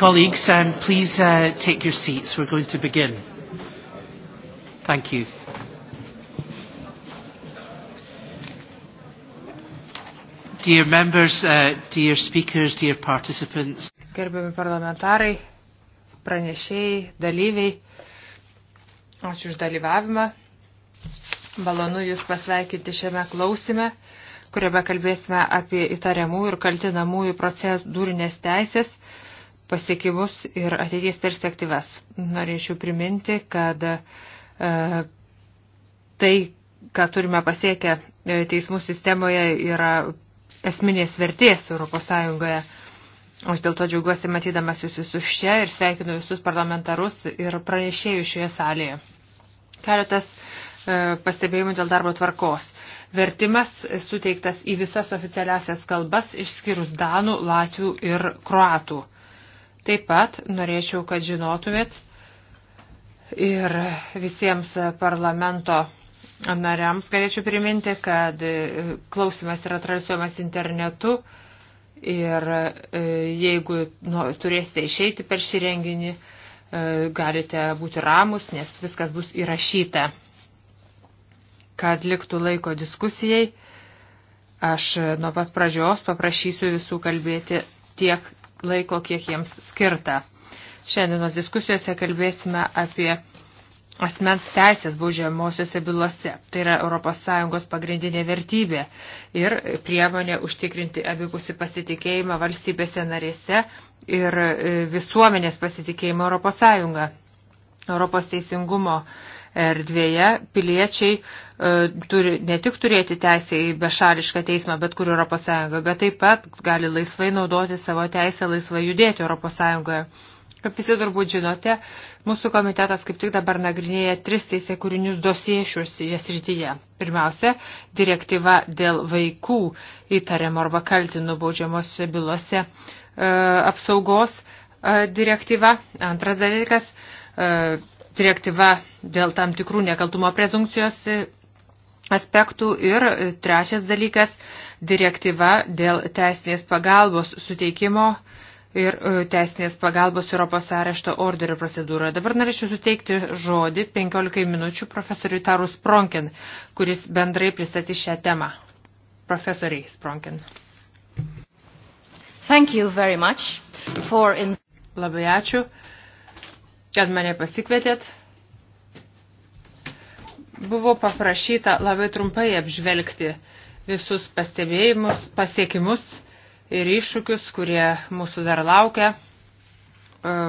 colleagues, um, please uh, take your seats. We're going to begin. Thank you. Dear members, uh, dear speakers, dear participants. Gerbiami parlamentarai, pranešėjai, dalyviai, ačiū už dalyvavimą. Malonu Jūs pasveikinti šiame klausime, kuriame kalbėsime apie įtariamųjų ir kaltinamųjų procedūrinės teisės pasiekimus ir ateities perspektyvas. Norėčiau priminti, kad e, tai, ką turime pasiekę e, teismų sistemoje, yra esminės vertės Europos Sąjungoje. Aš dėl to džiaugiuosi matydamas jūs visus čia ir sveikinu visus parlamentarus ir pranešėjus šioje salėje. Keletas e, pastebėjimų dėl darbo tvarkos. Vertimas suteiktas į visas oficialiasias kalbas išskyrus Danų, Latvių ir Kroatų. E, Taip pat norėčiau, kad žinotumėt ir visiems parlamento nariams galėčiau priminti, kad e, klausimas yra transliuojamas internetu ir e, jeigu nu, turėsite išeiti per šį renginį, e, galite būti ramus, nes viskas bus įrašyta. Kad liktų laiko diskusijai, aš nuo pat pradžios paprašysiu visų kalbėti tiek, laiko, kiek jiems skirta. Šiandienos diskusijose kalbėsime apie asmens teisės baudžiamosiose bylose. Tai yra ES pagrindinė vertybė ir priemonė užtikrinti abipusį pasitikėjimą valstybėse narėse ir e, visuomenės pasitikėjimą ES. Europos teisingumo erdvėje piliečiai e, turi ne tik turėti teisę į bešališką teismą, bet kur ES, bet taip pat gali laisvai naudoti savo teisę laisvai judėti ES. Kaip visi turbūt žinote, mūsų komitetas kaip tik dabar nagrinėja tris teisė kūrinius dosiešius jas rytyje. Pirmiausia, direktyva dėl vaikų įtariamo arba kaltinų baudžiamosiuose bylose e, apsaugos e, direktyva. Antras dalykas, e, direktyva dėl tam tikrų nekaltumo prezumpcijos aspektų ir trečias dalykas direktyva dėl teisinės pagalbos suteikimo ir e, teisinės pagalbos Europos arešto orderio procedūroje. Dabar norėčiau suteikti žodį 15 minučių profesoriui Tarus Pronkin, kuris bendrai pristatys šią temą. Profesoriai Spronkin. Thank you very much for in... Labai ačiū kad mane pasikvietėt. Buvo paprašyta labai trumpai apžvelgti visus pastebėjimus, pasiekimus ir iššūkius, kurie mūsų dar laukia, e,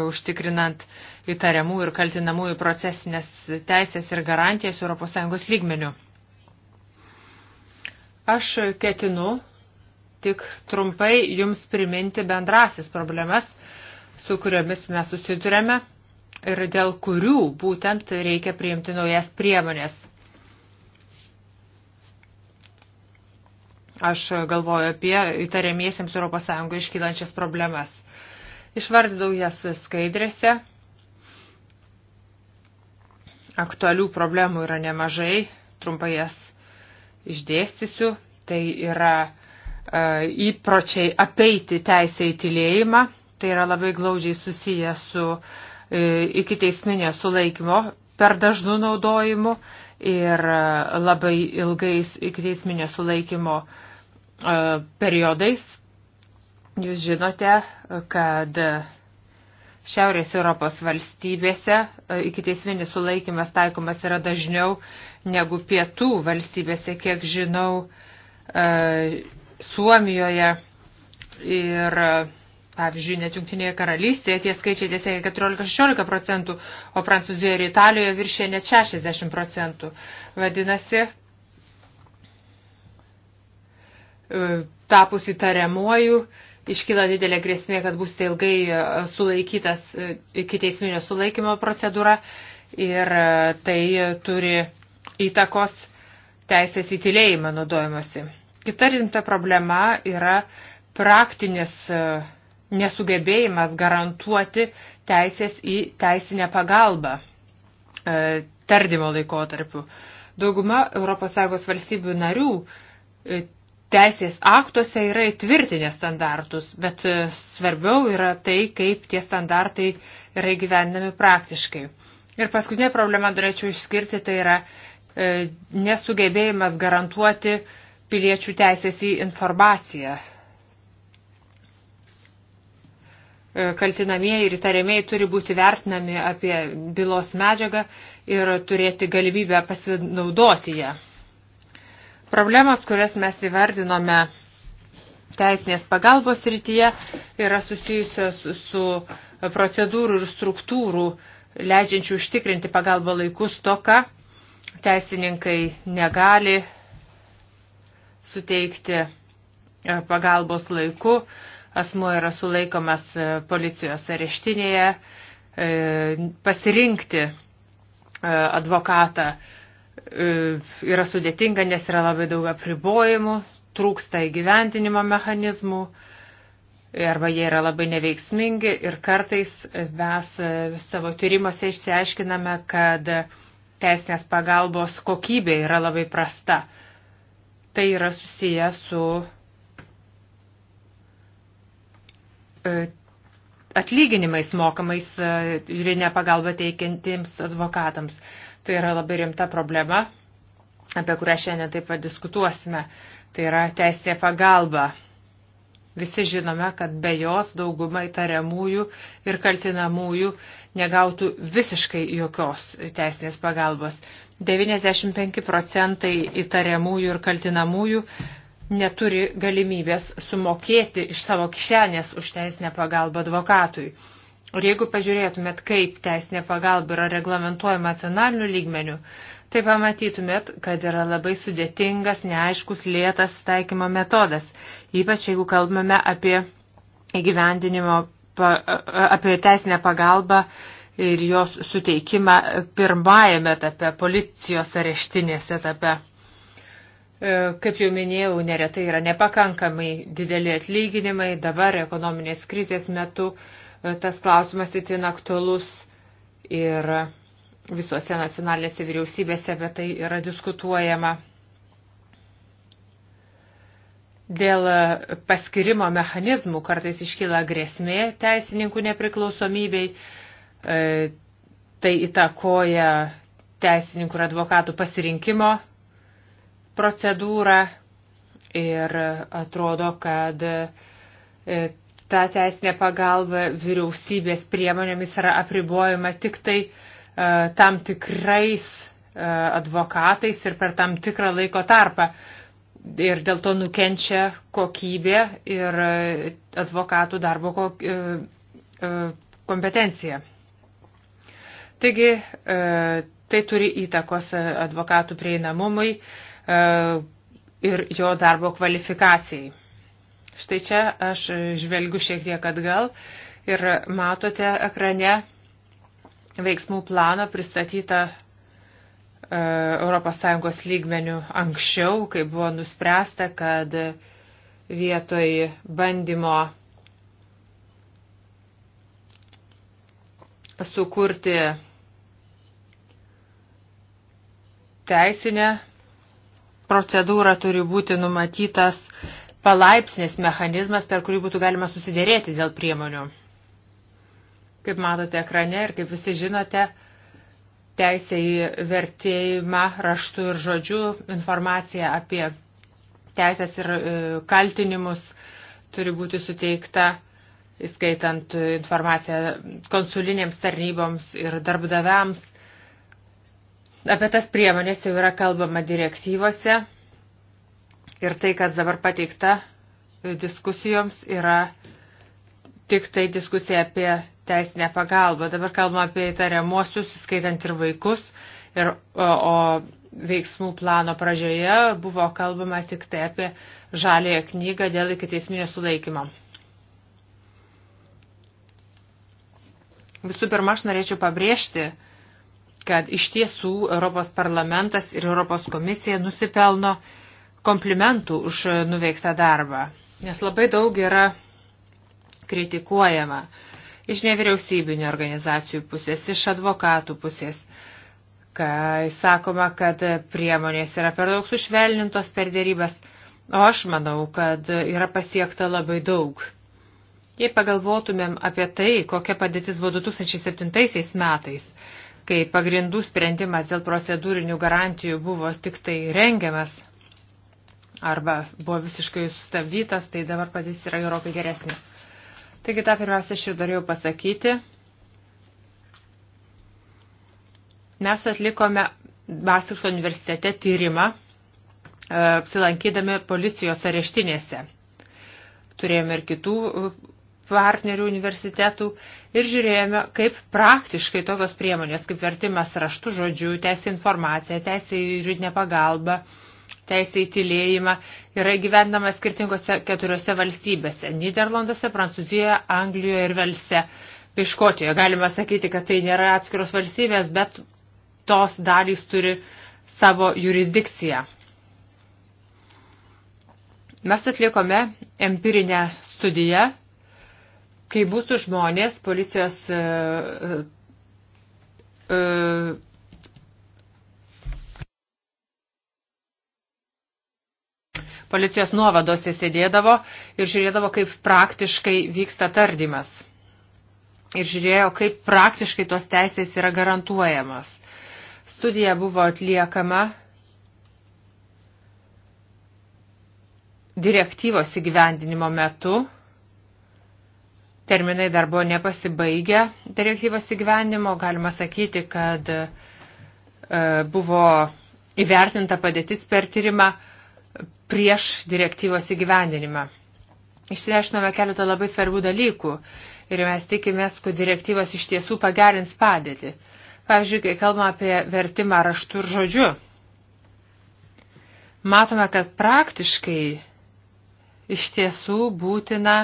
užtikrinant įtariamų ir kaltinamųjų procesinės teisės ir garantijas ES lygmenių. Aš ketinu tik trumpai jums priminti bendrasis problemas, su kuriomis mes susidurėme ir dėl kurių būtent reikia priimti naujas priemonės. Aš galvoju apie įtariamiesiems ES iškylančias problemas. Išvardydau jas skaidrėse. Aktualių problemų yra nemažai, trumpai jas išdėstysiu. Tai yra e, įpročiai apeiti teisę į tylėjimą. Tai yra labai glaudžiai susiję su e, E, iki teisminio sulaikymo per dažnų naudojimų ir e, labai ilgais iki teisminio sulaikymo e, periodais. Jūs žinote, kad Šiaurės Europos valstybėse iki teisminis sulaikimas taikomas yra dažniau negu pietų valstybėse, kiek žinau, Suomijoje ir Pavyzdžiui, net Junktinėje karalystėje tie skaičiai tiesiog 14-16 procentų, o Prancūzijoje ir Italijoje viršė net 60 procentų. Vadinasi, e, tapus įtariamuoju, iškyla didelė grėsmė, kad bus ilgai e, sulaikytas e, iki teisminio sulaikymo procedūra ir tai turi įtakos teisės įtilėjimą naudojimuose. Kita rimta problema yra praktinis uh, nesugebėjimas garantuoti teisės į teisinę pagalbą e, tardymo laikotarpiu. Dauguma ES valstybių narių e, teisės aktuose yra įtvirtinę standartus, bet e, svarbiau yra tai, kaip tie standartai yra įgyvendami praktiškai. Ir paskutinė problema, norėčiau išskirti, tai yra e, nesugebėjimas garantuoti piliečių teisės į informaciją E, kaltinamieji ir įtariamieji turi būti vertinami apie bylos medžiagą ir turėti galimybę pasinaudoti ją. Problemas, kurias mes įvardinome teisinės pagalbos rytyje, yra susijusios su procedūrų ir struktūrų leidžiančių užtikrinti pagalbą laikus toka. Teisininkai negali suteikti e, pagalbos laiku, asmuo yra sulaikomas e, policijos areštinėje, e, pasirinkti e, advokatą yra sudėtinga, nes yra labai daug apribojimų, trūksta įgyventinimo mechanizmų arba jie yra labai neveiksmingi ir kartais mes savo tyrimuose išsiaiškiname, kad teisinės pagalbos kokybė yra labai prasta. Tai yra susiję su E, atlyginimais mokamais e, žiūrinę pagalbą teikiantiems advokatams. Tai yra labai rimta problema, apie kurią šiandien taip pat diskutuosime. Tai yra teisinė pagalba. Visi žinome, kad be jos dauguma įtariamųjų ir kaltinamųjų negautų visiškai jokios teisinės pagalbos. 95 procentai įtariamųjų ir kaltinamųjų neturi galimybės sumokėti iš savo kišenės už teisinę pagalbą advokatui. Ir jeigu pažiūrėtumėt, kaip teisinė pagalba yra reglamentuojama nacionaliniu lygmeniu, tai pamatytumėt, kad yra labai sudėtingas, neaiškus, lėtas taikymo metodas, ypač jeigu kalbame apie įgyvendinimo, apie teisinę pagalbą ir jos suteikimą pirmajame etape, policijos areštinės etape. E, kaip jau minėjau, neretai yra nepakankamai dideli atlyginimai, dabar ekonominės krizės metu e, tas klausimas itin aktualus ir visose nacionalinėse vyriausybėse apie tai yra diskutuojama. Dėl paskirimo mechanizmų kartais iškyla grėsmė teisininkų nepriklausomybei, e, tai įtakoja teisininkų ir advokatų pasirinkimo procedūrą ir atrodo, kad e, ta teisinė pagalba vyriausybės priemonėmis yra apribojama tik tai e, tam tikrais e, advokatais ir per tam tikrą laiko tarpą. Ir dėl to nukenčia kokybė ir advokatų darbo kompetencija. Taigi, tai turi įtakos advokatų prieinamumui, E, ir jo darbo kvalifikacijai. Štai čia aš žvelgiu šiek tiek atgal ir matote ekrane veiksmų planą pristatytą ES lygmenių anksčiau, kai buvo nuspręsta, kad vietoj bandymo sukurti teisinę procedūrą turi būti numatytas palaipsnis mechanizmas, per kurį būtų galima susidėrėti dėl priemonių. Kaip matote ekrane ir kaip visi žinote, teisė į vertėjimą raštų ir žodžių informacija apie teisės ir e, kaltinimus turi būti suteikta, įskaitant informaciją konsulinėms tarnyboms ir darbdaviams Apie tas priemonės jau yra kalbama direktyvose ir tai, kas dabar pateikta diskusijoms, yra tik tai diskusija apie teisinę pagalbą. Dabar kalbama apie įtariamuosius, skaitant ir vaikus. Ir, o, o veiksmų plano pradžioje buvo kalbama tik tai apie žalėją knygą dėl ikiteisminio sulaikymo. Visų pirma, aš norėčiau pabrėžti, kad iš tiesų Europos parlamentas ir Europos komisija nusipelno komplimentų už nuveiktą darbą, nes labai daug yra kritikuojama iš nevyriausybinio organizacijų pusės, iš advokatų pusės, kai sakoma, kad priemonės yra per daug sušvelnintos per dėrybas, o aš manau, kad yra pasiekta labai daug. Jei pagalvotumėm apie tai, kokia padėtis buvo 2007 metais, kai pagrindų sprendimas dėl procedūrinių garantijų buvo tik tai rengiamas arba buvo visiškai sustabdytas, tai dabar padės yra gerokai geresnė. Taigi tą pirmiausia aš ir norėjau pasakyti. Mes atlikome Basikso universitete tyrimą, e, apsilankydami policijos areštinėse. Turėjome ir kitų partnerių universitetų ir žiūrėjome, kaip praktiškai tokios priemonės, kaip vertimas raštų žodžių, teisė informacija, teisė į žydinę pagalbą, teisė į tylėjimą yra gyvendama skirtingose keturiose valstybėse – Niderlanduose, Prancūzijoje, Anglijoje ir Velse. Bei Škotijoje galima sakyti, kad tai nėra atskiros valstybės, bet tos dalys turi savo jurisdikciją. Mes atlikome empirinę studiją kai būtų žmonės policijos uh, uh, policijos nuovadose sėdėdavo ir žiūrėdavo, kaip praktiškai vyksta tardymas. Ir žiūrėjo, kaip praktiškai tos teisės yra garantuojamos. Studija buvo atliekama direktyvos įgyvendinimo metu Terminai dar buvo nepasibaigę direktyvos įgyvenimo. Galima sakyti, kad e, buvo įvertinta padėtis per tyrimą prieš direktyvos įgyvendinimą. Išsiaiškinome keletą labai svarbių dalykų ir mes tikimės, kad direktyvos iš tiesų pagerins padėtį. Pavyzdžiui, kai kalbame apie vertimą raštų ir žodžiu, matome, kad praktiškai iš tiesų būtina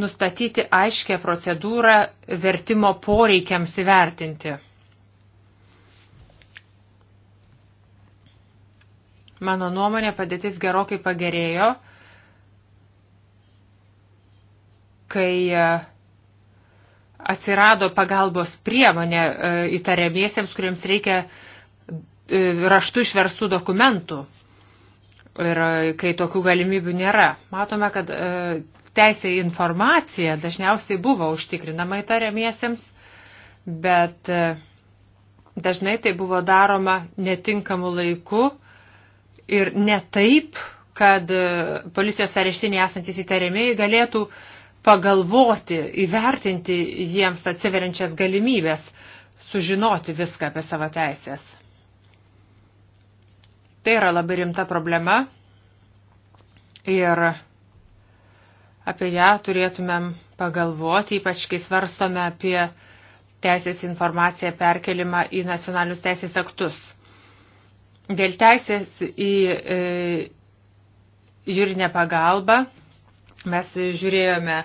nustatyti aiškę procedūrą vertimo poreikiams įvertinti. Mano nuomonė padėtis gerokai pagerėjo, kai e, atsirado pagalbos priemonė e, įtariamiesiems, kuriems reikia e, raštų išverstų dokumentų. Ir e, kai tokių galimybių nėra, matome, kad e, teisė į informaciją dažniausiai buvo užtikrinama įtariamiesiems, bet e, dažnai tai buvo daroma netinkamu laiku ir ne taip, kad e, policijos areštinėje esantys įtariamieji galėtų pagalvoti, įvertinti jiems atsiveriančias galimybės sužinoti viską apie savo teisės. Tai yra labai rimta problema ir apie ją turėtumėm pagalvoti, ypač kai svarstome apie teisės informaciją perkelimą į nacionalinius teisės aktus. Dėl teisės į e, žiūrinę pagalbą mes žiūrėjome,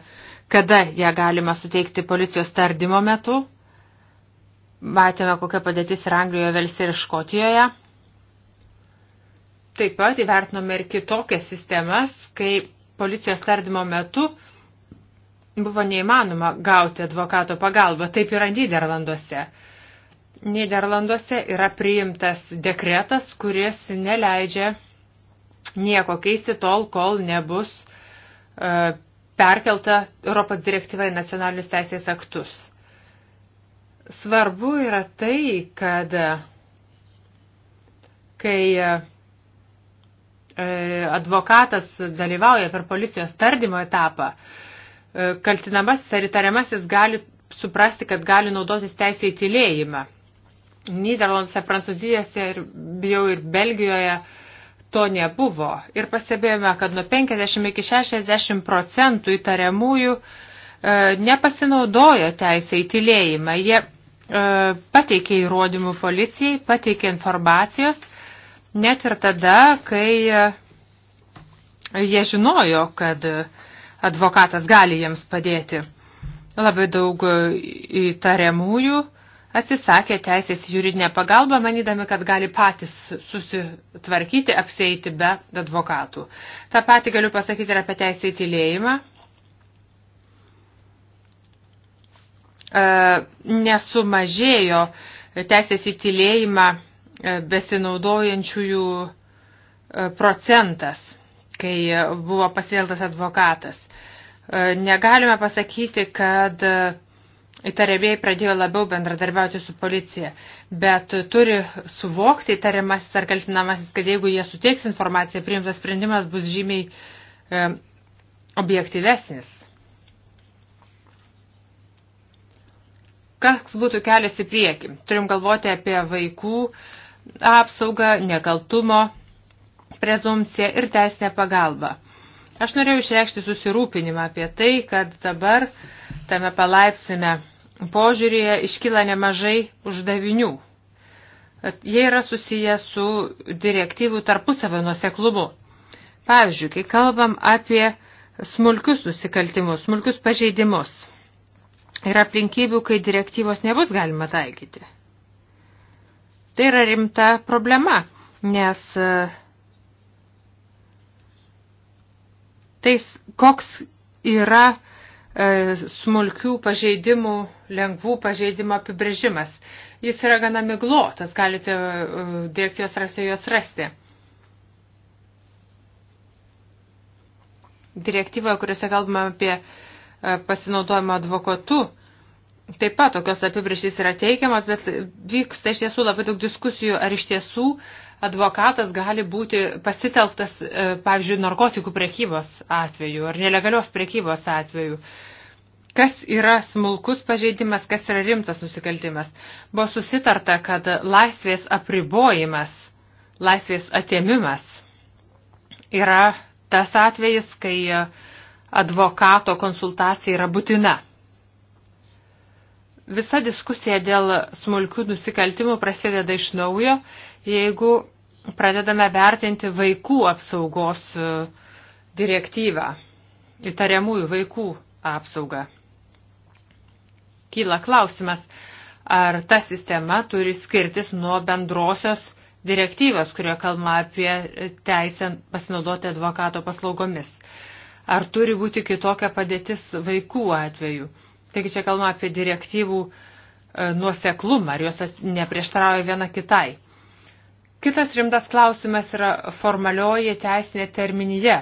kada ją galima suteikti policijos tardymo metu. Matėme, kokia padėtis yra Anglijoje, Velsė ir Škotijoje. Taip pat įvertinome ir kitokias sistemas, kai policijos tardymo metu buvo neįmanoma gauti advokato pagalbą. Taip yra Niderlanduose. Niderlanduose yra priimtas dekretas, kuris neleidžia nieko keisti tol, kol nebus uh, perkelta Europos direktyva į nacionalinius teisės aktus. Svarbu yra tai, kad kai e, E, advokatas dalyvauja per policijos tardymo etapą, e, kaltinamasis ar įtariamasis gali suprasti, kad gali naudotis teisę į tylėjimą. Niderlanduose, Prancūzijose ir jau ir Belgijoje to nebuvo. Ir pastebėjome, kad nuo 50 iki 60 procentų įtariamųjų e, nepasinaudojo teisę į tylėjimą. Jie e, pateikė įrodymų policijai, pateikė informacijos net ir tada, kai e, jie žinojo, kad e, advokatas gali jiems padėti. Labai daug e, įtariamųjų atsisakė teisės juridinę pagalbą, manydami, kad gali patys susitvarkyti, apseiti be advokatų. Ta pati galiu pasakyti ir apie teisę į tylėjimą. Nesumažėjo teisės į tylėjimą E, besinaudojančiųjų e, procentas, kai buvo pasieltas advokatas. E, negalime pasakyti, kad įtariamieji pradėjo labiau bendradarbiauti su policija, bet turi suvokti įtariamasis ar kaltinamasis, kad jeigu jie suteiks informaciją, priimtas sprendimas bus žymiai e, objektyvesnis. Kas būtų kelias į priekį? Turim galvoti apie vaikų e, apsaugą, nekaltumo prezumciją ir teisinę pagalbą. Aš norėjau išreikšti susirūpinimą apie tai, kad dabar tame palaipsime požiūrėje iškyla nemažai uždavinių. Jie yra susiję su direktyvų tarpusavio nuseklumu. Pavyzdžiui, kai kalbam apie smulkius nusikaltimus, smulkius pažeidimus, yra aplinkybių, kai direktyvos nebus galima taikyti. Tai yra rimta problema, nes e, tais, koks yra e, smulkių pažeidimų, lengvų pažeidimų apibrėžimas. Jis yra gana miglotas, galite e, direkcijos rasti juos rasti. Direktyvoje, kuriuose kalbame apie pasinaudojimą advokatu, Taip pat tokios apibrištys yra teikiamas, bet vyksta iš tiesų labai daug diskusijų, ar iš tiesų advokatas gali būti pasitelktas, e, pavyzdžiui, narkotikų prekybos atveju ar nelegalios prekybos atveju. Kas yra smulkus pažeidimas, kas yra rimtas nusikaltimas? Buvo susitarta, kad laisvės apribojimas, laisvės atėmimas yra tas atvejis, kai advokato konsultacija yra būtina Visa diskusija dėl smulkių nusikaltimų prasideda iš naujo, jeigu pradedame vertinti vaikų apsaugos e, direktyvą, įtariamųjų vaikų apsaugą. Kyla klausimas, ar ta sistema turi skirtis nuo bendrosios direktyvos, kurioje kalba apie teisę pasinaudoti advokato paslaugomis. Ar turi būti kitokia padėtis vaikų atveju? Taigi čia kalbame apie direktyvų e, nuoseklumą, ar jos neprieštarauja viena kitai. Kitas rimtas klausimas yra formalioji teisinė terminija.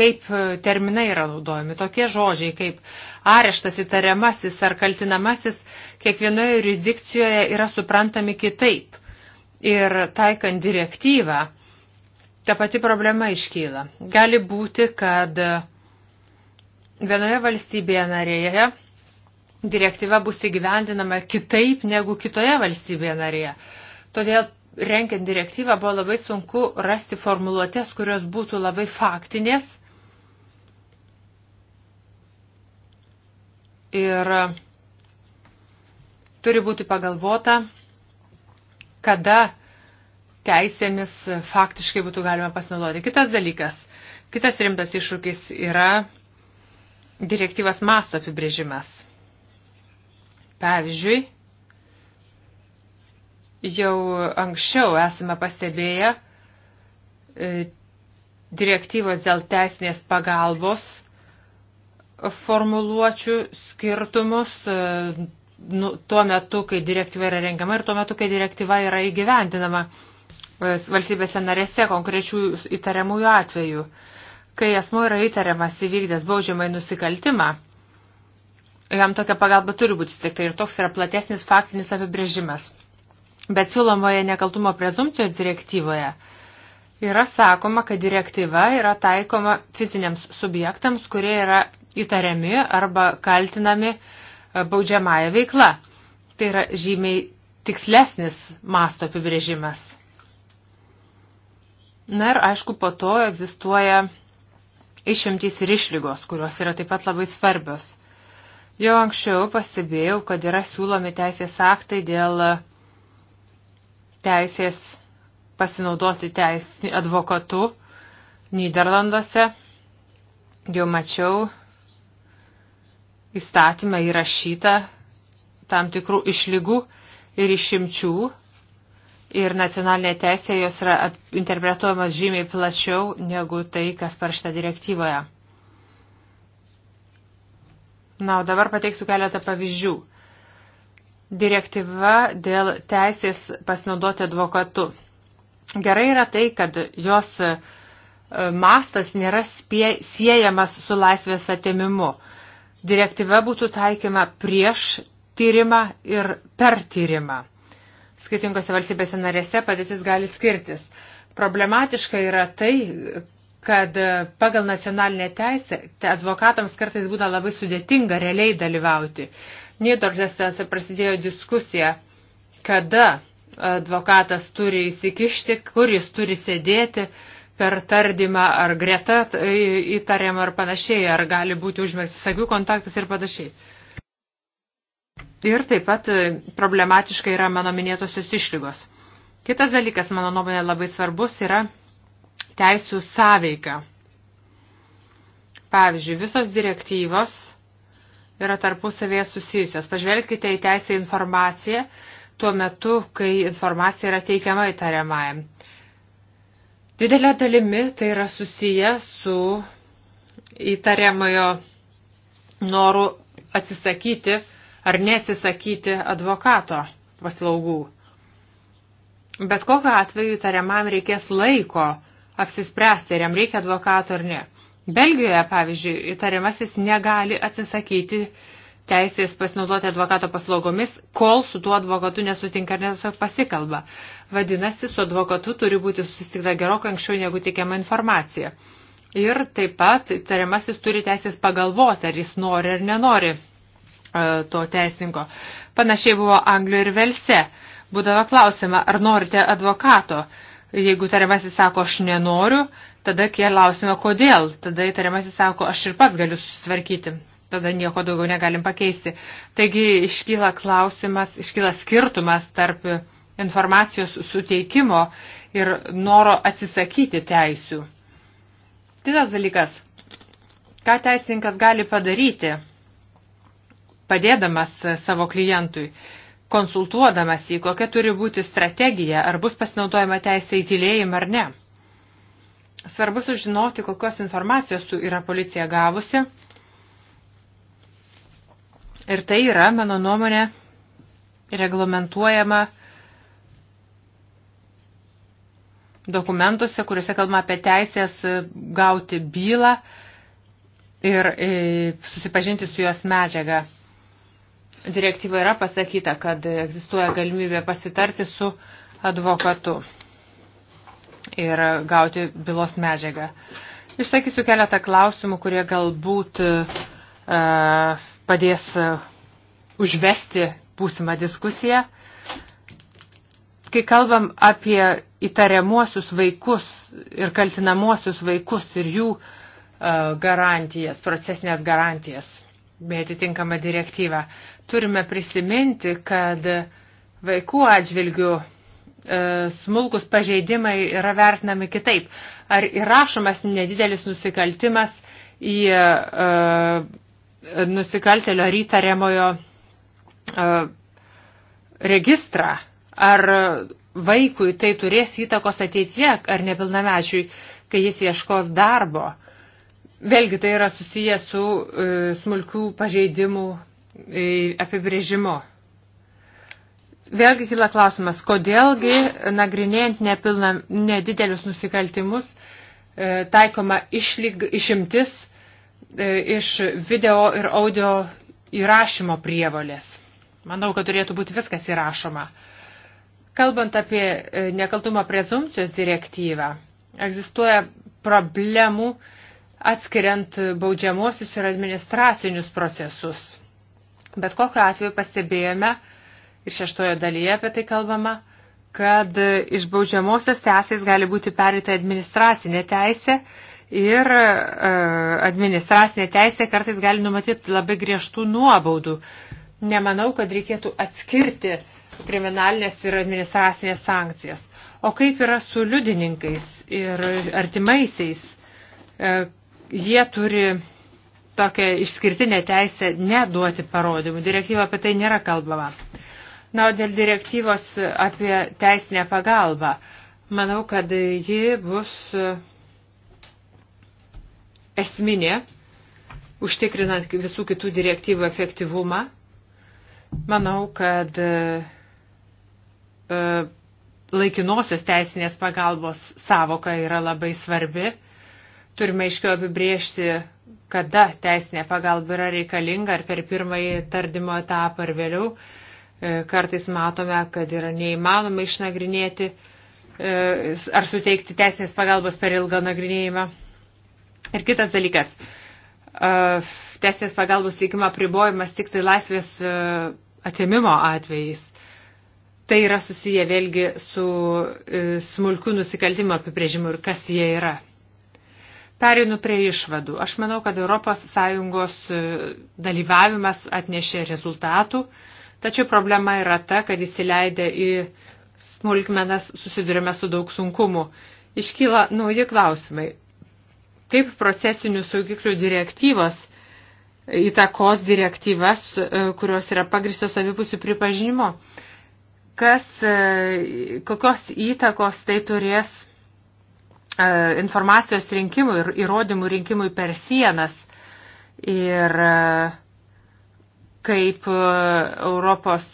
Kaip e, terminai yra naudojami, tokie žodžiai kaip areštas įtariamasis ar kaltinamasis kiekvienoje jurisdikcijoje yra suprantami kitaip. Ir taikant direktyvą, ta pati problema iškyla. Gali būti, kad vienoje valstybėje narėje direktyva bus įgyvendinama kitaip negu kitoje valstybėje narėje. Todėl renkiant direktyvą buvo labai sunku rasti formuluotės, kurios būtų labai faktinės. Ir turi būti pagalvota, kada teisėmis faktiškai būtų galima pasinaudoti. Kitas dalykas, kitas rimtas iššūkis yra direktyvas masto apibrėžimas. Pavyzdžiui, jau anksčiau esame pastebėję e, direktyvos dėl teisinės pagalbos formuluočių skirtumus e, nu, tuo metu, kai direktyva yra rengiama ir tuo metu, kai direktyva yra įgyvendinama e, valstybėse narėse konkrečių įtariamųjų atveju kai asmo yra įtariamas įvykdęs baudžiamai nusikaltimą, jam tokia pagalba turi būti suteikta ir toks yra platesnis faktinis apibrėžimas. Bet siūlomoje nekaltumo prezumpcijos direktyvoje yra sakoma, kad direktyva yra taikoma fiziniams subjektams, kurie yra įtariami arba kaltinami e, baudžiamąją veiklą. Tai yra žymiai tikslesnis masto apibrėžimas. Na ir aišku, po to egzistuoja išimtys ir išlygos, kurios yra taip pat labai svarbios. Jau anksčiau pasibėjau, kad yra siūlomi teisės aktai dėl teisės pasinaudoti teis, advokatu Niderlanduose. Jau mačiau įstatymą įrašytą tam tikrų išlygų ir išimčių ir nacionalinė teisė jos yra interpretuojamas žymiai plačiau negu tai, kas parašta direktyvoje. Na, o dabar pateiksiu keletą pavyzdžių. Direktyva dėl teisės pasinaudoti advokatu. Gerai yra tai, kad jos e, mastas nėra spie, siejamas su laisvės atėmimu. Direktyva būtų taikima prieš tyrimą ir per tyrimą skirtingose valstybėse narėse padėtis gali skirtis. Problematiška yra tai, kad pagal nacionalinę teisę te advokatams kartais būna labai sudėtinga realiai dalyvauti. Niedortėse prasidėjo diskusija, kada advokatas turi įsikišti, kur jis turi sėdėti per tardymą ar greta įtariamą ar panašiai, ar gali būti užmėgstas akių kontaktas ir panašiai. Ir taip pat e, problematiška yra mano minėtosios išlygos. Kitas dalykas, mano nuomonė, labai svarbus yra teisų sąveika. Pavyzdžiui, visos direktyvos yra tarpusavėje susijusios. Pažvelkite į teisę informaciją tuo metu, kai informacija yra teikiama įtariamajam. Didelio dalimi tai yra susiję su įtariamojo noru atsisakyti ar nesisakyti advokato paslaugų. Bet kokiu atveju tariamam reikės laiko apsispręsti, ar jam reikia advokato ar ne. Belgijoje, pavyzdžiui, įtariamasis negali atsisakyti teisės pasinaudoti advokato paslaugomis, kol su tuo advokatu nesutinka ir nesu pasikalba. Vadinasi, su advokatu turi būti susitikta gerokai anksčiau negu tikiama informacija. Ir taip pat tariamasis turi teisės pagalvoti, ar jis nori ar nenori to teisininko. Panašiai buvo Anglijoje ir Velse. Būdavo klausima, ar norite advokato. Jeigu tariamasis sako, aš nenoriu, tada klausime, kodėl. Tada tariamasis sako, aš ir pats galiu susitvarkyti. Tada nieko daugiau negalim pakeisti. Taigi iškyla klausimas, iškyla skirtumas tarp informacijos suteikimo ir noro atsisakyti teisių. Kitas dalykas, ką teisininkas gali padaryti padėdamas savo klientui, konsultuodamas jį, kokia turi būti strategija, ar bus pasinaudojama teisė į tylėjimą ar ne. Svarbu sužinoti, kokios informacijos tu yra policija gavusi. Ir tai yra, mano nuomonė, reglamentuojama dokumentuose, kuriuose kalbama apie teisės gauti bylą ir e, susipažinti su jos medžiaga direktyva yra pasakyta, kad egzistuoja galimybė pasitarti su advokatu ir gauti bylos medžiagą. Išsakysiu keletą klausimų, kurie galbūt uh, padės uh, užvesti būsimą diskusiją. Kai kalbam apie įtariamuosius vaikus ir kaltinamuosius vaikus ir jų uh, garantijas, procesinės garantijas, bei atitinkamą direktyvą, turime prisiminti, kad vaikų atžvilgių e, smulkus pažeidimai yra vertinami kitaip. Ar įrašomas nedidelis nusikaltimas į uh, e, nusikaltelio ar įtariamojo uh, registrą? Ar vaikui tai turės įtakos ateityje ar nepilnamečiui, kai jis ieškos darbo? Vėlgi tai yra susiję su uh, smulkių pažeidimų apibrėžimu. Vėlgi kila klausimas, kodėlgi nagrinėjant nepilna, nedidelius nusikaltimus e, taikoma išlyg, išimtis e, iš video ir audio įrašymo prievolės. Manau, kad turėtų būti viskas įrašoma. Kalbant apie e, nekaltumo prezumcijos direktyvą, egzistuoja problemų atskiriant baudžiamuosius ir administracinius procesus. Bet kokiu atveju pastebėjome, ir šeštojo dalyje apie tai kalbama, kad iš baudžiamosios teisės gali būti perita administracinė teisė ir e, administracinė teisė kartais gali numatyti labai griežtų nuobaudų. Nemanau, kad reikėtų atskirti kriminalinės ir administracinės sankcijas. O kaip yra su liudininkais ir artimaisiais? E, jie turi tokią išskirtinę teisę neduoti parodymų. Direktyva apie tai nėra kalbama. Na, o dėl direktyvos apie teisinę pagalbą, manau, kad ji bus esminė, užtikrinant visų kitų direktyvų efektyvumą. Manau, kad e, laikinosios teisinės pagalbos savoka yra labai svarbi. Turime aiškiau apibriežti kada teisinė pagalba yra reikalinga, ar per pirmąjį tardymo etapą, ar vėliau. E, kartais matome, kad yra neįmanoma išnagrinėti e, ar suteikti teisinės pagalbos per ilgą nagrinėjimą. Ir kitas dalykas. E, teisinės pagalbos teikimo pribojimas tik tai laisvės atėmimo atvejais. Tai yra susiję vėlgi su smulkių nusikaltimo apibrėžimu ir kas jie yra. Pereinu prie išvadų. Aš manau, kad ES e, dalyvavimas atnešė rezultatų, tačiau problema yra ta, kad įsileidę į smulkmenas susidurime su daug sunkumų. Iškyla nauji klausimai. Kaip procesinių saugiklių direktyvos įtakos direktyvas, e, kurios yra pagristos abipusių pripažinimo? Kas, e, kokios įtakos tai turės E, informacijos rinkimui ir įrodymų rinkimui per sienas. Ir e, kaip e, Europos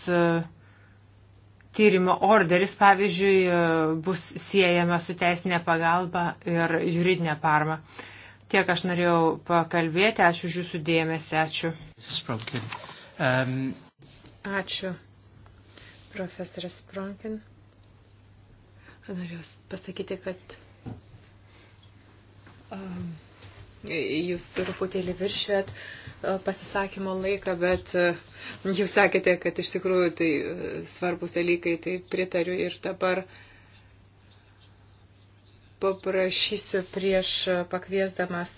tyrimo orderis, pavyzdžiui, bus siejama su teisinė pagalba ir juridinė parma. Tiek aš norėjau pakalbėti, ačiū už jūsų dėmesį, ačiū. Um... Ačiū, profesoras Spronkin. Norėjau pasakyti, kad Ehm, jūs truputėlį viršėt e, pasisakymo laiką, bet e, jūs sakėte, kad iš tikrųjų tai e, svarbus dalykai, tai pritariu ir dabar paprašysiu prieš pakviesdamas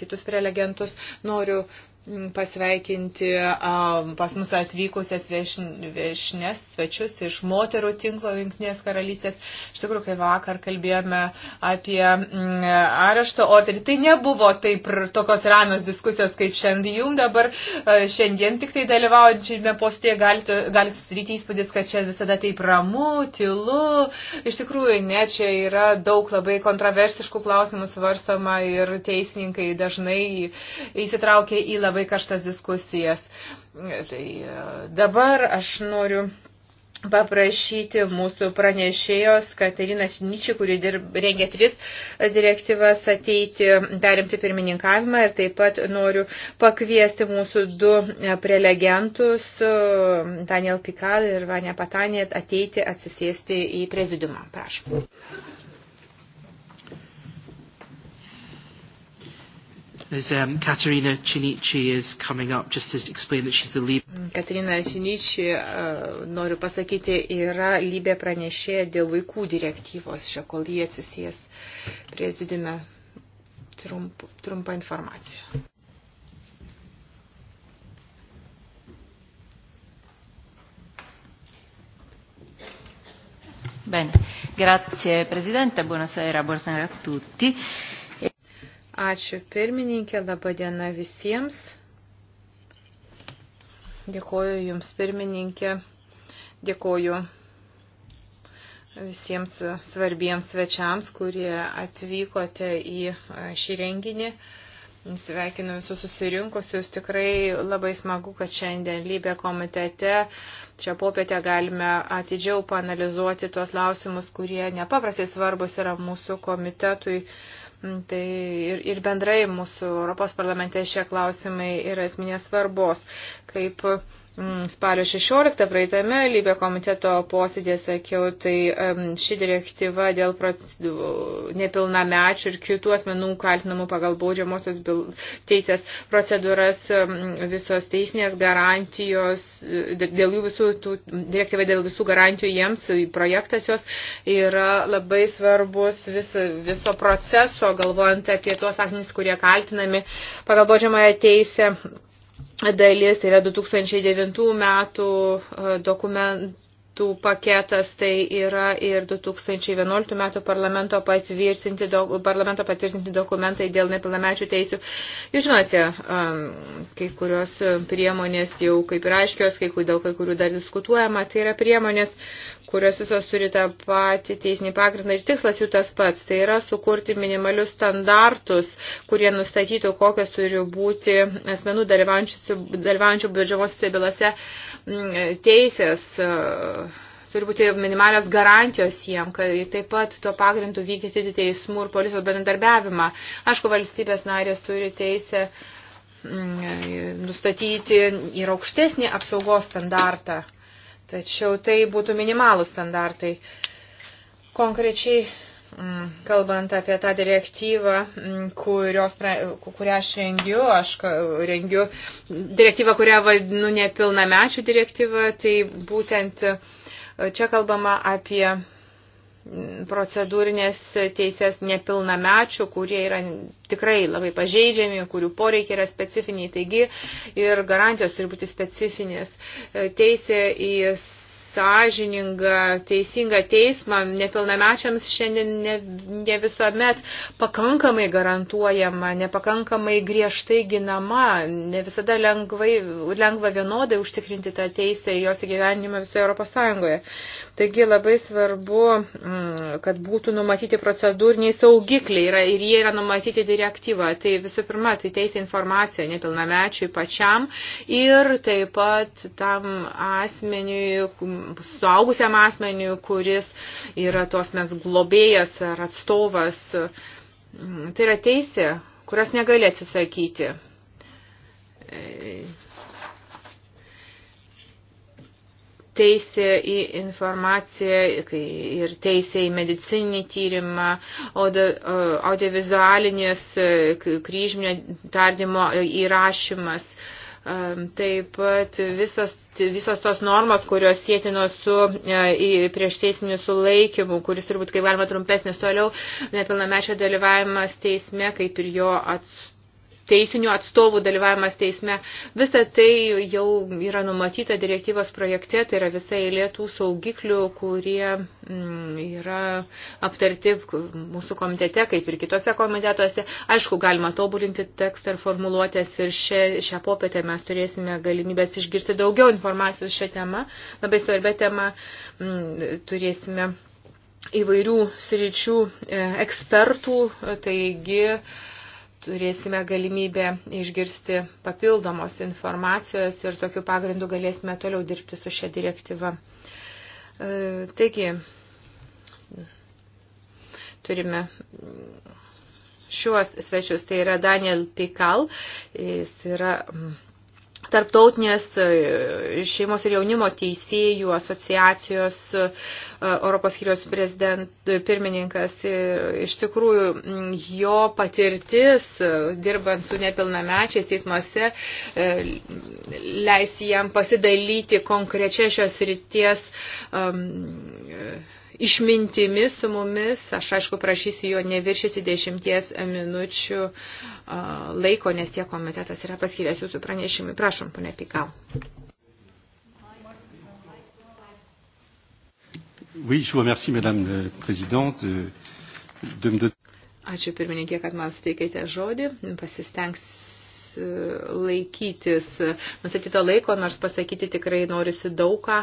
kitus prelegentus, noriu pasveikinti pas mus atvykusias viešnes svečius iš moterų tinklo Junktinės karalystės. Iš tikrųjų, kai vakar kalbėjome apie mm, arešto orderį, tai nebuvo taip tokios ramios diskusijos kaip šiandien. Jums dabar šiandien tik tai dalyvaujančiame postėje galite, gali susidaryti įspūdis, kad čia visada taip ramu, tylu. Iš tikrųjų, ne, čia yra daug labai kontroversiškų klausimų svarstoma ir teisininkai dažnai įsitraukia į labai labai karštas diskusijas. Tai e, dabar aš noriu paprašyti mūsų pranešėjos Katerinas Ničiai, kuri dirb, rengia tris direktyvas, ateiti, perimti pirmininkavimą ir taip pat noriu pakviesti mūsų du prelegentus, e, Daniel Pikal ir Vania Patanė, ateiti atsisėsti į prezidiumą. Prašom. As um, Katerina Chinichi is coming up, just to explain that she's the lead. Katerina Chinichi, uh, noriu pasakyti, yra lybė pranešėja dėl vaikų direktyvos, šia kol jie atsisės prezidiume trump, trumpą informaciją. Bene, grazie Presidente, buonasera, buonasera a tutti. Ačiū pirmininkė, laba diena visiems. Dėkoju Jums pirmininkė, dėkoju visiems svarbiems svečiams, kurie atvykote į e, šį renginį. Sveikinu visus susirinkusius. Tikrai labai smagu, kad šiandien Lybė komitete čia popietę galime atidžiau panalizuoti tuos lausimus, kurie nepaprastai svarbus yra mūsų komitetui. Uh, Tai ir, ir bendrai mūsų Europos parlamente šie klausimai yra esminės svarbos, kaip Mm, spalio 16 praeitame lybė komiteto posėdė sakiau, tai ši direktyva dėl nepilnamečių ir kitų asmenų kaltinamų pagal baudžiamosios teisės procedūras visos teisinės garantijos, e, dėl jų visų, tų, direktyva dėl visų garantijų jiems, projektas jos yra labai svarbus vis, viso proceso, galvojant apie tuos asmenys, kurie kaltinami pagal baudžiamąją teisę dalis, tai yra 2009 metų e, dokumentų paketas, tai yra ir 2011 metų parlamento patvirtinti, parlamento patvirtinti dokumentai dėl nepilnamečių teisių. Jūs žinote, kai kurios priemonės jau kaip ir aiškios, kai dėl kai kurių dar diskutuojama, tai yra priemonės, kurios visos turi tą patį teisinį pagrindą ir tikslas jų tas pats. Tai yra sukurti minimalius standartus, kurie nustatytų, kokios turi būti asmenų dalyvaujančių, dalyvaujančių biudžiavos bylose mm, teisės. E, turi būti minimalios garantijos jiem, kad taip pat tuo pagrindu vykdyti teismų ir policijos bendradarbiavimą. Aišku, valstybės narės turi teisę mm, nustatyti ir aukštesnį apsaugos standartą Tačiau tai būtų minimalų standartai. Konkrečiai mm, kalbant apie tą direktyvą, mm, kurios, kurią aš rengiu, aš rengiu direktyvą, kurią vadinu nepilnamečių direktyvą, tai būtent e, čia kalbama apie procedūrinės teisės nepilnamečių, kurie yra tikrai labai pažeidžiami, kurių poreikiai yra specifiniai, taigi ir garantijos turi būti specifinės. Teisė į sąžiningą, teisingą teismą nepilnamečiams šiandien ne, ne visuomet pakankamai garantuojama, nepakankamai griežtai ginama, ne visada lengvai, lengva vienodai užtikrinti tą teisę į jos įgyvenimą visoje Europos Sąjungoje. Taigi labai svarbu, mm, kad būtų numatyti procedūriniai saugikliai yra, ir jie yra numatyti direktyvą. Tai visų pirma, tai teisė informacija nepilnamečiui pačiam ir taip pat tam asmeniui, suaugusiam asmeniu, kuris yra tos mes globėjas ar atstovas. Tai yra teisė, kurios negali atsisakyti. Teisė į informaciją ir teisė į medicininį tyrimą, audiovizualinis kryžminio tardymo įrašymas. Audio Taip pat visas, visos tos normos, kurios sėtino su e, prieš teisiniu sulaikymu, kuris turbūt kaip galima trumpesnis toliau, nepilnamečio dalyvavimas teisme, kaip ir jo atstovas teisinių atstovų dalyvavimas teisme. Visa tai jau yra numatyta direktyvos projekte, tai yra visa eilė tų saugiklių, kurie m, mm, yra aptarti mūsų komitete, kaip ir kitose komitetuose. Aišku, galima tobulinti tekstą ir formuluotės ir šią, šią popietę mes turėsime galimybės išgirsti daugiau informacijos šią temą. Labai svarbia tema m, mm, turėsime įvairių sričių e, ekspertų, taigi turėsime galimybę išgirsti papildomos informacijos ir tokiu pagrindu galėsime toliau dirbti su šia direktyva. E, taigi, turime šiuos svečius, tai yra Daniel Pikal, jis yra mm, Tarptautinės e, šeimos ir jaunimo teisėjų asociacijos e, Europos skyrios pirmininkas. E, iš tikrųjų, jo patirtis, dirbant su nepilnamečiais teismuose, leis jam pasidalyti konkrečią šios ryties um, išmintimi su mumis. Aš aišku prašysiu jo neviršyti dešimties minučių laiko, nes tie komitetas yra paskiręs jūsų pranešimui. Prašom, ponė Pikau. Oui, je vous remercie, Madame la Présidente, de me donner. Ačiū pirmininkė, kad man suteikėte žodį. Pasistengs laikytis nusatyto laiko, nors pasakyti tikrai norisi daugą.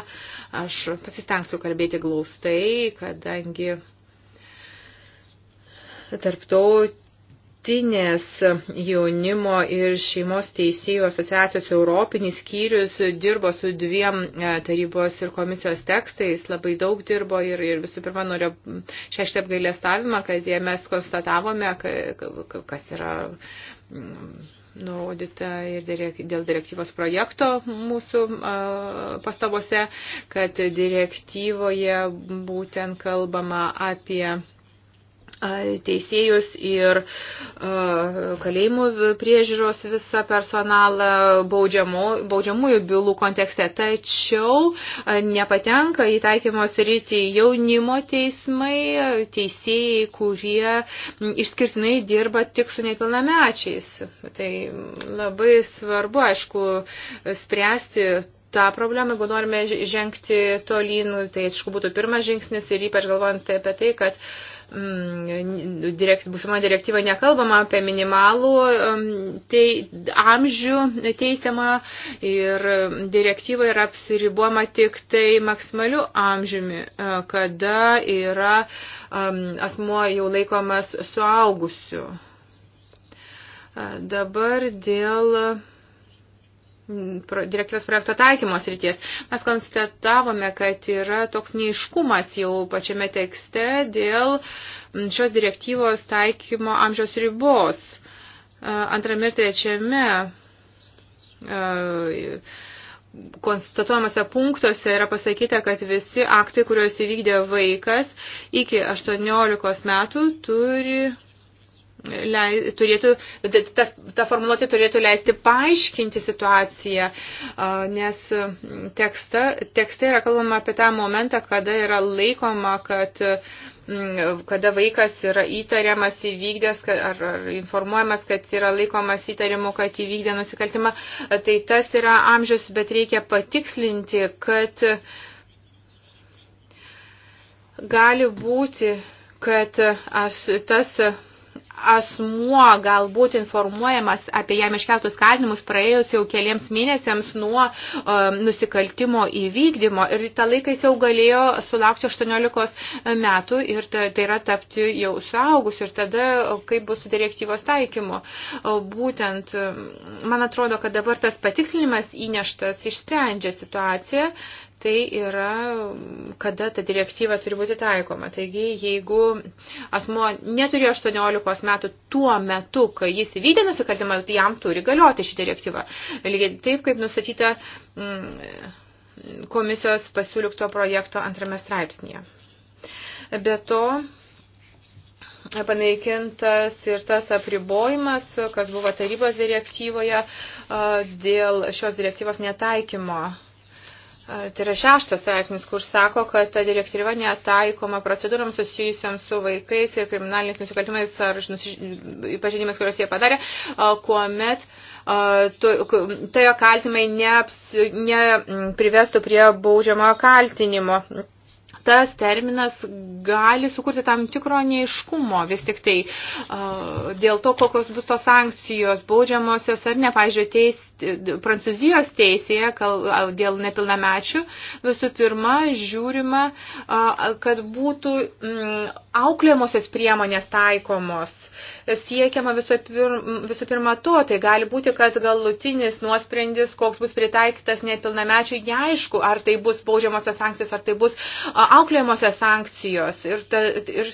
Aš pasistengsiu kalbėti glaustai, kadangi tarptaut Jungtinės jaunimo ir šeimos teisėjų asociacijos Europinis skyrius dirbo su dviem e, tarybos ir komisijos tekstais, labai daug dirbo ir, ir visų pirma noriu šeštą apgailestavimą, kad jie mes konstatavome, kas yra nurodyta ir dėl direktyvos projekto mūsų pastabose, kad direktyvoje būtent kalbama apie teisėjus ir kalėjimų priežiūros visą personalą baudžiamų, baudžiamųjų bylų kontekste. Tačiau nepatenka į taikymo sritį jaunimo teismai, teisėjai, kurie išskirtinai dirba tik su nepilnamečiais. Tai labai svarbu, aišku, spręsti tą problemą, jeigu norime žengti tolyn, tai aišku būtų pirmas žingsnis ir ypač galvojant apie tai, kad uh, Mm, direkt, būsimo direktyva nekalbama apie minimalų tai, amžių teisiamą ir mm, direktyva yra apsiribuoma tik tai maksimaliu amžiumi, e, kada yra asmuo jau laikomas suaugusiu. E, dabar dėl direktyvos projekto taikymos ryties. Mes konstatavome, kad yra toks neiškumas jau pačiame tekste dėl šios direktyvos taikymo amžiaus ribos. Antrame ir trečiame konstatuojamose punktuose yra pasakyta, kad visi aktai, kuriuos įvykdė vaikas iki 18 metų, turi lei, turėtų, tas, ta formuluotė turėtų leisti paaiškinti situaciją, nes mm, teksta, tekste yra kalbama apie tą momentą, kada yra laikoma, kad mm, kada vaikas yra įtariamas įvykdęs ar, ar informuojamas, kad yra laikomas įtarimu, kad įvykdė nusikaltimą, tai tas yra amžius, bet reikia patikslinti, kad gali būti, kad aš, tas asmuo galbūt informuojamas apie jam iškeltus kalinimus praėjus jau keliems mėnesiams nuo um, nusikaltimo įvykdymo. Ir tą laiką jis jau galėjo sulaukti 18 metų ir tai yra tapti jau suaugus ir tada kaip bus su direktyvos taikymu. Būtent, um, man atrodo, kad dabar tas patikslinimas įneštas išsprendžia situaciją, tai yra, kada ta direktyva turi būti taikoma. Taigi, jeigu asmo neturėjo 18 metų tuo metu, kai jis įvykdė nusikaltimą, tai jam turi galioti ši direktyva. Lygiai taip, kaip nustatyta mm, komisijos pasiūlykto projekto antrame straipsnėje. Be to, panaikintas ir tas apribojimas, kas buvo tarybos direktyvoje dėl šios direktyvos netaikymo Tai yra šeštas straipsnis, kur sako, kad ta direktyva netaikoma procedūrams susijusiams su vaikais ir kriminaliniais nusikaltimais ar pažeidimas, kuriuos jie padarė, kuomet tai kaltimai neaps, neprivestų prie baudžiamo kaltinimo tas terminas gali sukurti tam tikro neiškumo vis tik tai dėl to, kokios bus tos sankcijos, baudžiamosios ar ne, pažiūrėjau, teis, Prancūzijos teisėje kal, dėl nepilnamečių visų pirma žiūrima, kad būtų mm, auklėmosios priemonės taikomos. Siekiama visų pirma, visų pirma to, tai gali būti, kad galutinis nuosprendis, koks bus pritaikytas nepilnamečiui, neaišku, ar tai bus baudžiamosios sankcijos, ar tai bus auklėjamosios sankcijos. Ir, ta, ir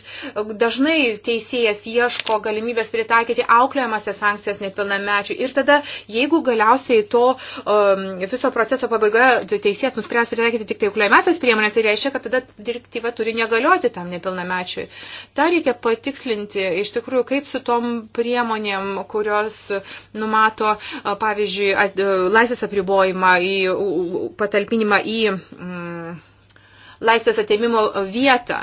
dažnai teisėjas ieško galimybės pritaikyti auklėjamosios sankcijos nepilnamečiui. Ir tada, jeigu galiausiai galiausiai to um, viso proceso pabaigoje teisės nuspręs pritaikyti tik tai auklėjimasias priemonės ir tai reiškia, kad tada direktyva turi negalioti tam nepilnamečiui. Ta reikia patikslinti iš tikrųjų, kaip su tom priemonėm, kurios numato, pavyzdžiui, laisvės apribojimą į patalpinimą į. Mm, laisvės ateimimo vietą.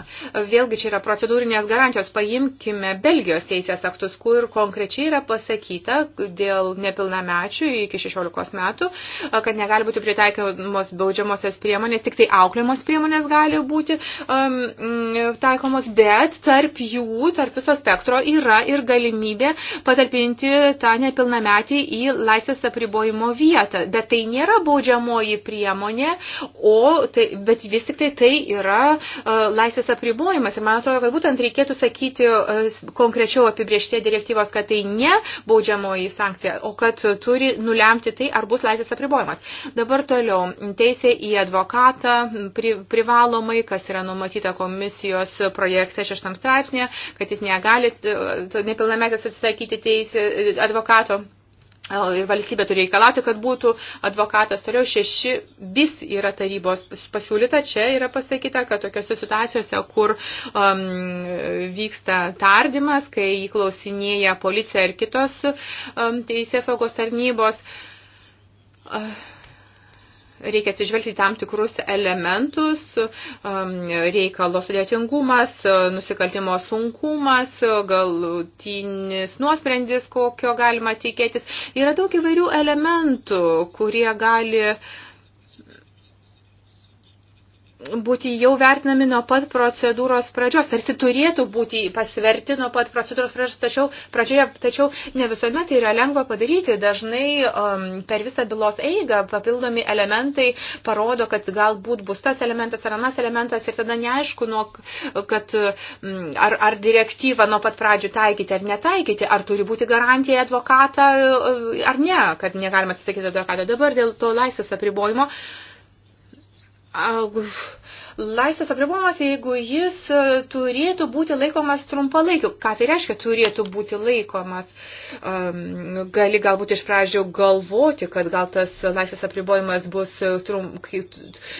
Vėlgi čia yra procedūrinės garantijos. Paimkime Belgijos teisės aktus, kur konkrečiai yra pasakyta dėl nepilnamečių iki 16 metų, kad negali būti pritaikomos baudžiamosios priemonės, tik tai auklėmos priemonės gali būti um, mm, taikomos, bet tarp jų, tarp viso spektro yra ir galimybė patalpinti tą nepilnametį į laisvės apribojimo vietą. Bet tai nėra baudžiamoji priemonė, o tai, bet vis tik tai tai tai yra e, laisvės apribojimas. Ir man atrodo, kad būtent reikėtų sakyti e, konkrečiau apibriežtė direktyvos, kad tai ne baudžiamoji sankcija, o kad turi nulemti tai, ar bus laisvės apribojimas. Dabar toliau. Teisė į advokatą pri, privalomai, kas yra numatyta komisijos projekte šeštam straipsnė, kad jis negali e, nepilnametės atsisakyti teisė advokato. Ir valstybė turi reikalauti, kad būtų advokatas. Toliau šeši vis yra tarybos pasiūlyta. Čia yra pasakyta, kad tokiuose situacijose, kur um, vyksta tardymas, kai įklausinėja policija ir kitos um, teisės saugos tarnybos, uh, reikia atsižvelgti tam tikrus elementus, um, reikalo sudėtingumas, nusikaltimo sunkumas, galutinis nuosprendis, kokio galima tikėtis. Yra daug įvairių elementų, kurie gali uh, būti jau vertinami nuo pat procedūros pradžios, tarsi turėtų būti pasverti nuo pat procedūros pradžios, tačiau, pradžioje, tačiau ne visuomet tai yra lengva padaryti. Dažnai um, per visą bylos eigą papildomi elementai parodo, kad galbūt bus tas elementas ar anas elementas ir tada neaišku, nuo, kad, mm, ar, ar direktyvą nuo pat pradžių taikyti ar netaikyti, ar turi būti garantija advokatą uh, ar ne, kad negalima atsisakyti advokato. Dabar dėl to laisvės apribojimo. Uh, laisvės apribojimas, jeigu jis e, turėtų būti laikomas trumpalaikiu. Ką tai reiškia turėtų būti laikomas? Um, gali galbūt iš pradžių galvoti, kad gal tas laisvės apribojimas bus trum,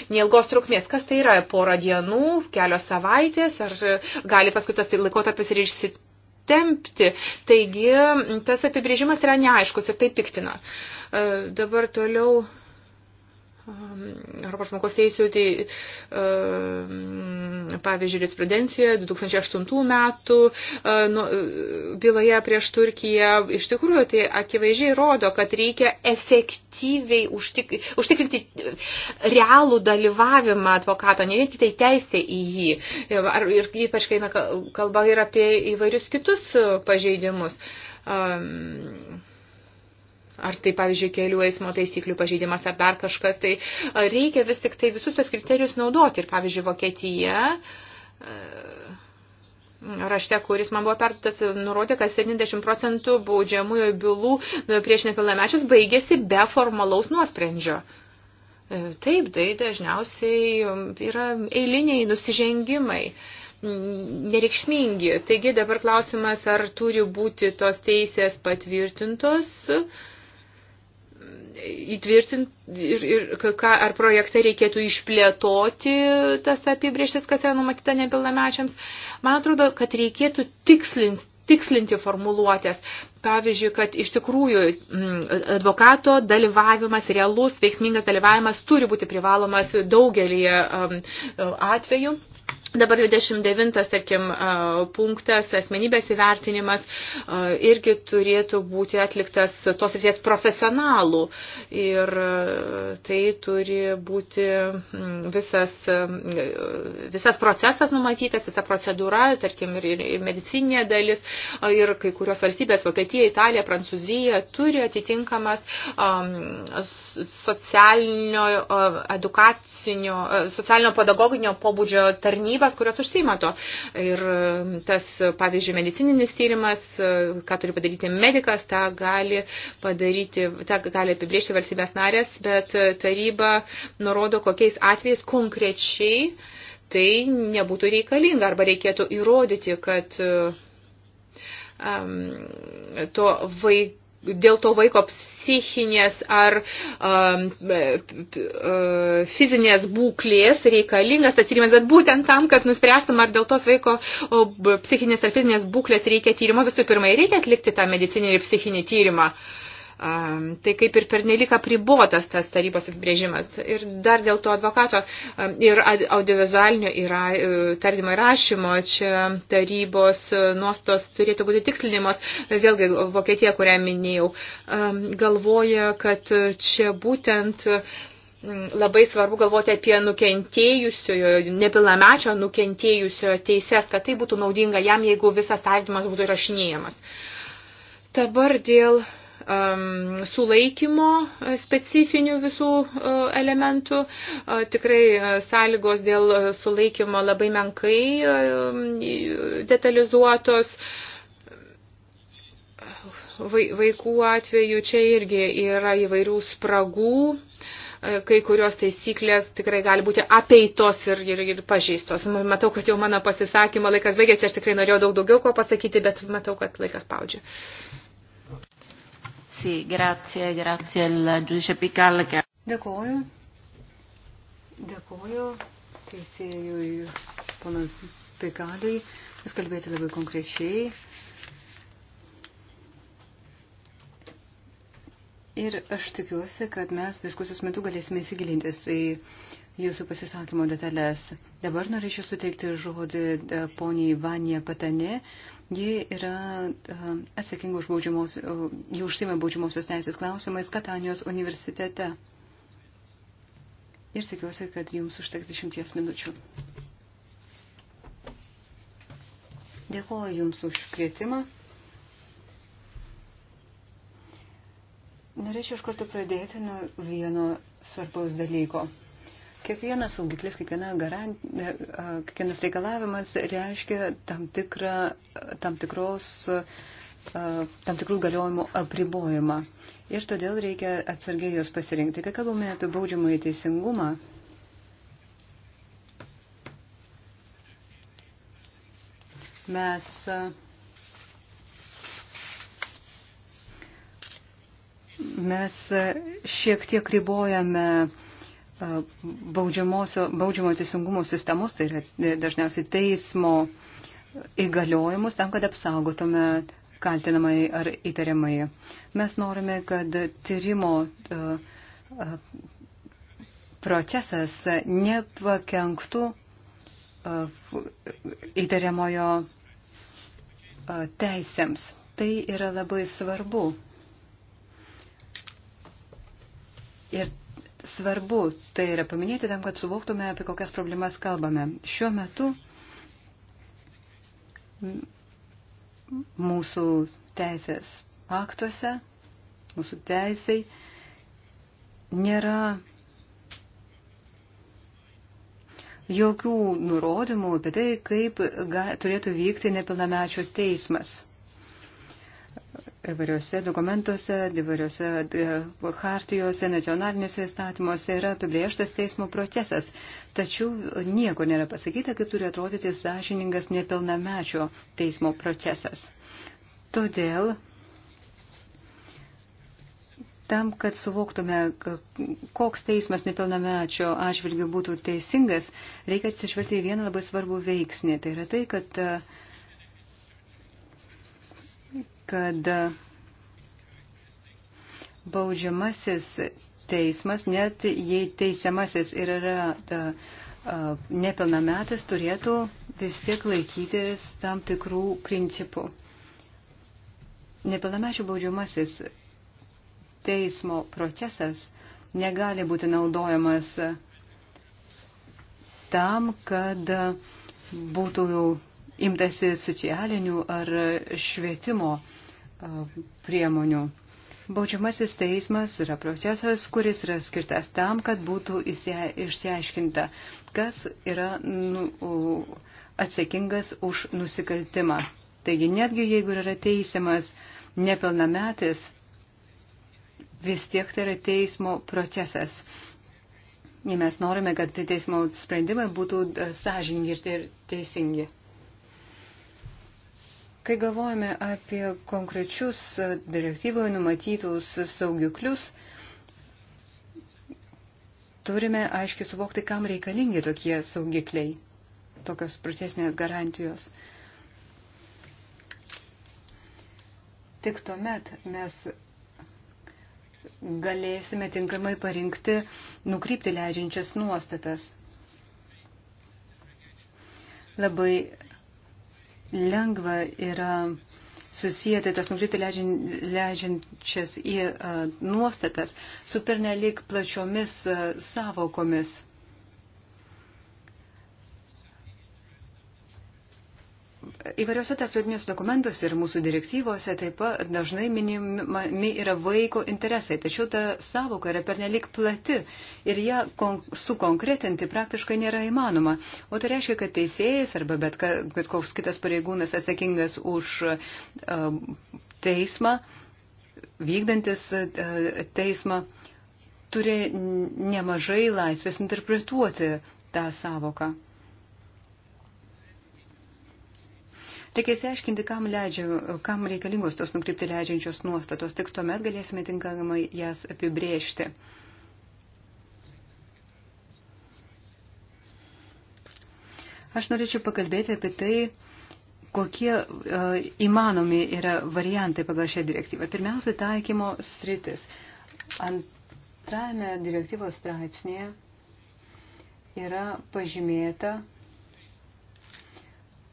neilgos trukmės. Kas tai yra? Porą dienų, kelios savaitės? Ar gali paskui tas laikotarpis ir išsitempti? Taigi tas apibrėžimas yra neaiškus ir tai piktina. Uh, dabar toliau. Ehm, Europos žmogaus teisų, tai ehm, pavyzdžiui, jurisprudencijoje 2008 metų e, nu, e, byloje prieš Turkiją iš tikrųjų tai akivaizdžiai rodo, kad reikia efektyviai užtik, užtikrinti realų dalyvavimą advokato, ne vien tik tai teisė į jį. E, ar, ir ypač, kai kalba ir apie įvairius kitus pažeidimus. Um, Ar tai, pavyzdžiui, kelių eismo taisyklių pažeidimas ar dar kažkas, tai reikia vis tik tai visus tos kriterijus naudoti. Ir, pavyzdžiui, Vokietija rašte, kuris man buvo perduotas, nurodė, kad 70 procentų baudžiamųjų bylų e, prieš nepilnamečius baigėsi be formalaus nuosprendžio. E, taip, tai dažniausiai um, yra eiliniai nusižengimai nereikšmingi. Taigi dabar klausimas, ar turi būti tos teisės patvirtintos. Uh, įtvirtinti ir, ir ką, ar projektą reikėtų išplėtoti tas apibrieštis, kas yra numatyta nepilnamečiams. Man atrodo, kad reikėtų tikslins, tikslinti formuluotės. Pavyzdžiui, kad iš tikrųjų mm, advokato dalyvavimas, realus, veiksmingas dalyvavimas turi būti privalomas daugelį atvejų. Dabar 29, sakim, punktas, asmenybės įvertinimas irgi turėtų būti atliktas tos įsies profesionalų ir tai turi būti visas, visas procesas numatytas, visa procedūra, tarkim, ir, ir medicinė dalis ir kai kurios valstybės, Vokietija, Italija, Prancūzija turi atitinkamas um, socialinio, edukacinio, socialinio pedagoginio pobūdžio tarnybas, kurios užsima to. Ir um, tas, pavyzdžiui, medicininis tyrimas, e, ką turi padaryti medikas, tą gali padaryti, tą gali apibriežti valstybės narės, bet e, taryba nurodo, kokiais atvejais konkrečiai tai nebūtų reikalinga arba reikėtų įrodyti, kad um, to vaikų dėl to vaiko psichinės ar um, e, e, fizinės būklės reikalingas tas tyrimas, bet būtent tam, kad nuspręstum, ar dėl tos vaiko psichinės ar fizinės būklės reikia tyrimo, visų pirma, reikia atlikti tą medicininį ir psichinį tyrimą. Uh, Tai kaip ir pernelyg apribotas tas tarybos apibrėžimas. Ir dar dėl to advokato ir audiovizualinio yra, e, tardymo įrašymo čia tarybos e, nuostos turėtų būti tikslinimos. E, vėlgi Vokietija, kurią minėjau, galvoja, kad čia būtent labai svarbu galvoti apie nukentėjusiojo, nepilnamečio nukentėjusiojo teises, kad tai būtų naudinga jam, jeigu visas tardymas būtų rašinėjamas. Dabar dėl um, sulaikymo specifinių visų uh, elementų. Uh, tikrai uh, sąlygos dėl uh, sulaikymo labai menkai uh, detalizuotos. Vaikų atveju čia irgi yra įvairių spragų, uh, kai kurios taisyklės tikrai gali būti apeitos ir, ir, ir pažeistos. Matau, kad jau mano pasisakymo laikas baigėsi, aš tikrai norėjau daug daugiau ko pasakyti, bet matau, kad laikas paudžia. Uh, Sì, grazie, grazie al giudice Pical. Che... Dėkoju. Dėkoju teisėjui ponui Pikaliui. Jūs kalbėjote labai konkrečiai. Ir aš tikiuosi, kad mes diskusijos metu galėsime įsigilintis į jūsų pasisakymo detalės. Dabar norėčiau suteikti žodį e, poniai Vanja Patane, Ji yra e, atsakinga už baudžiamos, e, ji užsima baudžiamosios teisės klausimais Katanijos universitete. Ir tikiuosi, kad jums užteks dešimties minučių. Dėkuoju Jums už kvietimą. Norėčiau iš karto pradėti nuo vieno svarbaus dalyko. Kiekvienas saugiklis, kiekviena garant, e, kiekvienas reikalavimas reiškia tam, tikrą, tam, tikros, tam tikrų galiojimų apribojimą. Ir todėl reikia atsargiai jos pasirinkti. Kai kalbame apie baudžiamąjį teisingumą, mes mes šiek tiek ribojame baudžiamo teisingumo sistemos, tai yra e, dažniausiai teismo įgaliojimus tam, kad apsaugotume kaltinamai ar įtariamai. Mes norime, kad tyrimo procesas nepakenktų įtariamojo teisėms. Tai yra labai svarbu. Ir svarbu tai yra paminėti tam, kad suvoktume, apie kokias problemas kalbame. Šiuo metu mūsų teisės aktuose, mūsų teisai nėra jokių nurodymų apie tai, kaip ga, turėtų vykti nepilnamečio teismas įvairiuose dokumentuose, įvairiuose e, hartijose, nacionaliniuose įstatymuose yra apibrieštas teismo procesas. Tačiau nieko nėra pasakyta, kaip turi atrodyti sąžiningas nepilnamečio teismo procesas. Todėl Tam, kad suvoktume, koks teismas nepilnamečio atžvilgių būtų teisingas, reikia atsižvelgti į vieną labai svarbų veiksnį. Tai yra tai, kad uh, kad baudžiamasis teismas, net jei teisiamasis ir yra ta, nepilnametis, turėtų vis tiek laikytis tam tikrų principų. Nepilnamečių baudžiamasis teismo procesas negali būti naudojamas tam, kad būtų imtasi socialinių ar švietimo priemonių. Baudžiamasis teismas yra procesas, kuris yra skirtas tam, kad būtų išsiaiškinta, kas yra nu, atsakingas už nusikaltimą. Taigi netgi jeigu yra teisiamas nepilnametis, vis tiek tai yra teismo procesas. Jei mes norime, kad teismo sprendimai būtų sąžiningi ir teisingi. Kai galvojame apie konkrečius direktyvoje numatytus saugiklius, turime aiškiai suvokti, kam reikalingi tokie saugikliai, tokios procesinės garantijos. Tik tuomet mes galėsime tinkamai parinkti nukrypti leidžiančias nuostatas. Labai lengva yra susijęti tas nukrypti leidžiančias į nuostatas su pernelik plačiomis savokomis. Įvairiuose tarptautiniuose dokumentuose ir mūsų direktyvose taip pat dažnai minimi yra vaiko interesai, tačiau ta savoka yra pernelik plati ir ją kon sukonkretinti praktiškai nėra įmanoma. O tai reiškia, kad teisėjas arba bet, ka, bet koks kitas pareigūnas atsakingas už uh, teismą, vykdantis uh, teismą, turi nemažai laisvės interpretuoti tą savoką. Reikia įsiaiškinti, kam, leidžia, kam reikalingos tos nukrypti leidžiančios nuostatos, tik tuomet galėsime tinkamai jas apibrėžti. Aš norėčiau pakalbėti apie tai, kokie uh, įmanomi yra variantai pagal šią direktyvą. Pirmiausia, taikymo sritis. Antrajame direktyvos straipsnėje yra pažymėta,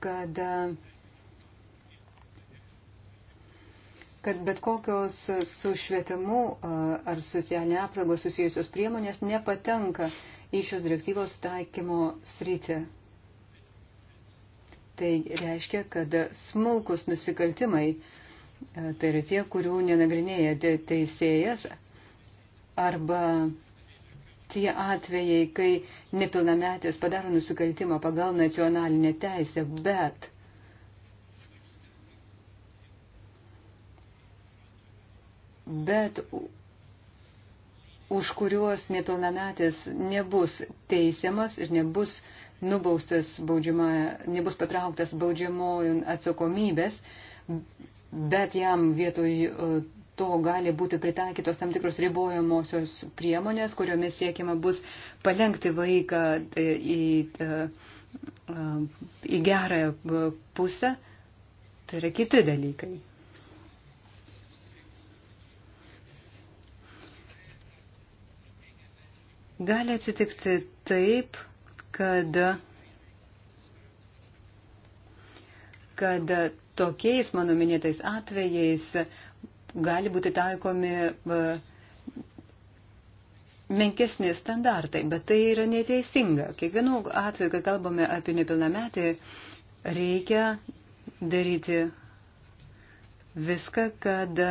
kad uh, kad bet kokios su švietimu ar socialinė apsaugos susijusios priemonės nepatenka į šios direktyvos taikymo sritį. Tai reiškia, kad smulkus nusikaltimai, tai yra tie, kurių nenagrinėja teisėjas, arba tie atvejai, kai nepilnametės padaro nusikaltimą pagal nacionalinę teisę, bet bet už kuriuos nepilnametis nebus teisiamas ir nebus nubaustas baudžiamąją, nebus patrauktas baudžiamojų atsakomybės, bet jam vietoj e, to gali būti pritaikytos tam tikros ribojamosios priemonės, kuriomis siekiama bus palengti vaiką e, į, į, e, į gerąją pusę. Tai yra kiti dalykai. Gali atsitikti taip, kad, kad tokiais mano minėtais atvejais gali būti taikomi menkesni standartai, bet tai yra neteisinga. Kiekvienu atveju, kai kalbame apie nepilnametį, reikia daryti viską, kad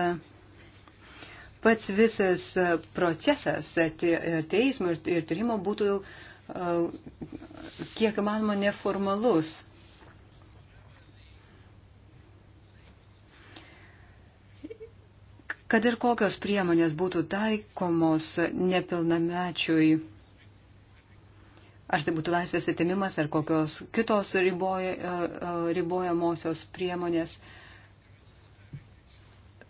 pats visas e, procesas e, e, teismo ir tyrimo būtų kiek įmanoma neformalus. Kad ir kokios priemonės būtų taikomos nepilnamečiui, ar tai būtų laisvės atimimas, ar kokios kitos riboja, ribojamosios priemonės, uh,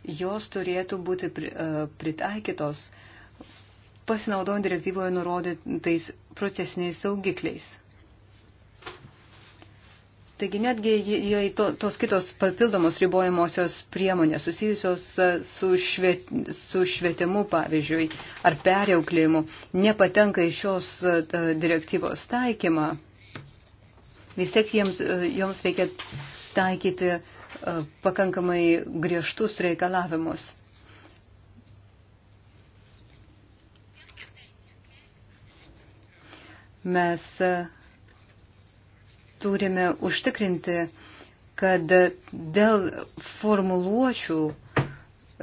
jos turėtų būti e, pritaikytos pasinaudojant direktyvoje nurodytais procesiniais saugikliais. Taigi netgi jei to, tos kitos papildomos ribojamosios priemonės susijusios e, su, šviet, su švietimu, pavyzdžiui, ar perjauklėjimu, nepatenka į šios e, direktyvos taikymą, vis tiek jiems, joms reikia taikyti uh, E, pakankamai griežtus reikalavimus. Mes e, turime užtikrinti, kad dėl formuluočių,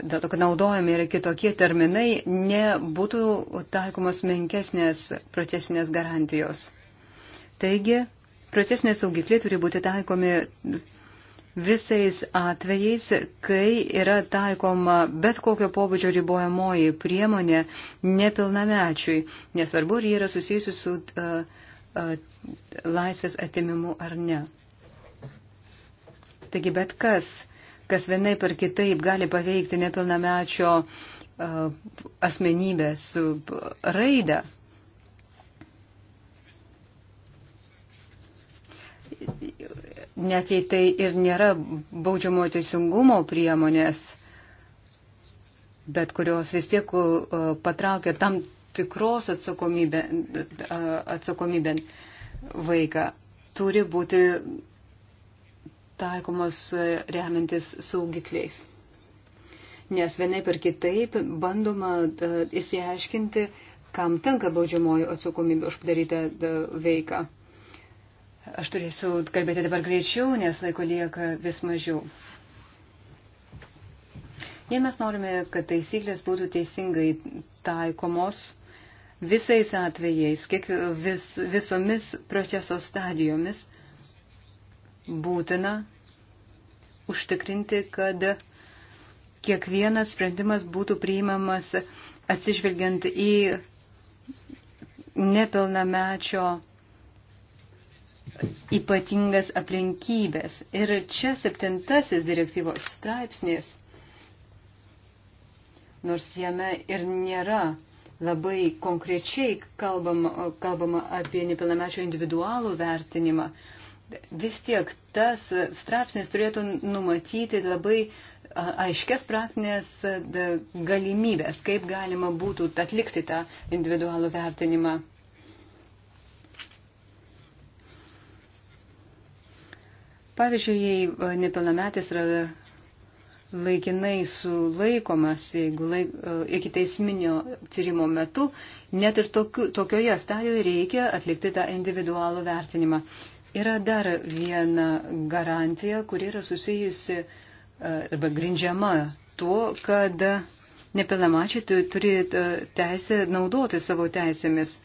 dėl to, kad naudojami yra kitokie terminai, nebūtų taikomos menkesnės procesinės garantijos. Taigi, procesiniai saugikliai turi būti taikomi visais atvejais, kai yra taikoma bet kokio pobūdžio ribojamoji priemonė nepilnamečiui, nesvarbu, ar jie yra susijusi su uh, uh, laisvės atimimu ar ne. Taigi bet kas, kas vienai per kitaip gali paveikti nepilnamečio uh, asmenybės raidą, net jei tai ir nėra baudžiamo teisingumo priemonės, bet kurios vis tiek uh, patraukia tam tikros atsakomybė, atsakomybė vaiką, turi būti taikomos uh, remintis saugikliais. Nes vienaip ir kitaip bandoma įsiaiškinti, kam tenka baudžiamoji atsakomybė už padarytą veiką. Aš turėsiu kalbėti dabar greičiau, nes laiko lieka vis mažiau. Jei mes norime, kad taisyklės būtų teisingai taikomos visais atvejais, kiek vis, visomis proceso stadijomis, būtina užtikrinti, kad kiekvienas sprendimas būtų priimamas atsižvelgiant į nepilnamečio ypatingas aplinkybės. Ir čia septintasis direktyvos straipsnis, nors jame ir nėra labai konkrečiai kalbama, kalbama apie nepilnamečio individualų vertinimą, vis tiek tas straipsnis turėtų numatyti labai aiškės praktinės galimybės, kaip galima būtų atlikti tą individualų vertinimą. Pavyzdžiui, jei nepilnametis yra laikinai sulaikomas, jeigu laik, e, iki teisminio tyrimo metu, net ir tokiu, tokioje stadijoje reikia atlikti tą individualų vertinimą. Yra dar viena garantija, kuri yra susijusi e, arba grindžiama tuo, kad nepilnamačiai turi e, teisę naudoti savo teisėmis.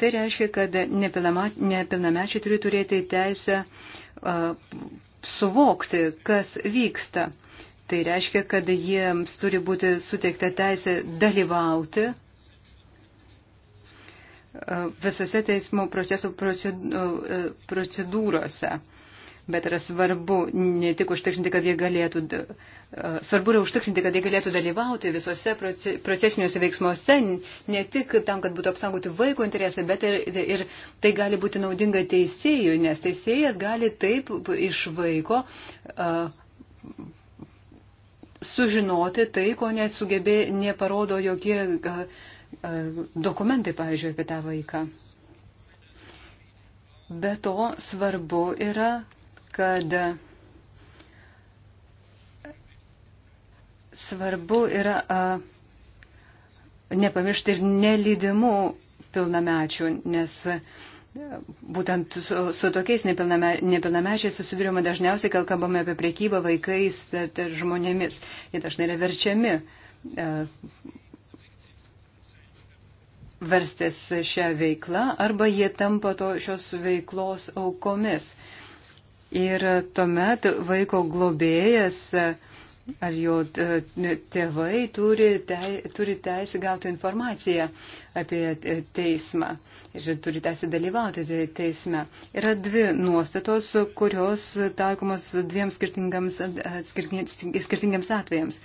Tai reiškia, kad nepilnamačiai turi turėti teisę uh, suvokti, kas vyksta. Tai reiškia, kad jiems turi būti suteikta teisė dalyvauti visose teismo proceso procedūrose bet yra svarbu ne tik užtikrinti, kad jie galėtų, svarbu yra užtikrinti, kad jie galėtų dalyvauti visose procesiniuose veiksmuose, ne tik tam, kad būtų apsaugoti vaiko interesai, bet ir, ir tai gali būti naudinga teisėjui, nes teisėjas gali taip iš vaiko uh, sužinoti tai, ko net sugebė, neparodo jokie uh, uh, dokumentai, pavyzdžiui, apie tą vaiką. Be to svarbu yra kad svarbu yra a, nepamiršti ir nelydimų pilnamečių, nes a, būtent su, su tokiais nepilname, nepilnamečiais susidurima dažniausiai, kai kalbame apie priekybą vaikais ir tai, tai žmonėmis. Jie dažnai yra verčiami a, verstis šią veiklą arba jie tampa to šios veiklos aukomis. A, Ir tuomet vaiko globėjas ar jo e, tėvai turi, tei, turi teisę gauti informaciją apie e, teismą ir turi teisę dalyvauti teisme. Yra dvi nuostatos, kurios taikomos dviem skirtingams, skirtingams atvejams.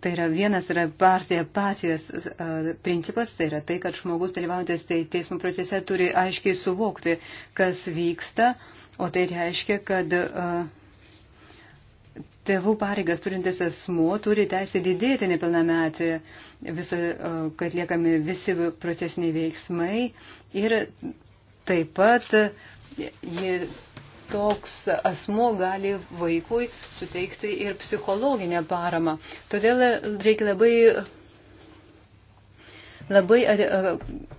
Tai yra vienas yra partija patijos principas, tai yra tai, kad žmogus dalyvaujantis tai teismo procese turi aiškiai suvokti, kas vyksta, o tai reiškia, kad tėvų pareigas turintis asmuo turi teisę didėti nepilnametį, viso, kad liekami visi procesiniai veiksmai ir taip pat jie toks asmo gali vaikui suteikti ir psichologinę paramą. Todėl reikia labai, labai,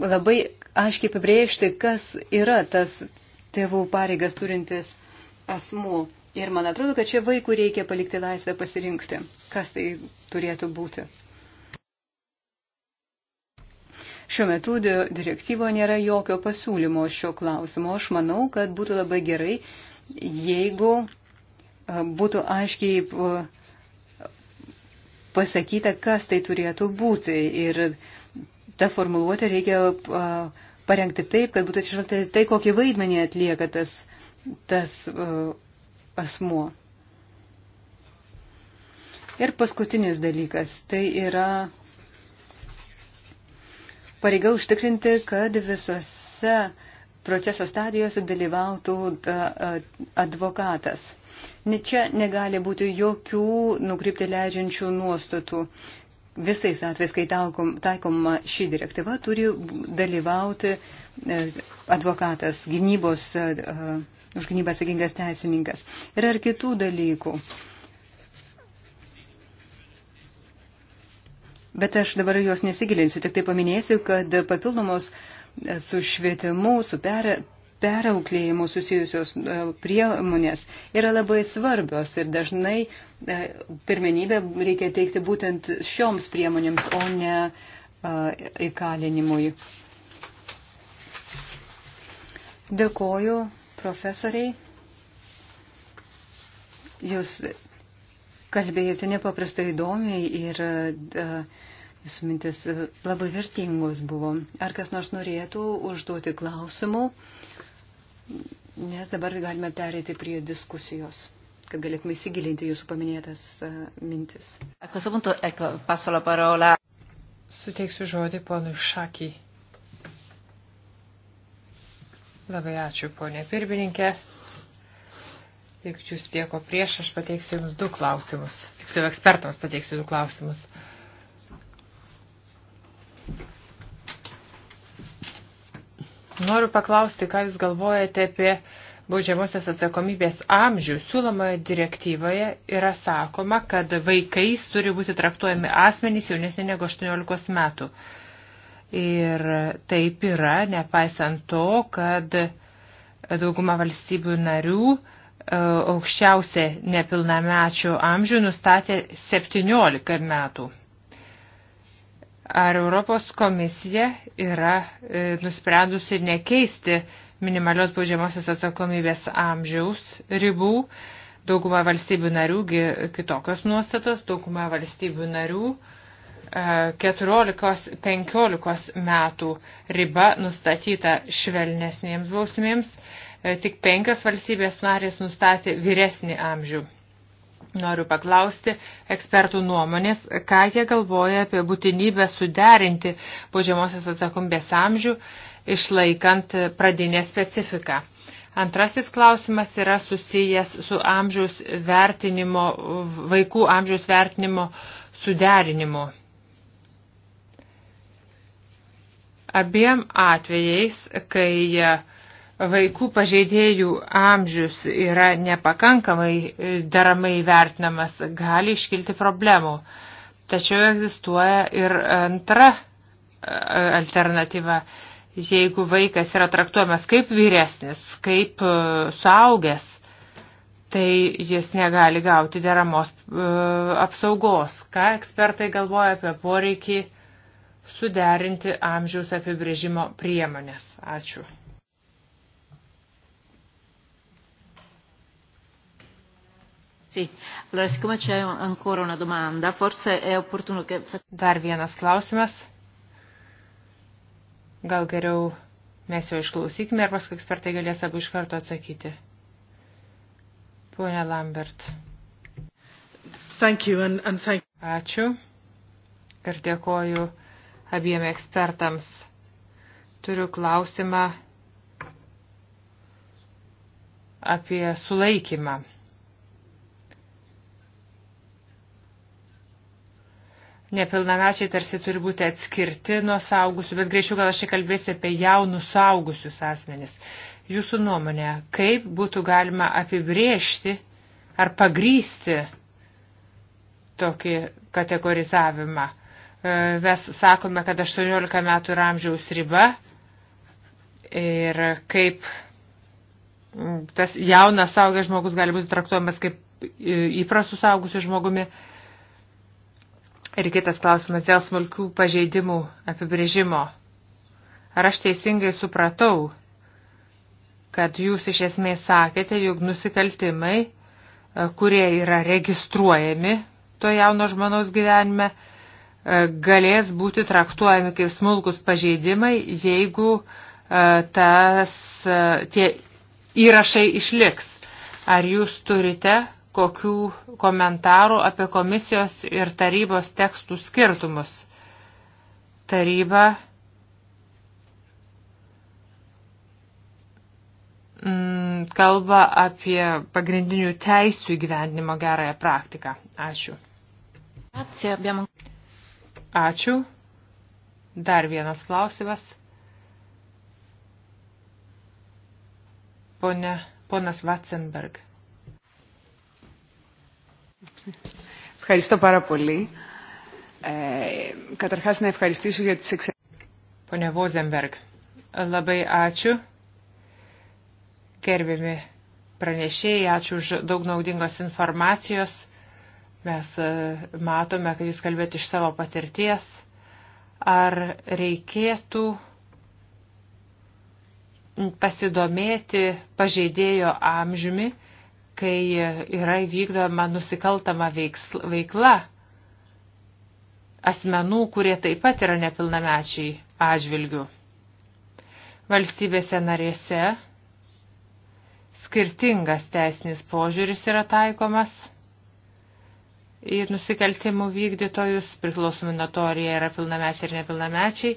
labai aiškiai pabrėžti, kas yra tas tėvų pareigas turintis asmuo. Ir man atrodo, kad čia vaikų reikia palikti laisvę pasirinkti, kas tai turėtų būti. Šiuo metu direktyvo nėra jokio pasiūlymo šio klausimo. Aš manau, kad būtų labai gerai, jeigu e, būtų aiškiai e, pasakyta, kas tai turėtų būti. Ir tą formuluotę reikia e, parengti taip, kad būtų atsižvelgta tai, kokį vaidmenį atlieka tas, tas asmuo. Ir paskutinis dalykas, tai yra pareiga užtikrinti, kad visose proceso stadijose dalyvautų advokatas. Ne čia negali būti jokių nukrypti leidžiančių nuostatų. Visais atvejais, kai taikoma ši direktyva, turi dalyvauti e, advokatas, gynybos, e, e, už gynybą atsakingas teisininkas. Yra ir kitų dalykų. Bet aš dabar juos nesigilinsiu, tik tai paminėsiu, kad papildomos e, su švietimu, su per, perauklėjimu susijusios e, priemonės yra labai svarbios ir dažnai e, pirmenybę reikia teikti būtent šioms priemonėms, o ne įkalinimui. Dėkoju profesoriai. Jūs Kalbėjote nepaprastai įdomiai ir e, jūsų mintis e, labai vertingos buvo. Ar kas nors norėtų užduoti klausimų? Nes dabar galime perėti prie diskusijos kad galėtume įsigilinti jūsų paminėtas e, mintis. Suteiksiu žodį ponui Šakiai. Labai ačiū, ponė pirmininkė. Tiek jūs tieko prieš, aš pateiksiu jums du klausimus. Tiksliau, ekspertams pateiksiu du klausimus. Noriu paklausti, ką jūs galvojate apie baudžiamosios atsakomybės amžių siūlomoje direktyvoje yra sakoma, kad vaikais turi būti traktuojami asmenys jaunesni negu 18 metų. Ir taip yra, nepaisant to, kad dauguma valstybių narių uh, E, aukščiausią nepilnamečių amžių nustatė 17 metų. Ar Europos komisija yra e, nusprendusi nekeisti minimalios baudžiamosios atsakomybės amžiaus ribų? Dauguma valstybių narių kitokios nuostatos, dauguma valstybių narių e, 14-15 metų riba nustatyta švelnesniems bausmėms. E, E, tik penkios valstybės narės nustatė vyresnį amžių. Noriu paklausti ekspertų nuomonės, ką jie galvoja apie būtinybę suderinti baudžiamosios atsakomybės amžių, išlaikant pradinę specifiką. Antrasis klausimas yra susijęs su amžiaus vertinimo, vaikų amžiaus vertinimo suderinimu. Abiem atvejais, kai vaikų pažeidėjų amžius yra nepakankamai e, deramai vertinamas, gali iškilti problemų. Tačiau egzistuoja ir antra e, alternatyva. Jeigu vaikas yra traktuojamas kaip vyresnis, kaip e, suaugęs, tai jis negali gauti deramos apsaugos. Ką ekspertai galvoja apie poreikį suderinti amžiaus apibrėžimo priemonės? Ačiū. Sì, allora siccome c'è ancora una domanda, forse è opportuno che... Dar vienas klausimas. Gal geriau mes jo išklausykime ir paskui ekspertai galės abu iš karto atsakyti. Pone Lambert. Thank you and, and thank... Ačiū ir dėkoju abiem ekspertams. Turiu klausimą apie sulaikymą. nepilnamečiai tarsi turi būti atskirti nuo saugusių, bet greičiau gal aš čia kalbėsiu apie jaunus saugusius asmenis. Jūsų nuomonė, kaip būtų galima apibriežti ar pagrysti tokį kategorizavimą? E, mes sakome, kad 18 metų yra amžiaus riba ir kaip tas jaunas saugęs žmogus gali būti traktuojamas kaip e, įprastų saugusių žmogumi. Ir kitas klausimas dėl smulkių pažeidimų apibrėžimo. Ar aš teisingai supratau, kad jūs iš esmės sakėte, jog nusikaltimai, e, kurie yra registruojami to jauno žmogaus gyvenime, e, galės būti traktuojami kaip smulkus pažeidimai, jeigu e, tas, tie įrašai išliks. Ar jūs turite kokių komentarų apie komisijos ir tarybos tekstų skirtumus. Taryba mm, kalba apie pagrindinių teisų įgyvendinimo gerąją praktiką. Ačiū. Ačiū. Dar vienas klausimas. Pone, ponas Vatsenberg. Ευχαριστώ πάρα πολύ. Ε, καταρχάς να ευχαριστήσω για τις εξαιρετικές... Pone Vozenberg, labai ačiū. Gerbiami pranešėjai, ačiū už daug naudingos informacijos. Mes e, matome, kad jūs kalbėt iš savo patirties. Ar reikėtų pasidomėti pažeidėjo amžiumi? kai yra vykdoma nusikaltama veikla asmenų, kurie taip pat yra nepilnamečiai atžvilgių. Valstybėse narėse skirtingas teisinis požiūris yra taikomas į nusikaltimų vykdytojus, priklausomai nuo to, ar jie yra pilnamečiai ir nepilnamečiai.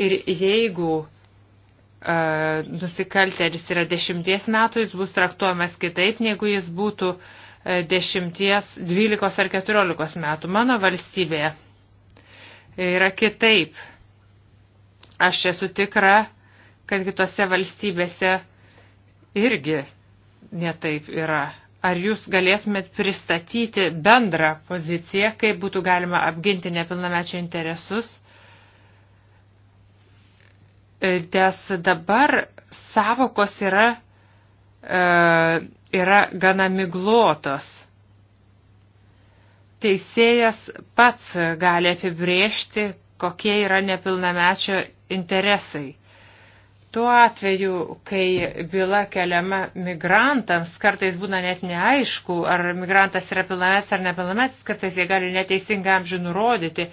Ir jeigu E, nusikaltėlis yra dešimties metų, jis bus traktuojamas kitaip, negu jis būtų e, dešimties, dvylikos ar keturiolikos metų. Mano valstybėje yra kitaip. Aš esu tikra, kad kitose valstybėse irgi netaip yra. Ar jūs galėtumėt pristatyti bendrą poziciją, kaip būtų galima apginti nepilnamečio interesus? nes dabar savokos yra, e, yra gana miglotos. Teisėjas pats gali apibriežti, kokie yra nepilnamečio interesai. Tuo atveju, kai byla keliama migrantams, kartais būna net neaišku, ar migrantas yra pilnametis ar nepilnametis, kartais jie gali neteisingą amžių nurodyti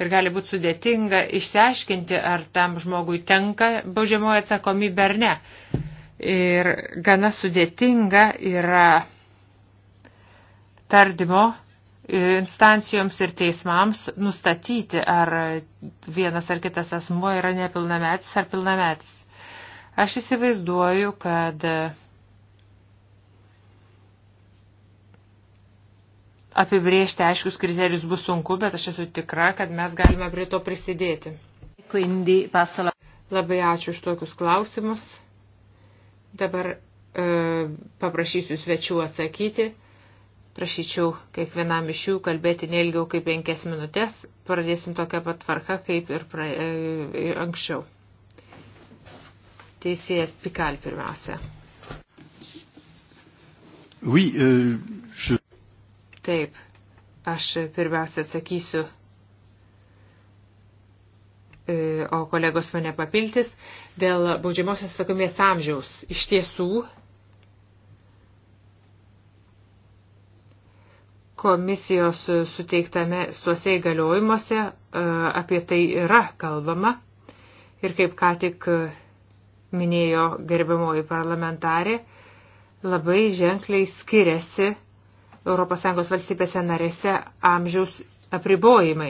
ir gali būti sudėtinga išsiaiškinti, ar tam žmogui tenka baudžiamoji atsakomybė ar ne. Ir gana sudėtinga yra tardymo e, instancijoms ir teismams nustatyti, ar vienas ar kitas asmuo yra nepilnametis ar pilnametis. Aš įsivaizduoju, kad apibriežti aiškius kriterijus bus sunku, bet aš esu tikra, kad mes galime prie to prisidėti. Labai ačiū už tokius klausimus. Dabar e, paprašysiu svečių atsakyti. Prašyčiau kiekvienam iš jų kalbėti neilgiau kaip penkias minutės. Pradėsim tokią pat tvarką kaip ir pra, e, e, anksčiau. Teisėjas Pikal pirmiausia. Oui, euh, je... Taip, aš pirmiausia atsakysiu, e, o kolegos mane papiltis, dėl baudžiamosios atsakomės amžiaus. Iš tiesų, komisijos suteiktame tuose įgaliojimuose e, apie tai yra kalbama. Ir kaip ką tik minėjo gerbiamoji parlamentarė, labai ženkliai skiriasi ES valstybėse narėse amžiaus apribojimai.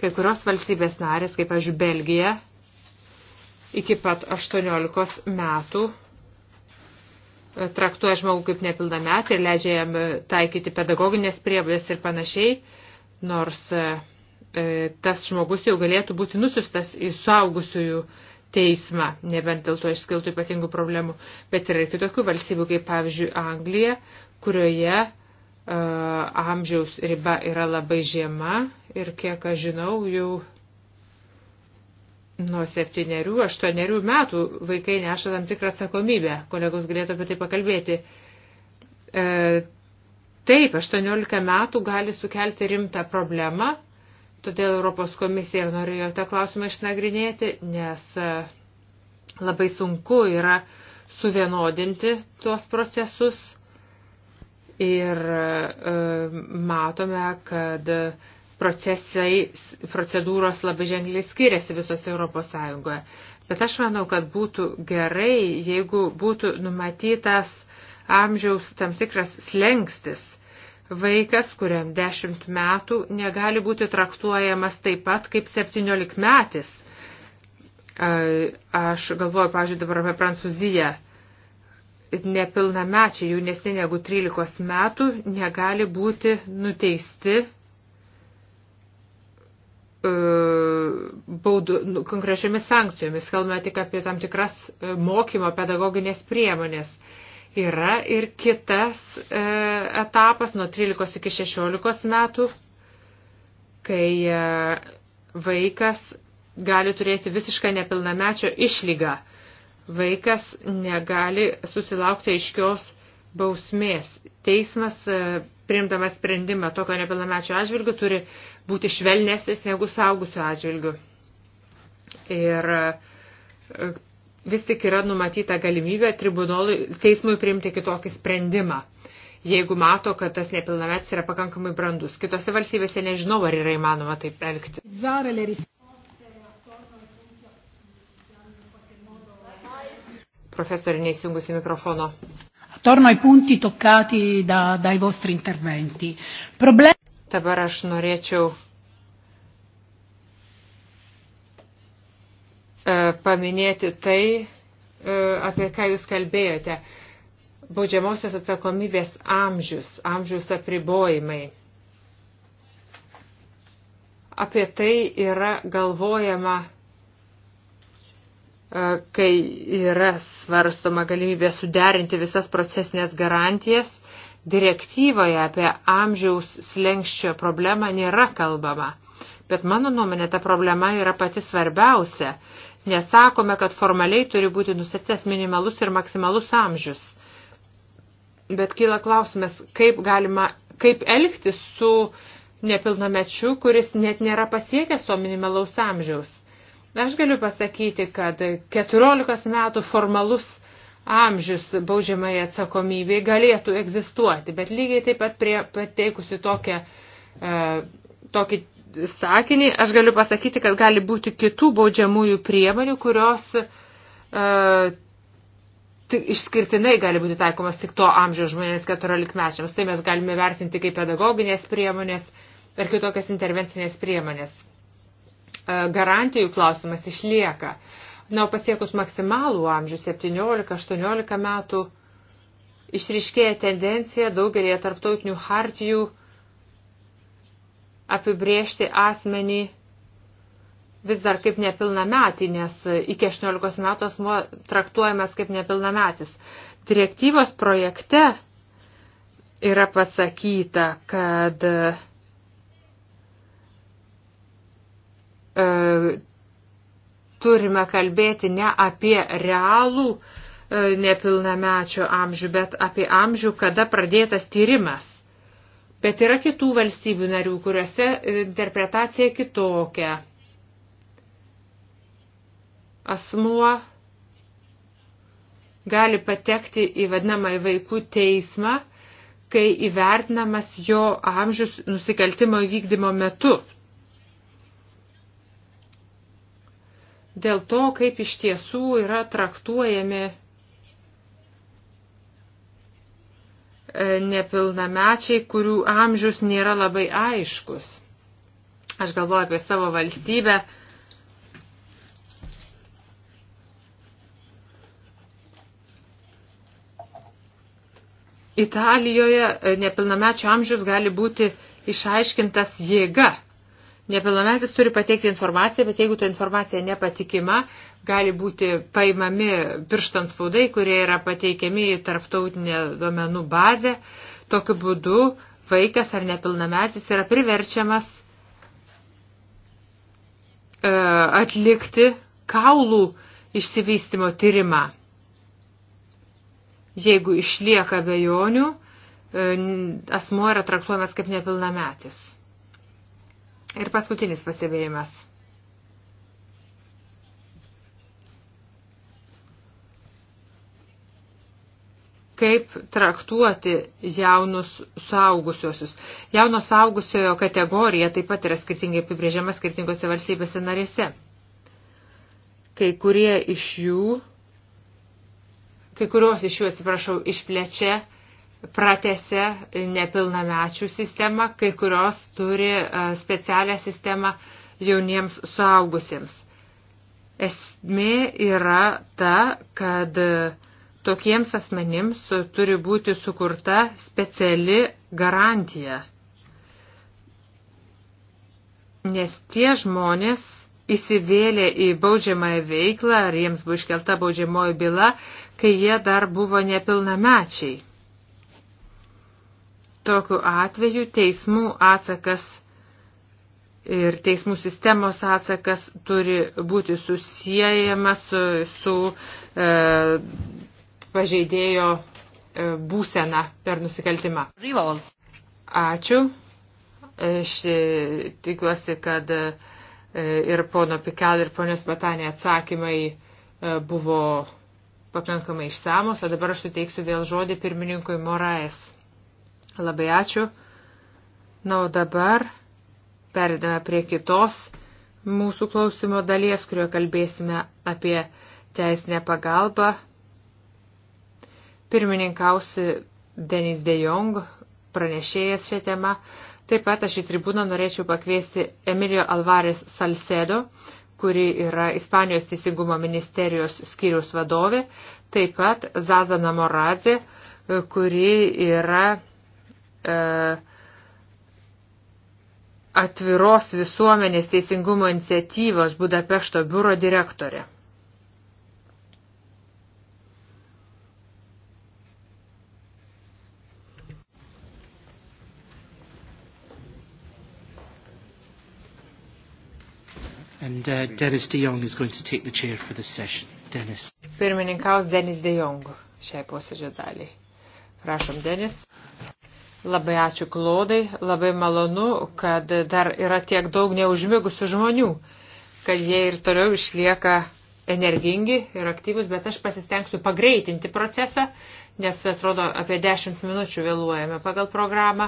Kai kurios valstybės narės, kaip aš Belgija, iki pat 18 metų e, traktuoja žmogų kaip nepildametį ir leidžia jam e, taikyti pedagoginės prievalės ir panašiai, nors e, tas žmogus jau galėtų būti nusiustas į suaugusiųjų teismą, nebent dėl to išskiltų ypatingų problemų, bet yra ir kitokių valstybių, kaip pavyzdžiui Anglija, kurioje amžiaus riba yra labai žema ir kiek aš žinau, jau nuo septyniarių, aštuoniarių metų vaikai neša tam tikrą atsakomybę. Kolegos galėtų apie tai pakalbėti. E, taip, 18 metų gali sukelti rimtą problemą, todėl Europos komisija ir norėjo tą klausimą išnagrinėti, nes e, labai sunku yra suvienodinti tuos procesus Ir e, matome, kad procesai, procedūros labai ženkliai skiriasi visos Europos Sąjungoje. Bet aš manau, kad būtų gerai, jeigu būtų numatytas amžiaus tam tikras slengstis. Vaikas, kuriam 10 metų, negali būti traktuojamas taip pat kaip 17 metis. E, aš galvoju, pažiūrėjau, dabar apie Prancūziją nepilnamečiai jaunesni negu 13 metų negali būti nuteisti e, baudu, nu, konkrečiamis sankcijomis. Kalbame tik apie tam tikras e, mokymo pedagoginės priemonės. Yra ir kitas e, etapas nuo 13 iki 16 metų, kai vaikas gali turėti visišką nepilnamečio išlygą Vaikas negali susilaukti aiškios bausmės. Teismas, e, priimdamas sprendimą tokio nepilnamečio atžvilgių, turi būti švelnesnis negu saugusio atžvilgių. Ir e, vis tik yra numatyta galimybė tribunolui, teismui priimti kitokį sprendimą, jeigu mato, kad tas nepilnametis yra pakankamai brandus. Kitose valstybėse nežinau, ar yra įmanoma taip elgti. Profesorė, neįsijungusi mikrofono. Torno ai punti toccati da, dai vostri interventi. Problem... Dabar aš norėčiau e, paminėti tai, e, apie ką jūs kalbėjote. Baudžiamosios atsakomybės amžius, amžius apribojimai. Apie tai yra galvojama E, kai yra svarstoma galimybė suderinti visas procesinės garantijas, direktyvoje apie amžiaus slengščio problemą nėra kalbama. Bet mano nuomonė, ta problema yra pati svarbiausia. Nesakome, kad formaliai turi būti nustatytas minimalus ir maksimalus amžius. Bet kyla klausimas, kaip galima, kaip elgtis su nepilnamečiu, kuris net nėra pasiekęs to minimalaus amžiaus Aš galiu pasakyti, kad 14 metų formalus amžius baudžiamai atsakomybei galėtų egzistuoti, bet lygiai taip pat prie pateikusi tokią, e, tokį sakinį, aš galiu pasakyti, kad gali būti kitų baudžiamųjų priemonių, kurios e, išskirtinai gali būti taikomas tik to amžiaus žmonės 14 mečiams. Tai mes galime vertinti kaip pedagoginės priemonės ar kitokias intervencinės priemonės. E, garantijų klausimas išlieka. Na, pasiekus maksimalų amžių 17-18 metų išriškėja tendencija daugelėje tarptautinių hartijų apibriežti asmenį vis dar kaip nepilnametį, nes iki 18 metų asmuo traktuojamas kaip nepilnametis. Direktyvos projekte yra pasakyta, kad E, turime kalbėti ne apie realų e, nepilnamečio amžių, bet apie amžių, kada pradėtas tyrimas. Bet yra kitų valstybių narių, kuriuose interpretacija kitokia. Asmuo gali patekti į vadinamą į vaikų teismą, kai įvertinamas jo amžius nusikaltimo įvykdymo metu. dėl to, kaip iš tiesų yra traktuojami e, nepilnamečiai, kurių amžius nėra labai aiškus. Aš galvoju apie savo valstybę. Italijoje e, nepilnamečio amžius gali būti išaiškintas jėga, Nepilnametis turi pateikti informaciją, bet jeigu ta informacija nepatikima, gali būti paimami pirštant spaudai, kurie yra pateikiami į tarptautinę duomenų bazę. Tokiu būdu vaikas ar nepilnametis yra priverčiamas e, atlikti kaulų išsivystimo tyrimą. Jeigu išlieka bejonių, e, asmuo yra traktuojamas kaip nepilnametis. Ir paskutinis pasibėjimas. kaip traktuoti jaunus suaugusiosius. Jauno suaugusiojo kategorija taip pat yra skirtingai apibrėžiama skirtingose valstybėse narėse. Kai kurie iš jų, kai kurios iš jų, atsiprašau, išplečia pratėse nepilnamečių sistemą, kai kurios turi e, specialią sistemą jauniems suaugusiems. Esmė yra ta, kad tokiems asmenims turi būti sukurta speciali garantija. Nes tie žmonės įsivėlė į baudžiamąją veiklą ar jiems buvo iškelta baudžiamoji byla, kai jie dar buvo nepilnamečiai. Tokiu atveju teismų atsakas ir teismų sistemos atsakas turi būti susijęjamas su, su e, pažeidėjo e, būsena per nusikaltimą. Ačiū. Aš e, tikiuosi, kad e, ir pono Pikel ir ponios Batanė atsakymai e, buvo pakankamai išsamos, o dabar aš suteiksiu vėl žodį pirmininkui Moraes. Labai ačiū. Na, o dabar perėdame prie kitos mūsų klausimo dalies, kurioje kalbėsime apie teisinę pagalbą. Pirmininkausi Denis De Jong, pranešėjas šią temą. Taip pat aš į tribūną norėčiau pakviesti Emilio Alvarės Salcedo, kuri yra Ispanijos teisingumo ministerijos skyrius vadovė, taip pat Zaza Namoradze, kuri yra E, atviros visuomenės teisingumo iniciatyvos Budapešto biuro direktorė. And uh, Dennis de Jong is going to take the chair for this session. Dennis. Pirmininkaus Dennis de Jong šiai posėdžio daliai. Prašom, Denis. Labai ačiū Klaudai, labai malonu, kad dar yra tiek daug neužmigusių žmonių, kad jie ir toliau išlieka energingi ir aktyvus, bet aš pasistengsiu pagreitinti procesą, nes atrodo apie 10 minučių vėluojame pagal programą.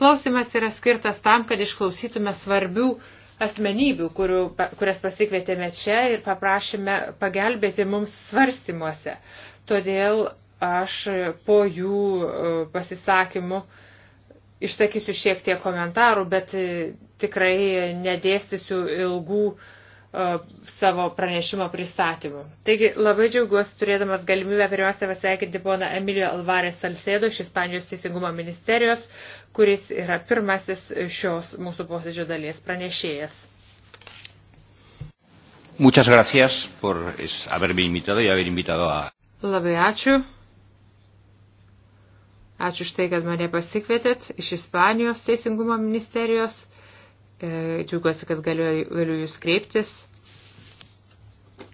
Klausimas yra skirtas tam, kad išklausytume svarbių asmenybių, kurių, kurias pasikvietėme čia ir paprašėme pagelbėti mums svarstymuose. Todėl aš po jų e, pasisakymų išsakysiu šiek tiek komentarų, bet e, tikrai nedėstysiu ilgų e, savo pranešimo pristatymų. Taigi labai džiaugiuosi turėdamas galimybę pirmiausia pasveikinti poną Emilio Alvarės Salsėdo iš Ispanijos teisingumo ministerijos, kuris yra pirmasis šios mūsų posėdžio dalies pranešėjas. Muchas gracias por haberme invitado y haber invitado a. Labai ačiū Ačiū už tai, kad mane pasikvietėt iš Ispanijos teisingumo ministerijos. E, Džiugiuosi, kad galiu, galiu jūs kreiptis.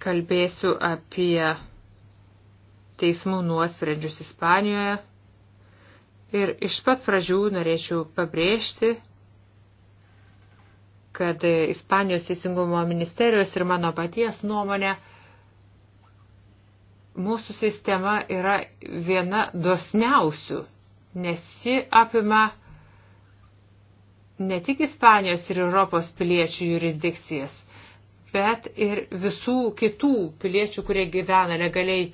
Kalbėsiu apie teismų nuosprendžius Ispanijoje. Ir iš pat pradžių norėčiau pabrėžti, kad Ispanijos teisingumo ministerijos ir mano paties nuomonė, mūsų sistema yra viena dosniausių nes ji apima ne tik Ispanijos ir Europos piliečių jurisdikcijas, bet ir visų kitų piliečių, kurie gyvena legaliai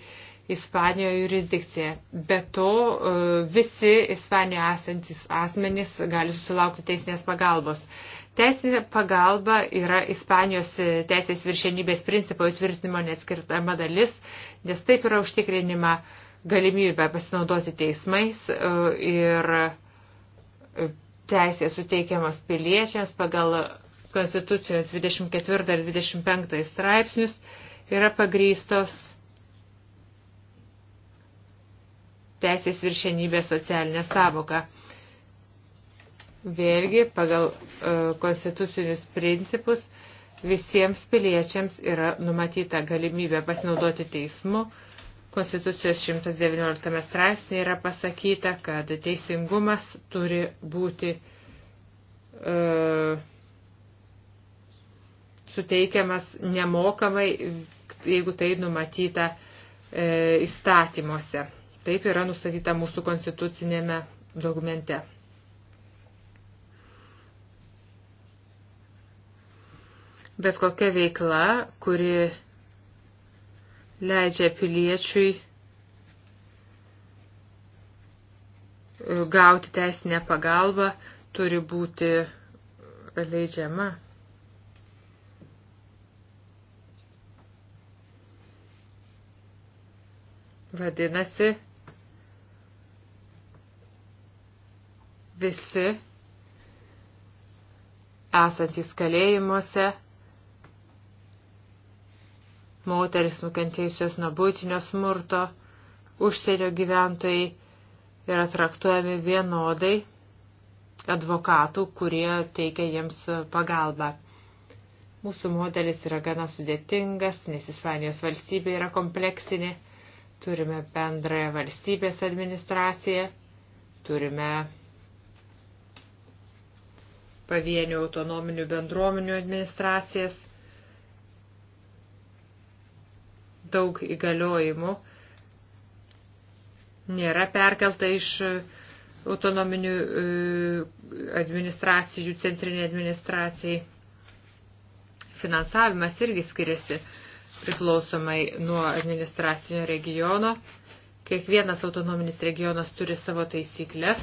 Ispanijoje jurisdikcija. Be to, e, visi Ispanijoje esantis asmenys gali susilaukti teisinės pagalbos. Teisinė pagalba yra Ispanijos teisės viršenybės principo įtvirtinimo neatskirtama dalis, nes taip yra užtikrinima uh, galimybę pasinaudoti teismais e, ir e, teisės suteikiamos piliečiams pagal Konstitucijos 24 ir 25 straipsnius yra pagrystos teisės viršenybės socialinė savoka. Vėlgi, pagal e, konstitucinius principus visiems piliečiams yra numatyta galimybė pasinaudoti teismu, Konstitucijos 119 straipsnė yra pasakyta, kad teisingumas turi būti e, suteikiamas nemokamai, jeigu tai numatyta e, įstatymuose. Taip yra nustatyta mūsų konstitucinėme dokumente. Bet kokia veikla, kuri leidžia piliečiui e, gauti teisinę pagalbą, turi būti leidžiama. Vadinasi, visi esantys kalėjimuose moteris nukentėjusios nuo būtinio smurto, užsienio gyventojai yra traktuojami vienodai advokatų, kurie teikia jiems pagalbą. Mūsų modelis yra gana sudėtingas, nes Ispanijos valstybė yra kompleksinė, turime bendrąją valstybės administraciją, turime pavienių autonominių bendruomenių administracijas – daug įgaliojimų nėra perkelta iš autonominių e, administracijų, centrinė administracijai. Finansavimas irgi skiriasi priklausomai nuo administracinio regiono. Kiekvienas autonominis regionas turi savo taisyklės.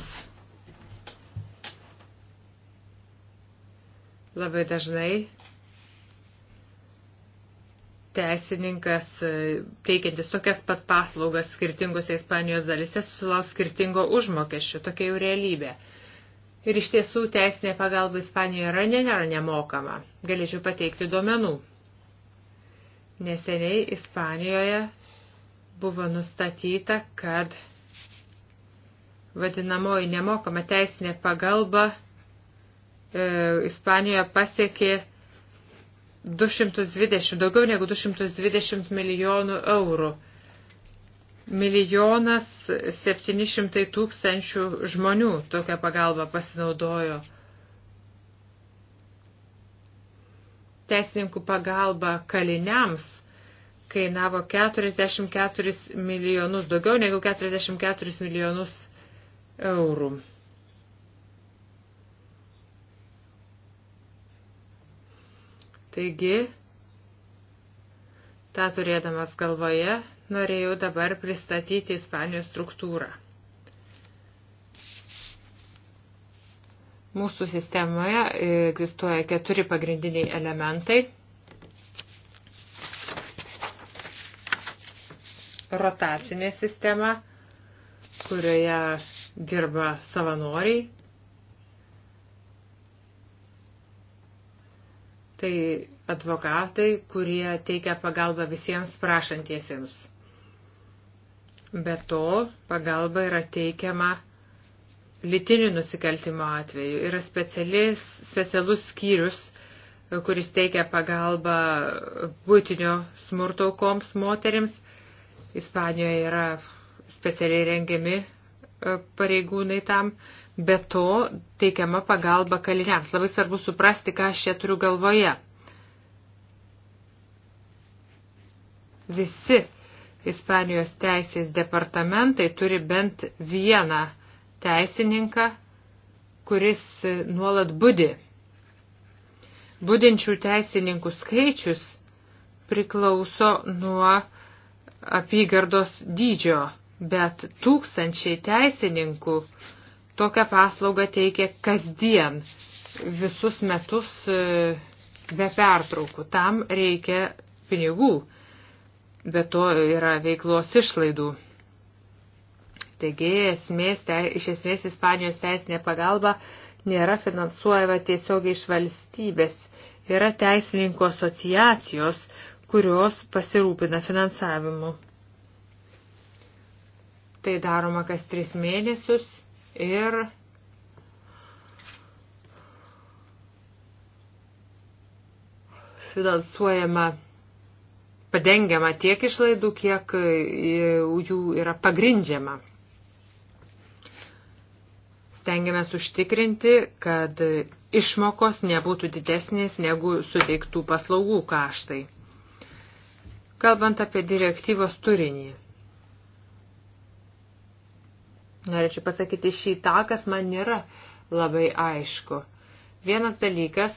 Labai dažnai teisininkas, e, teikiantis tokias pat paslaugas skirtingose Ispanijos dalise, susilaus skirtingo užmokesčio. Tokia jau realybė. Ir iš tiesų teisinė pagalba Ispanijoje yra, ne, nėra nemokama. Galėčiau pateikti duomenų. Neseniai Ispanijoje buvo nustatyta, kad vadinamoji nemokama teisinė pagalba e, Ispanijoje pasiekė 220, daugiau negu 220 milijonų eurų. Milijonas 700 tūkstančių žmonių tokią pagalbą pasinaudojo. Teisininkų pagalba kaliniams kainavo 44 milijonus, daugiau negu 44 milijonus eurų. Taigi, tą turėdamas galvoje, norėjau dabar pristatyti Ispanijos struktūrą. Mūsų sistemoje egzistuoja keturi pagrindiniai elementai. Rotacinė sistema, kurioje dirba savanoriai, Tai advokatai, kurie teikia pagalbą visiems prašantiesiems. Be to, pagalba yra teikiama litinių nusikaltimo atveju. Yra specialus skyrius, kuris teikia pagalbą būtinio smurto aukoms moteriams. Ispanijoje yra specialiai rengiami e, pareigūnai tam. Be to teikiama pagalba kaliniams. Labai svarbu suprasti, ką aš čia turiu galvoje. Visi Ispanijos teisės departamentai turi bent vieną teisininką, kuris nuolat budi. Budinčių teisininkų skaičius priklauso nuo apygardos dydžio, bet tūkstančiai teisininkų uh, Tokią paslaugą teikia kasdien visus metus e, be pertraukų. Tam reikia pinigų, bet to yra veiklos išlaidų. Taigi, esmės, te, iš esmės Ispanijos teisinė pagalba nėra finansuojama tiesiogiai iš valstybės. Yra teisininkų asociacijos, kurios pasirūpina finansavimu. Tai daroma kas tris mėnesius ir finansuojama padengiama tiek išlaidų, kiek e, jų yra pagrindžiama. Stengiamės užtikrinti, kad išmokos nebūtų didesnės negu suteiktų paslaugų kaštai. Kalbant apie direktyvos turinį. Norėčiau pasakyti šį tą, kas man nėra labai aišku. Vienas dalykas,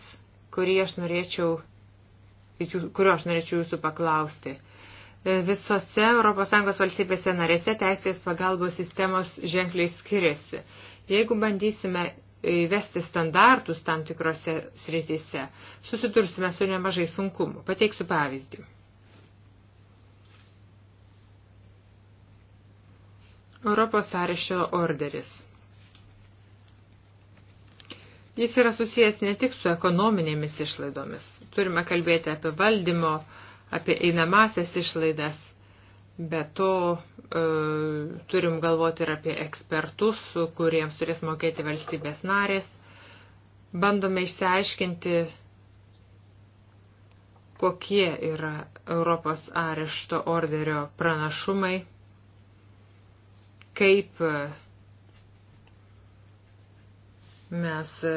kurį aš norėčiau, kurio aš norėčiau jūsų paklausti. E, visose ES valstybėse narėse teisės pagalbos sistemos ženkliai skiriasi. Jeigu bandysime įvesti standartus tam tikrose srityse, susidursime su nemažai sunkumu. Pateiksiu pavyzdį. Europos sąrašio orderis. Jis yra susijęs ne tik su ekonominėmis išlaidomis. Turime kalbėti apie valdymo, apie einamasias išlaidas, bet to e, turim galvoti ir apie ekspertus, kuriems turės mokėti valstybės narės. Bandome išsiaiškinti, kokie yra Europos arešto orderio pranašumai kaip e, mes e,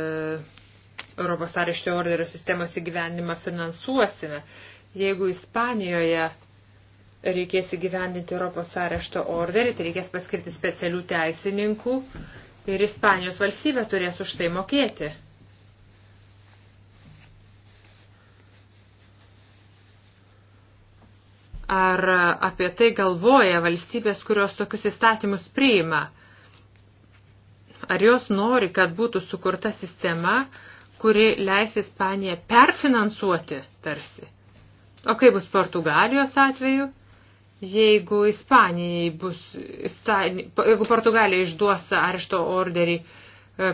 Europos arešto orderio sistemos įgyvendimą finansuosime. Jeigu Ispanijoje reikės įgyvendinti Europos arešto orderį, tai reikės paskirti specialių teisininkų ir Ispanijos valstybė turės už tai mokėti. Ar apie tai galvoja valstybės, kurios tokius įstatymus priima? Ar jos nori, kad būtų sukurta sistema, kuri leis Ispaniją perfinansuoti tarsi? O kaip bus Portugalijos atveju? Jeigu, Ispanijai bus, jeigu Portugalija išduos arešto orderį e,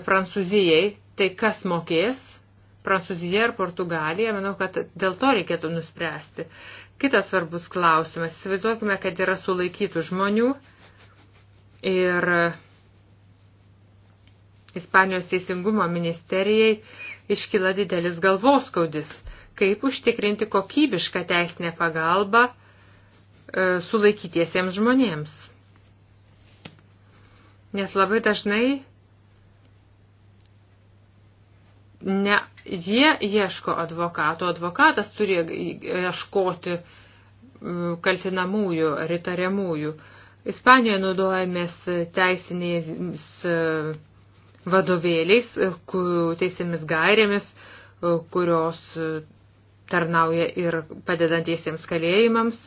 Prancūzijai, tai kas mokės? Prancūzija ir Portugalija, manau, kad dėl to reikėtų nuspręsti. Uh, Kitas svarbus klausimas. Įsivaizduokime, kad yra sulaikytų žmonių ir Ispanijos teisingumo ministerijai iškyla didelis galvoskaudis, kaip užtikrinti kokybišką teisinę pagalbą e, sulaikytiesiems žmonėms. Nes labai dažnai ne jie ieško advokato, advokatas turi ieškoti kaltinamųjų ar įtariamųjų. Ispanijoje naudojamės teisiniais e, vadovėliais, e, teisėmis gairėmis, e, kurios tarnauja ir padedantiesiems kalėjimams.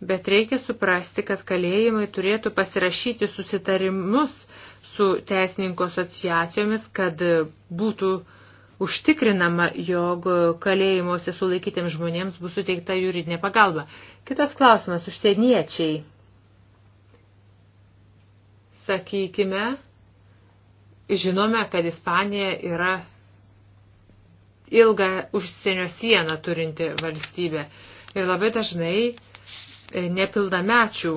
Bet reikia suprasti, kad kalėjimai turėtų pasirašyti susitarimus su teisininko asociacijomis, kad būtų uh, užtikrinama, jog kalėjimuose sulaikytiems žmonėms bus suteikta juridinė pagalba. Kitas klausimas - užsieniečiai. Sakykime, žinome, kad Ispanija yra ilgą užsienio sieną turinti valstybė. Ir labai dažnai e, nepilnamečių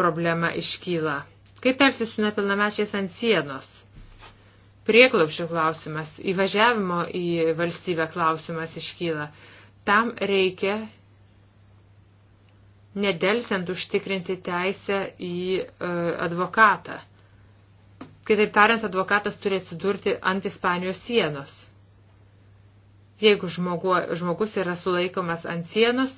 problema iškyla. Kaip elgtis su nepilnamečiais ant sienos? prieklapšio klausimas, įvažiavimo į valstybę klausimas iškyla. Tam reikia nedelsiant užtikrinti teisę į e, advokatą. Kitaip tariant, advokatas turi atsidurti ant Ispanijos sienos. Jeigu žmogu, žmogus yra sulaikomas ant sienos,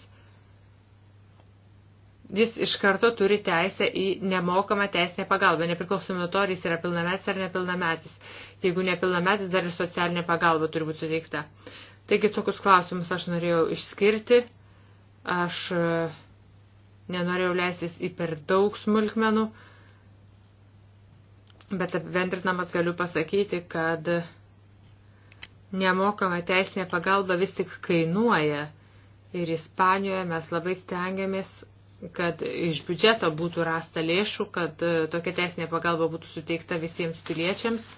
jis iš karto turi teisę į nemokamą teisinę pagalbą, nepriklausomai nuo to, ar jis yra pilnametis ar nepilnametis. Jeigu nepilnametis, dar ir socialinė pagalba turi būti suteikta. Taigi tokius klausimus aš norėjau išskirti. Aš e, nenorėjau leistis į per daug smulkmenų, bet apibendrinamas galiu pasakyti, kad nemokama teisinė pagalba vis tik kainuoja. Ir Ispanijoje mes labai stengiamės kad iš biudžeto būtų rasta lėšų, kad e, tokia teisinė pagalba būtų suteikta visiems piliečiams.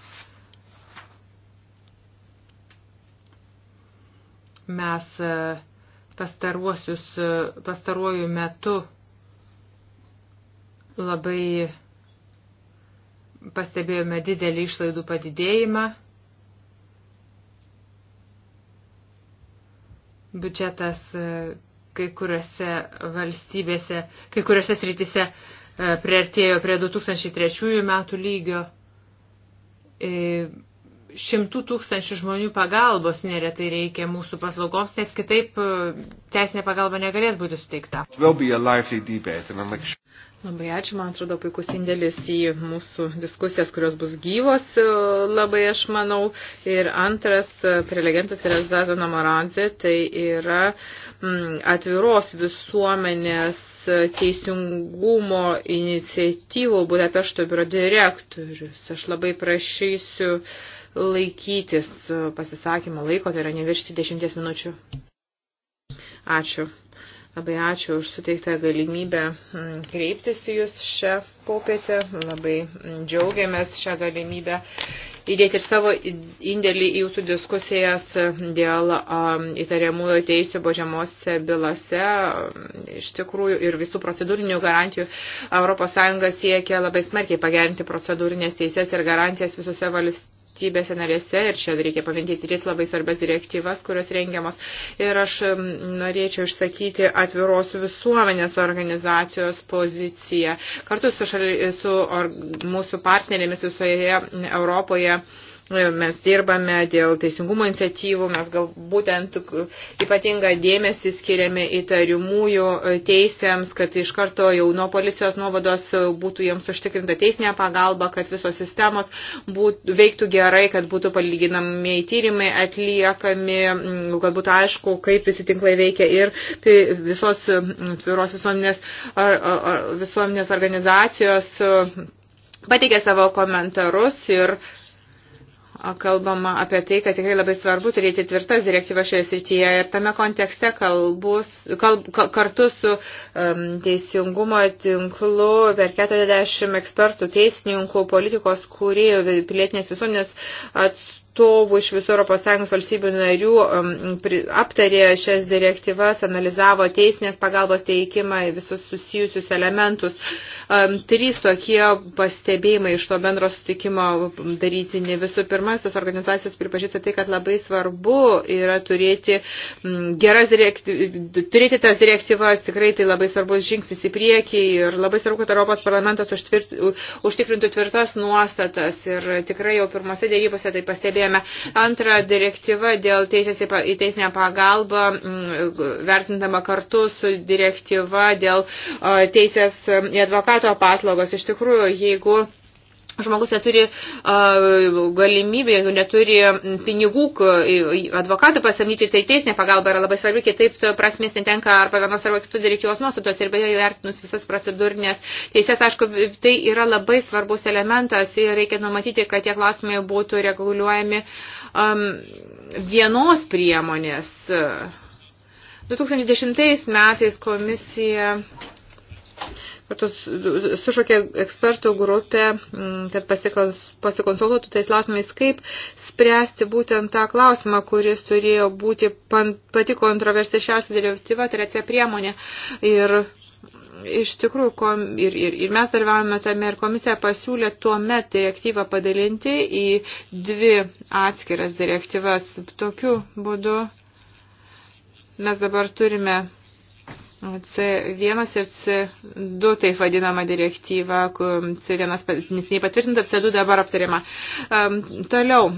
Mes e, e, pastaruoju metu labai pastebėjome didelį išlaidų padidėjimą. Biudžetas kai kuriuose valstybėse, kai kuriuose srityse e, priartėjo prie 2003 metų lygio. E, šimtų tūkstančių žmonių pagalbos neretai reikia mūsų paslaugoms, nes kitaip e, teisinė pagalba negalės būti suteikta. Labai ačiū, man atrodo, puikus indėlis į mūsų diskusijas, kurios bus gyvos, e, labai aš manau. Ir antras e, prelegentas yra Zazana Maranzė, tai yra mm, atviros visuomenės e, teisingumo iniciatyvų Budapešto biuro direktorius. Aš labai prašysiu laikytis pasisakymo laiko, tai yra neviršti dešimties minučių. Ačiū. Labai ačiū už suteiktą galimybę mm, kreiptis į Jūs šią popietę. Labai mm, džiaugiamės šią galimybę įdėti ir savo indėlį į Jūsų diskusijas mm, dėl įtariamųjų teisų bažiamosiose bylose. Iš tikrųjų ir visų procedūrinių garantijų ES siekia labai smarkiai pagerinti procedūrinės teises ir garantijas visose valstybėse valstybėse narėse ir čia reikia paminėti tris labai svarbas direktyvas, kurios rengiamos. Ir aš norėčiau išsakyti atviros visuomenės organizacijos poziciją. Kartu su, šali, su or, mūsų partnerėmis visoje Europoje. Uh, Mes dirbame dėl teisingumo iniciatyvų, mes gal būtent ypatingą dėmesį skiriame įtariamųjų e, teisėms, kad iš karto jau nuo policijos nuovados e, būtų jiems užtikrinta teisinė pagalba, kad visos sistemos būtų, veiktų gerai, kad būtų palyginamieji tyrimai atliekami, kad būtų aišku, kaip visi tinklai veikia ir visos tviros visuomenės, ar, ar, visuomenės organizacijos e, pateikė savo komentarus ir uh, kalbama apie tai, kad tikrai labai svarbu turėti tvirtas direktyvas šioje srityje ir tame kontekste kalbus, kalb, kartu su um, teisingumo tinklu per 40 ekspertų, teisininkų, politikos kūrėjų, pilietinės visuomenės atstovų atstovų iš visų ES valstybių narių aptarė šias direktyvas, analizavo teisinės pagalbos teikimą, visus susijusius elementus. Trys tokie pastebėjimai iš to bendro sutikimo darytini. Visų pirma, tos organizacijos pripažįsta tai, kad labai svarbu yra turėti geras turėti tas direktyvas, tikrai tai labai svarbus žingsnis į priekį ir labai svarbu, kad Europos parlamentas užtvirt, užtikrintų tvirtas nuostatas ir tikrai jau pirmose dėrybose tai pastebėjome. Antra direktyva dėl teisės į teisinę pagalbą vertindama kartu su direktyva dėl teisės į advokatą interneto paslaugos. Iš tikrųjų, jeigu žmogus neturi galimybę, jeigu neturi pinigų advokatų pasamdyti, tai teisinė pagalba yra labai svarbi, kitaip prasmės netenka arba vienos arba kitų direktyvos nuostatos ir beje įvertinus visas procedūrinės teisės, aišku, tai yra labai svarbus elementas ir reikia numatyti, kad tie klausimai būtų reguliuojami um, vienos priemonės. 2010 metais komisija sušokė ekspertų grupę, mm, kad pasikonsultuotų tais klausimais, kaip spręsti būtent tą klausimą, kuris turėjo būti pati kontroversiškiausia direktyva, tai yra priemonė. Ir iš tikrųjų, kom, ir, ir, ir mes dalyvavome tame, ir komisija pasiūlė tuo met direktyvą padalinti į dvi atskiras direktyvas. Tokiu būdu mes dabar turime C1 ir C2, taip vadinama direktyva, C1 nesiniai patvirtinta, C2 dabar aptariama. Toliau,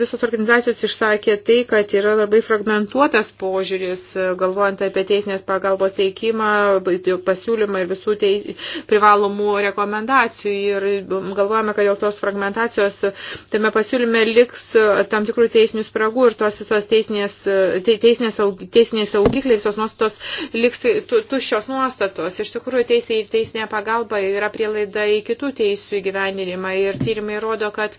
visos organizacijos išsakė tai, kad yra labai fragmentuotas požiūris, galvojant apie teisinės pagalbos teikimą, pasiūlymą ir visų tei, privalomų rekomendacijų. Ir galvojame, kad jau tos fragmentacijos tame pasiūlyme liks e, tam tikrų teisinių spragų ir tos visos teisinės, e, te, teisinės, saug, teisinės saugikliai, visos nuostos liks tuščios nuostatos. Iš tikrųjų, teisė į teisinę pagalbą yra prielaida į kitų teisų įgyvendinimą ir tyrimai rodo, kad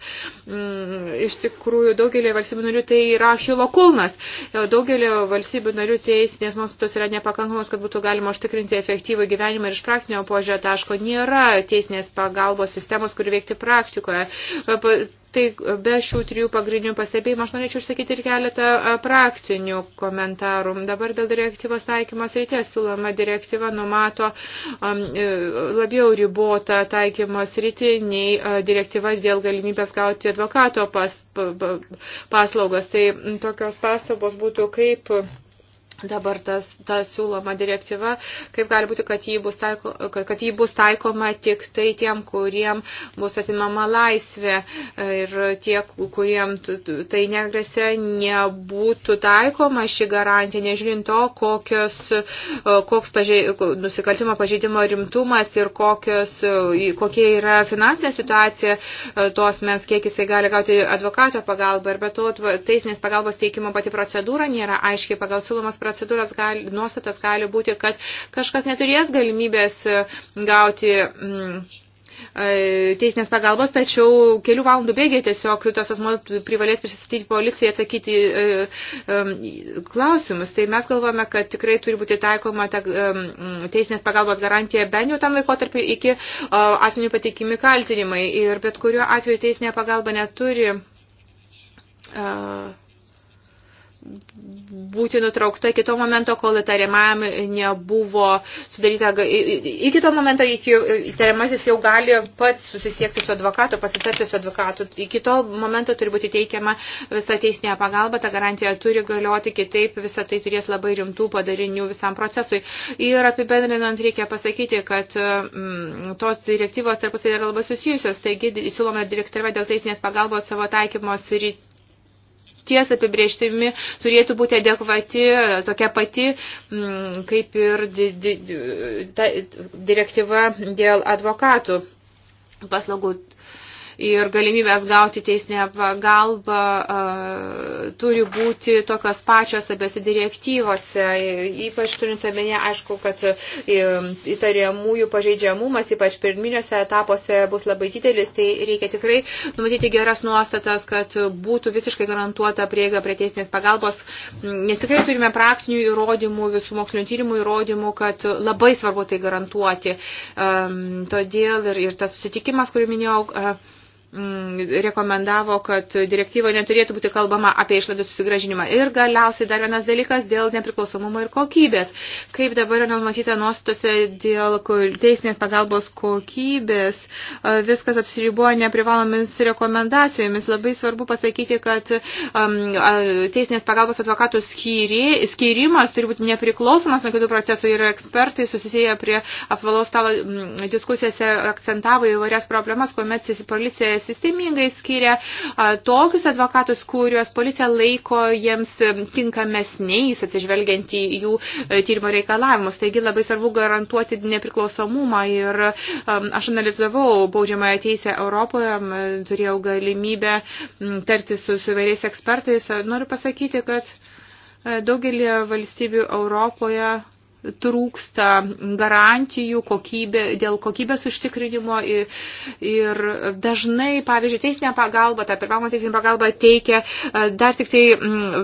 mm, iš tikrųjų daugelio valstybių narių tai yra šilo kulnas. Daugelio valstybių narių teisinės nuostatos yra nepakankamos, kad būtų galima užtikrinti efektyvų gyvenimą ir iš praktinio požiūrio taško nėra teisinės pagalbos sistemos, kuri veikti praktikoje tai be šių trijų pagrindinių pastebėjimų aš norėčiau išsakyti ir keletą praktinių komentarų. Dabar dėl direktyvos taikymas rytės siūloma direktyva numato e, labiau ribotą taikymos rytį nei direktyvas dėl galimybės gauti advokato pas, paslaugas. Tai tokios pastabos būtų kaip dabar tas, ta siūloma direktyva, kaip gali būti, kad jį bus, taiko, kad, kad jį bus taikoma tik tai tiem, kuriem bus atimama laisvė ir tie, kuriem tai negresė, nebūtų taikoma ši garantija, nežiūrint to, kokios, koks pažei, nusikaltimo pažeidimo rimtumas ir kokios, kokie yra finansinė situacija tos mens, kiek jisai gali gauti advokato pagalbą ir be to teisinės pagalbos teikimo pati procedūra nėra aiškiai pagal siūlomas procedūras gali, nuostatas gali būti, kad kažkas neturės galimybės e, gauti. Mm, e, teisinės pagalbos, tačiau kelių valandų bėgiai tiesiog tas asmo privalės prisistatyti policijai atsakyti e, klausimus. Tai mes galvome, kad tikrai turi būti taikoma ta teisinės pagalbos garantija bent jau tam laikotarpiu iki asmenių pateikimi kaltinimai. Ir bet kuriuo atveju teisinė pagalba neturi. Uh būti nutraukta iki to momento, kol įtariamam nebuvo sudaryta, iki to momento, iki įtariamasis jau gali pats susisiekti su advokatu, pasitarti su advokatu. Iki to momento turi būti teikiama visa teisinė pagalba, ta garantija turi galioti, kitaip visa tai turės labai rimtų padarinių visam procesui. Ir apibendrinant reikia pasakyti, kad mm, tos direktyvos tarpusai yra labai susijusios, taigi siūlome direktyvą dėl teisinės pagalbos savo taikymos rytį lyties apibrieštimi turėtų būti adekvati, tokia pati, mm, kaip ir di, di, ta, direktyva dėl advokatų paslaugų ir galimybės gauti teisinę pagalbą e, turi būti tokios pačios abiejose direktyvose, ypač turint omenyje, aišku, kad e, įtariamųjų pažeidžiamumas, ypač pirminiuose etapuose bus labai didelis, tai reikia tikrai numatyti geras nuostatas, kad būtų visiškai garantuota prieiga prie teisinės pagalbos, nes tikrai turime praktinių įrodymų, visų mokslinio tyrimų įrodymų, kad labai svarbu tai garantuoti. Todėl ir, ir tas susitikimas, kurį minėjau, e, Mm, rekomendavo, kad direktyvoje neturėtų būti kalbama apie išlaidų susigražinimą. Ir galiausiai dar vienas dalykas dėl nepriklausomumo ir kokybės. Kaip dabar yra numatyta nuostose dėl teisinės pagalbos kokybės, viskas apsiriboja neprivalomis rekomendacijomis. Labai svarbu pasakyti, kad teisinės pagalbos advokatų skyri, skyrimas turi būti nepriklausomas nuo kitų procesų ir ekspertai susisėję prie apvalaus stalo diskusijose akcentavo įvairias problemas, kuomet policija sistemingai skiria tokius advokatus, kuriuos policija laiko jiems e, tinkamesniais atsižvelgiant į jų e, tyrimo reikalavimus. Taigi labai svarbu garantuoti nepriklausomumą ir e, aš analizavau baudžiamąją teisę Europoje, turėjau galimybę tarti su, su įvairiais ekspertais. Noriu pasakyti, kad daugelį valstybių Europoje trūksta garantijų kokybė, dėl kokybės užtikrinimo ir, ir dažnai, pavyzdžiui, teisinė pagalba, ta pirmama teisinė pagalba teikia e, dar tik tai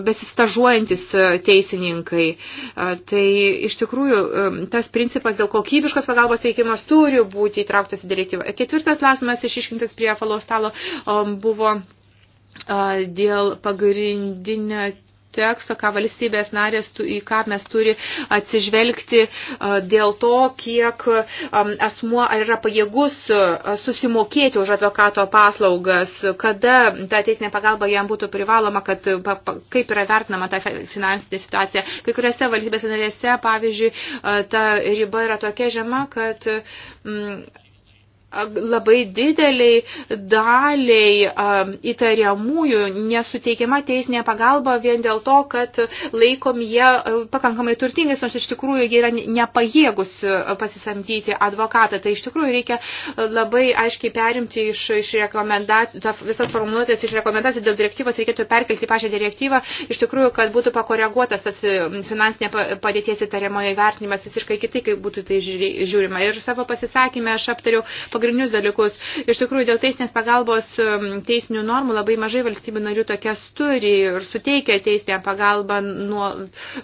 besistažuojantis e, teisininkai. E, tai iš tikrųjų tas principas dėl kokybiškos pagalbos teikimas turi būti įtrauktas į direktyvą. Ketvirtas klausimas išiškintas prie falos stalo buvo dėl pagrindinio konteksto, ką valstybės narės, į ką mes turi atsižvelgti dėl to, kiek asmuo yra pajėgus susimokėti už advokato paslaugas, kada ta teisinė pagalba jam būtų privaloma, kad kaip yra vertinama ta finansinė situacija. Kai kuriuose valstybės narėse, pavyzdžiui, ta riba yra tokia žema, kad. Mm, labai dideliai daliai įtariamųjų nesuteikiama teisinė pagalba vien dėl to, kad laikom jie pakankamai turtingais, nors iš tikrųjų jie yra nepajėgus pasisamdyti advokatą. Tai iš tikrųjų reikia labai aiškiai perimti iš, iš rekomendacijų, visas formuluotės iš rekomendacijų dėl direktyvos reikėtų perkelti pačią direktyvą, iš tikrųjų, kad būtų pakoreguotas tas finansinė padėties įtariamojo įvertinimas visiškai kitai, kaip būtų tai žiūrima. Ir savo pasisakymę aš aptariau pagrindinius dalykus. Iš tikrųjų, dėl teisinės pagalbos um, teisinių normų labai mažai valstybių narių tokias turi ir suteikia teisinę pagalbą nuo,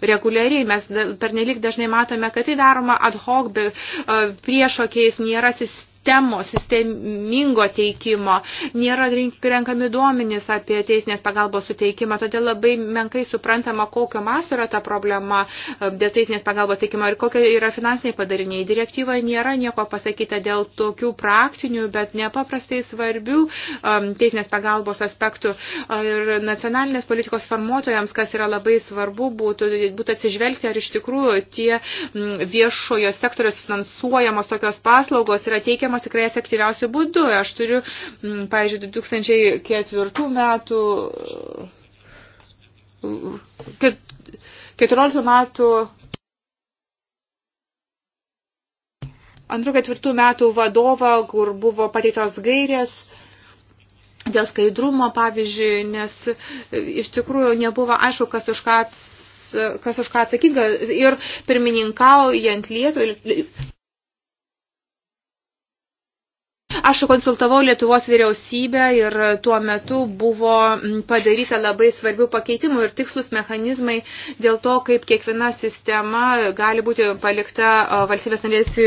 reguliariai. Mes per nelik dažnai matome, kad tai daroma ad hoc, be, uh, priešokiais nėra sistemos sistemos, sistemingo teikimo, nėra renkami duomenys apie teisinės pagalbos suteikimą, todėl labai menkai suprantama, kokio masto yra ta problema e, dėl teisinės pagalbos teikimo ir kokie yra finansiniai padariniai. Direktyvoje nėra nieko pasakyta dėl tokių praktinių, bet nepaprastai svarbių teisinės pagalbos aspektų ir nacionalinės politikos formuotojams, kas yra labai svarbu, būtų, būtų atsižvelgti, ar iš tikrųjų tie viešojo sektorios finansuojamos tokios paslaugos yra teikiamas vykdomos tikrai efektyviausių būdų. Aš turiu, mm, pavyzdžiui, 2004 metų. 14 metų antrų ketvirtų metų vadovą, kur buvo pateiktos gairės dėl skaidrumo, pavyzdžiui, nes iš tikrųjų nebuvo aišku, kas už ką, kas už ką atsakinga ir pirmininkaujant Lietuvai. Aš konsultavau Lietuvos vyriausybę ir tuo metu buvo padaryta labai svarbių pakeitimų ir tikslus mechanizmai dėl to, kaip kiekviena sistema gali būti palikta valstybės narės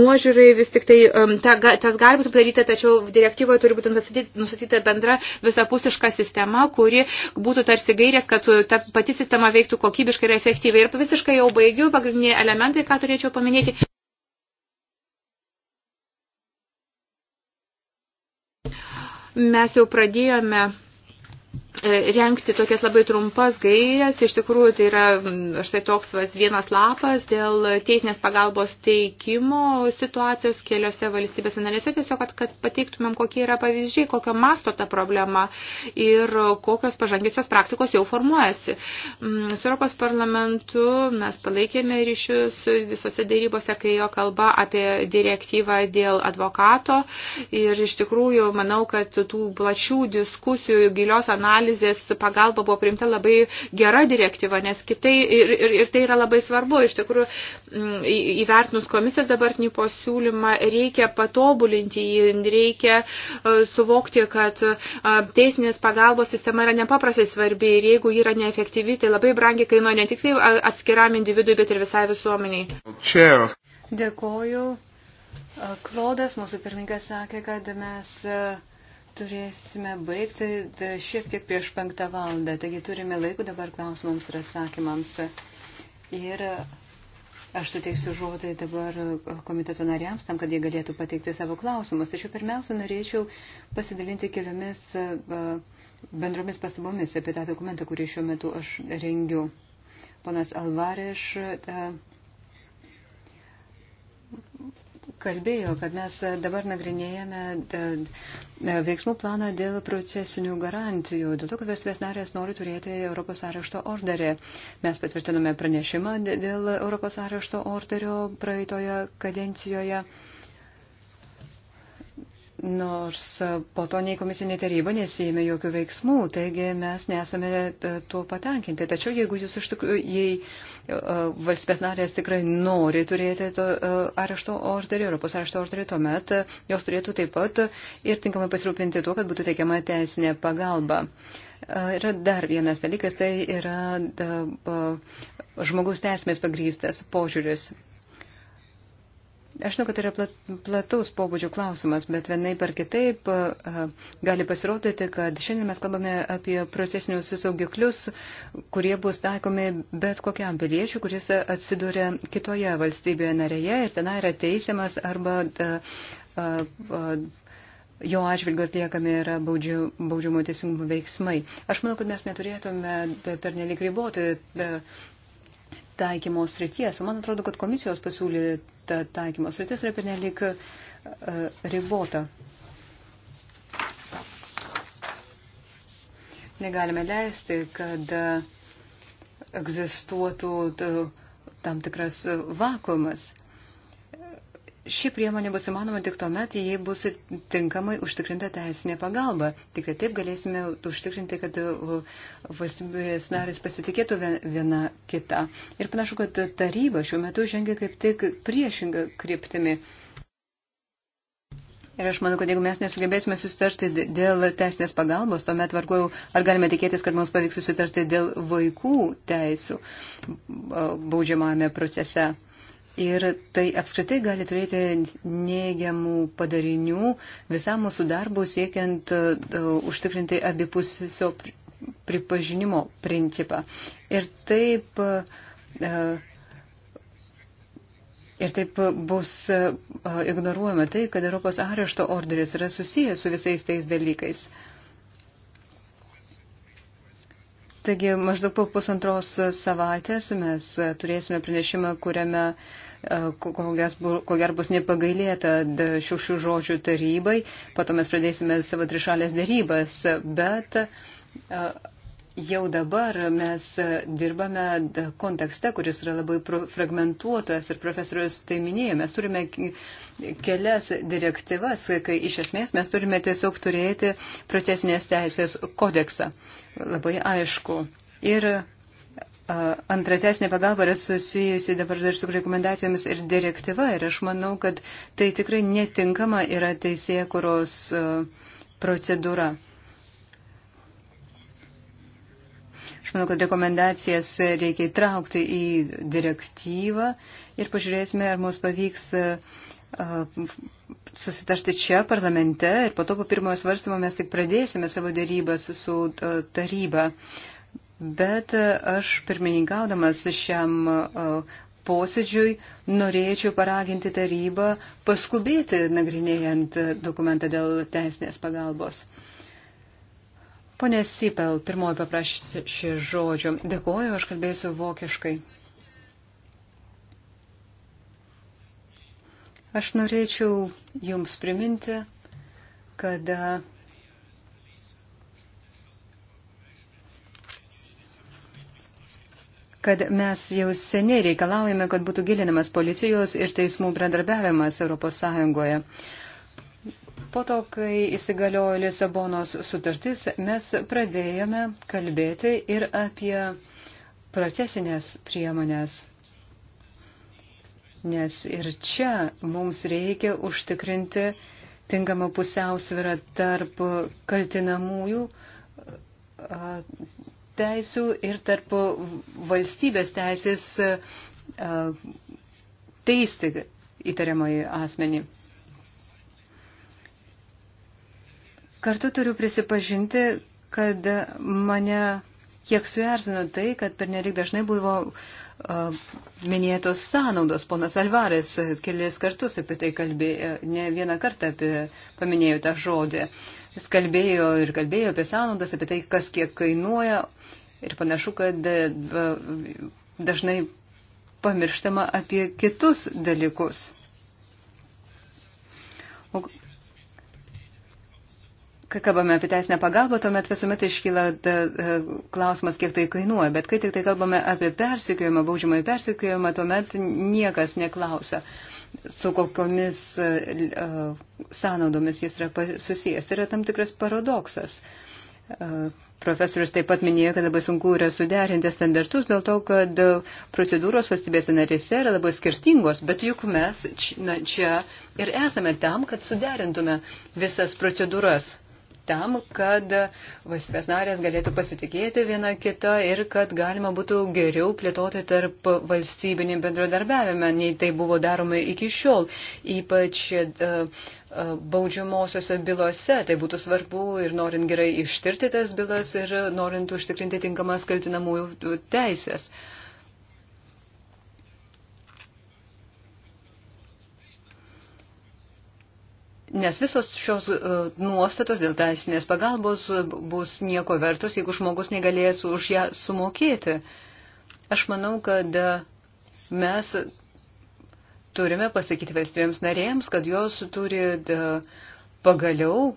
nuožiūrai, vis tik tai ta, tas gali būti padaryta, tačiau direktyvoje turi būti nustatyta bendra visapusiška sistema, kuri būtų tarsi gairės, kad ta pati sistema veiktų kokybiškai ir efektyviai. Ir visiškai jau baigiu, pagrindiniai elementai, ką turėčiau paminėti. Mes jau pradėjome E, rengti tokias labai trumpas gairias. Iš tikrųjų, tai yra štai toks vas, vienas lapas dėl teisinės pagalbos teikimo situacijos keliose valstybėse narėse, tiesiog, kad, kad pateiktumėm, kokie yra pavyzdžiai, kokio masto ta problema ir kokios pažangiusios praktikos jau formuojasi. Su Europos parlamentu mes palaikėme ryšius visose dėrybose, kai jo kalba apie direktyvą dėl advokato ir iš tikrųjų manau, kad tų plačių diskusijų, gilios analizės, analizės pagalba buvo priimta labai gera direktyva, nes kitai, ir, ir, ir tai yra labai svarbu, iš tikrųjų mm, įvertinus komisijos dabartinį pasiūlymą reikia patobulinti jį, reikia e, suvokti, kad e, teisinės pagalbos sistema yra nepaprastai svarbi ir jeigu ji yra neefektyvi, tai labai brangiai kainuoja ne tik tai atskiram individui, bet ir visai visuomeniai. Čia. Dėkoju. Klodas, mūsų pirmininkas, sakė, kad mes uh, turėsime baigti tai šiek tiek prieš penktą valandą, taigi turime laiko dabar klausimams ir atsakymams. Ir Aš suteiksiu žodį dabar komiteto nariams, tam, kad jie galėtų pateikti savo klausimus. Tačiau pirmiausia, norėčiau pasidalinti keliomis bendromis pastabomis apie tą dokumentą, kurį šiuo metu aš rengiu. Ponas Alvareš kalbėjo, kad mes dabar nagrinėjame e, e, veiksmų planą dėl procesinių garantijų, dėl to, kad valstybės narės nori turėti Europos arešto orderį. Mes patvirtinome pranešimą dėl Europos arešto orderio praeitoje kadencijoje nors e, po to nei komisinė taryba nesijėmė jokių veiksmų, taigi mes nesame e, tuo patenkinti. Tačiau jeigu jūs iš tikrųjų, jei e, valstybės narės tikrai nori turėti to arešto orderį, Europos arešto orderį, tuomet jos turėtų taip pat ir tinkamai pasirūpinti tuo, kad būtų teikiama teisinė pagalba. Yra dar vienas dalykas, tai yra da, žmogaus teismės pagrystas požiūris. Aš žinau, kad tai yra plataus pobūdžio klausimas, bet vienai per kitaip gali pasirodyti, kad šiandien mes kalbame apie procesinius saugiklius, kurie bus taikomi bet kokiam piliečiui, kuris atsiduria kitoje valstybėje narėje ir tenai yra teisiamas arba jo atžvilgiu atliekami yra baudžiu, baudžiamo teisingumo veiksmai. Aš manau, kad mes neturėtume per nelik riboti taikymos ryties. O man atrodo, kad komisijos pasiūlyta taikymos ryties yra pernelik e, ribota. Negalime leisti, kad egzistuotų tam tikras vakumas. Ši priemonė bus įmanoma tik tuomet, jei bus tinkamai užtikrinta teisinė pagalba. Tik tai taip galėsime užtikrinti, kad uh, valstybės narės pasitikėtų viena kita. Ir panašu, kad taryba šiuo metu žengia kaip tik priešingą kryptimį. Ir aš manau, kad jeigu mes nesugebėsime susitarti dėl teisinės pagalbos, tuomet vargu, ar galime tikėtis, kad mums pavyks susitarti dėl vaikų teisų uh, baudžiamame procese ir tai apskritai gali turėti neigiamų padarinių visam mūsų darbu siekiant e, užtikrinti abipusio pripažinimo principą. Ir taip, e, ir taip bus e, ignoruojama tai, kad Europos arešto orderis yra susijęs su visais tais dalykais. Taigi maždaug po pusantros savaitės mes turėsime pranešimą, kuriame uh, E, ko ger bus nepagailėta šių šių žodžių tarybai, pato mes pradėsime savo trišalės darybas, bet e, jau dabar mes dirbame kontekste, kuris yra labai fragmentuotas ir profesorius tai minėjo, mes turime kelias direktyvas, kai iš esmės mes turime tiesiog turėti procesinės teisės kodeksą. Labai aišku. Ir antratesnė pagalba yra susijusi dabar dar su rekomendacijomis ir direktyva. Ir aš manau, kad tai tikrai netinkama yra teisėje, kurios procedūra. Aš manau, kad rekomendacijas reikia įtraukti į direktyvą ir pažiūrėsime, ar mums pavyks susitarti čia parlamente ir po to po pirmojo svarstymo mes tik pradėsime savo dėrybas su taryba. Uh, bet e, aš pirmininkaudamas šiam e, posėdžiui norėčiau paraginti tarybą paskubėti nagrinėjant e, dokumentą dėl teisinės pagalbos. Pone Sipel, pirmoji paprašysiu šį žodžių. Dėkuoju, aš kalbėsiu vokiškai. Aš norėčiau Jums priminti, kada kad mes jau seniai reikalaujame, kad būtų gilinamas policijos ir teismų bendradarbiavimas Europos Sąjungoje. Po to, kai įsigaliojo Lisabonos sutartis, mes pradėjome kalbėti ir apie procesinės priemonės. Nes ir čia mums reikia užtikrinti tinkamą pusiausvyrą tarp kaltinamųjų teisų ir tarp valstybės teisės e, teisti įtariamąjį asmenį. Kartu turiu prisipažinti, kad mane kiek suerzino tai, kad per nelik dažnai buvo uh, minėtos sąnaudos. Ponas Alvarės kelias kartus apie tai kalbėjo, e, ne vieną kartą apie, paminėjo tą žodį. Uh, Jis kalbėjo ir kalbėjo apie sąnaudas, apie tai, kas kiek kainuoja. Ir panašu, kad e, dažnai pamirštama apie kitus dalykus. O kai kalbame apie teisinę pagalbą, tuomet visuomet iškyla da, e, e, klausimas, kiek tai kainuoja. Bet kai tik tai kalbame apie persikėjimą, baudžiamą į persikėjimą, tuomet niekas neklausia. Uh, su kokiomis e, sąnaudomis jis yra susijęs. Tai yra tam tikras paradoksas. E, profesorius taip pat minėjo, kad labai sunku yra suderinti standartus dėl to, kad procedūros valstybėse narėse yra labai skirtingos, bet juk mes na, čia ir esame tam, kad suderintume visas procedūras tam, kad valstybės narės galėtų pasitikėti viena kita ir kad galima būtų geriau plėtoti tarp valstybinį bendradarbiavimą, nei tai buvo daroma iki šiol, ypač e, e, baudžiamosiose bylose. Tai būtų svarbu ir norint gerai ištirti tas bylas ir norint užtikrinti tinkamas kaltinamųjų teisės. Uh, Nes visos šios e, nuostatos dėl teisinės pagalbos bus nieko vertos, jeigu žmogus negalės už ją sumokėti. Aš manau, kad e, mes turime pasakyti valstybėms narėms, kad jos turi e, pagaliau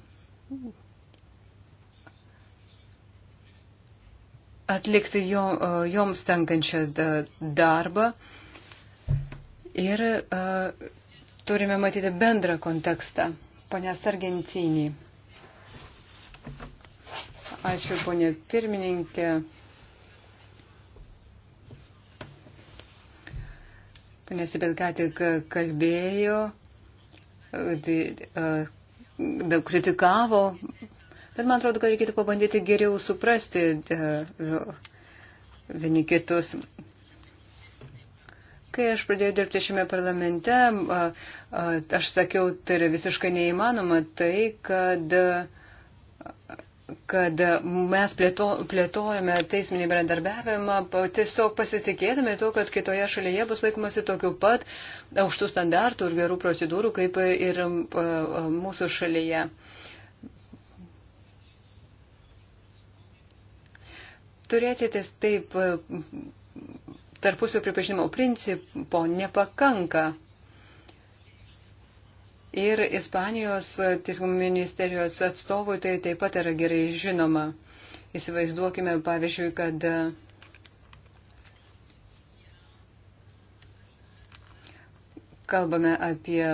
atlikti jo, joms tenkančią darbą ir turime matyti bendrą kontekstą. Pane Sargentinį. Ačiū, ponė pirmininkė. Pane Sibet ką tik kalbėjo, tai, daug kritikavo, bet man atrodo, kad reikėtų pabandyti geriau suprasti vieni kitus. Kai aš pradėjau dirbti šiame parlamente, aš sakiau, tai yra visiškai neįmanoma tai, kad, kad mes plėto, plėtojame teisminį bendradarbiavimą tiesiog pasitikėdami to, kad kitoje šalyje bus laikomasi tokių pat aukštų standartų ir gerų procedūrų, kaip ir mūsų šalyje. Turėti taip tarpusio pripažinimo principo nepakanka. Ir Ispanijos teismų ministerijos atstovui tai taip pat yra gerai žinoma. Įsivaizduokime, pavyzdžiui, kad kalbame apie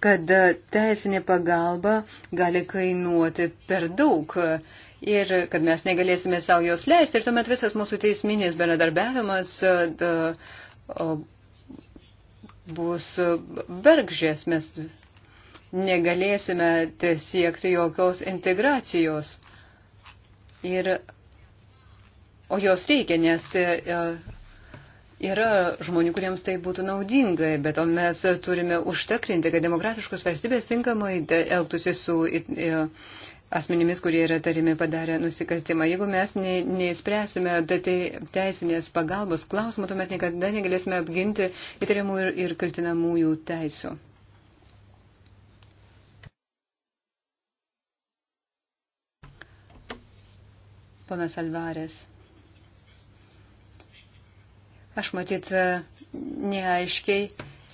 kad teisinė pagalba gali kainuoti per daug ir kad mes negalėsime savo jos leisti ir tuomet visas mūsų teisminis bendradarbiavimas bus bergžės, mes negalėsime siekti jokios integracijos. Ir, o jos reikia, nes e, Yra žmonių, kuriems tai būtų naudinga, bet o mes turime užtikrinti, kad demokratiškos valstybės tinkamai elgtųsi su asmenimis, kurie yra tarimi padarę nusikaltimą. Jeigu mes ne, neįspręsime teisinės pagalbos klausimų, tuomet niekada negalėsime apginti įtariamų ir, ir kaltinamųjų teisų. Ponas Alvarės. Aš matyt e, neaiškiai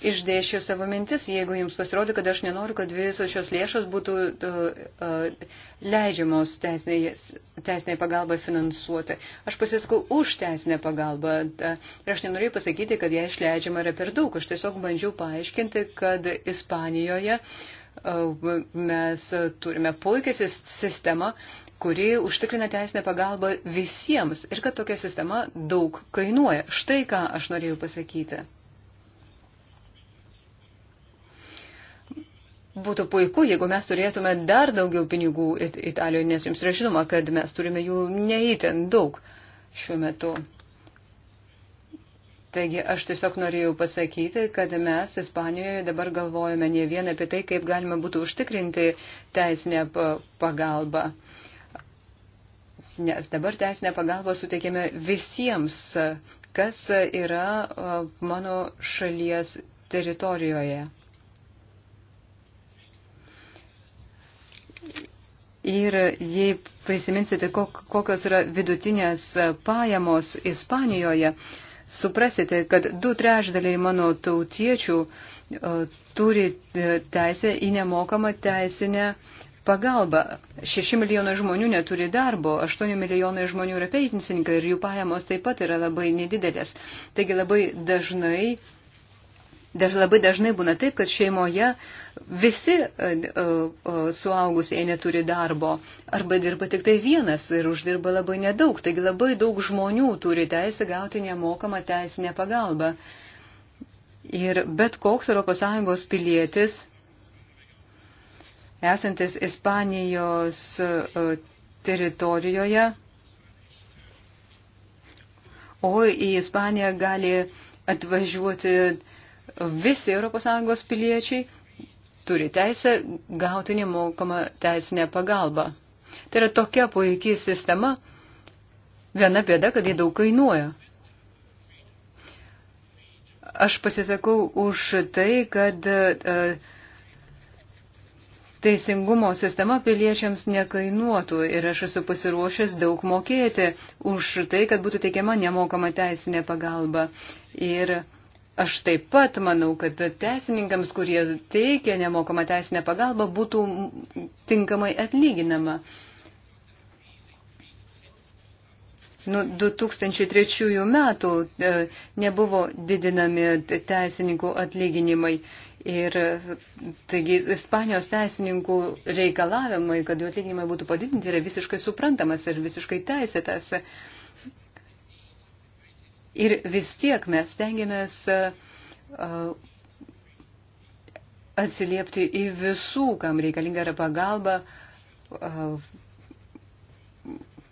išdėšiu savo mintis, jeigu jums pasirodo, kad aš nenoriu, kad visos šios lėšos būtų uh, leidžiamos teisinėje pagalbai finansuoti. Aš pasiskau už teisinę pagalbą ir aš nenorėjau pasakyti, kad ją išleidžiama yra per daug. Aš tiesiog bandžiau paaiškinti, kad Ispanijoje uh, mes turime puikią sistemą, kuri užtikrina teisinę pagalbą visiems ir kad tokia sistema daug kainuoja. Štai ką aš norėjau pasakyti. Būtų puiku, jeigu mes turėtume dar daugiau pinigų It Italijoje, nes jums yra žinoma, kad mes turime jų neįtin daug šiuo metu. Taigi aš tiesiog norėjau pasakyti, kad mes Ispanijoje dabar galvojame ne vieną apie tai, kaip galima būtų užtikrinti teisinę pagalbą nes dabar teisinę pagalbą suteikiame visiems, kas yra mano šalies teritorijoje. Ir jei prisiminsite, kokios yra vidutinės pajamos Ispanijoje, suprasite, kad du trešdaliai mano tautiečių turi e, teisę į nemokamą teisinę uh, pagalba. 6 milijonai žmonių neturi darbo, 8 milijonai žmonių yra pensininkai ir jų pajamos taip pat yra labai nedidelės. Taigi labai dažnai, daž, labai dažnai būna taip, kad šeimoje visi uh, e, uh, e, e, suaugusiai neturi darbo arba dirba tik tai vienas ir uždirba labai nedaug. Taigi labai daug žmonių turi teisę gauti nemokamą teisinę pagalbą. Ir bet koks ES pilietis esantis Ispanijos e, teritorijoje, o į Ispaniją gali atvažiuoti visi ES piliečiai, turi teisę gauti nemokamą teisinę pagalbą. Tai yra tokia puikiai sistema, viena bėda, kad jie daug kainuoja. Aš pasisakau už tai, kad uh, teisingumo sistema piliečiams nekainuotų ir aš esu pasiruošęs daug mokėti už tai, kad būtų teikiama nemokama teisinė pagalba. Ir aš taip pat manau, kad teisininkams, kurie teikia nemokamą teisinę pagalbą, būtų tinkamai atlyginama. Nuo 2003 metų e, nebuvo didinami teisininkų atlyginimai. Ir taigi Ispanijos teisininkų reikalavimai, kad jų atlyginimai būtų padidinti, yra visiškai suprantamas ir visiškai teisėtas. Ir vis tiek mes tengiamės atsiliepti į visų, kam reikalinga yra pagalba,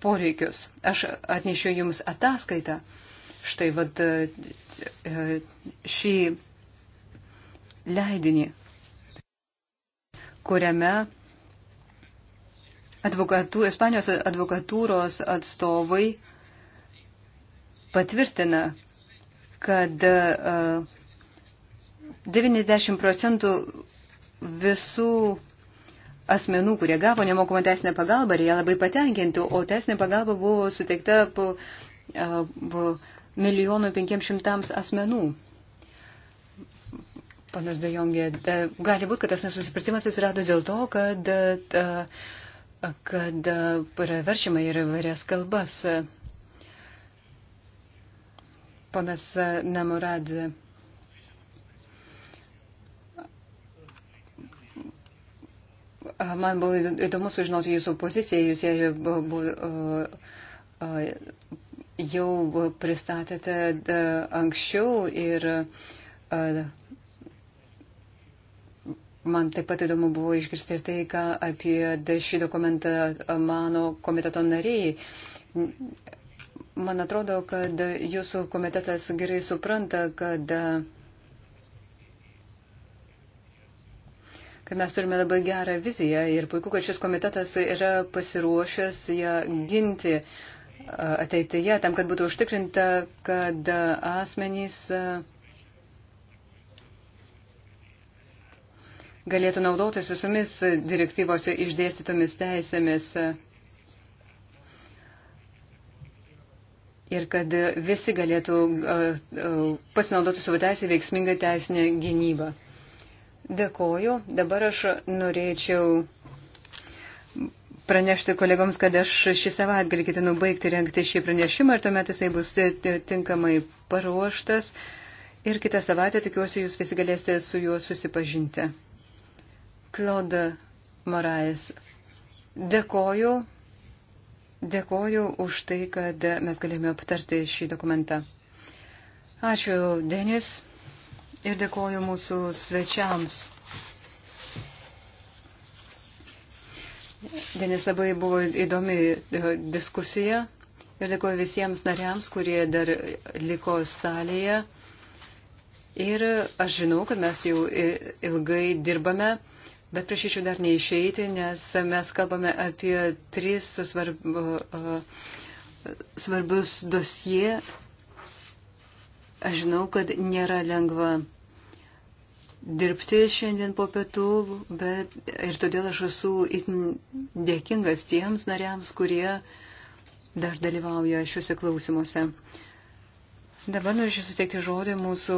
poreikius. Aš atnešiu Jums ataskaitą. Štai vad šį leidinį, kuriame advokatų, Ispanijos advokatūros atstovai patvirtina, kad 90 e, procentų visų asmenų, kurie gavo nemokamą teisinę pagalbą, ir jie labai patenkinti, o teisinė pagalba buvo suteikta e, milijonų penkiems šimtams asmenų panas Dejongė, e, e, gali būti, kad tas nesusipratimas atsirado dėl to, kad, e, kad veršimai yra įvairias kalbas. Panas Namuradze. Man buvo įdomu sužinoti jūsų poziciją, jūs ją buvo, jau pristatėte anksčiau ir Man taip pat įdomu buvo išgirsti ir tai, ką apie šį dokumentą mano komiteto nariai. Man atrodo, kad jūsų komitetas gerai supranta, kad, kad mes turime labai gerą viziją ir puiku, kad šis komitetas yra pasiruošęs ją ginti ateityje, tam, kad būtų užtikrinta, kad asmenys. Uh, galėtų naudotis visomis direktyvose išdėstytomis teisėmis. Ir kad visi galėtų pasinaudoti savo teisę veiksmingą teisinę gynybą. Dėkoju. Dabar aš norėčiau pranešti kolegoms, kad aš šį savaitgalį ketinu baigti renkti šį pranešimą ir tuomet jisai bus tinkamai paruoštas. Ir kitą savaitę tikiuosi jūs visi galėsite su juo susipažinti. Klauda Marais, dėkoju, dėkoju už tai, kad mes galėjome aptarti šį dokumentą. Ačiū, Denis, ir dėkoju mūsų svečiams. Denis labai buvo įdomi e, diskusija ir dėkoju visiems nariams, kurie dar liko salėje. Ir aš žinau, kad mes jau ilgai dirbame Bet prašyčiau dar neišeiti, nes mes kalbame apie tris svarb, svarbius dosie. Aš žinau, kad nėra lengva dirbti šiandien po pietų, bet ir todėl aš esu itin dėkingas tiems nariams, kurie dar dalyvauja šiuose klausimuose. Dabar norėčiau suteikti žodį mūsų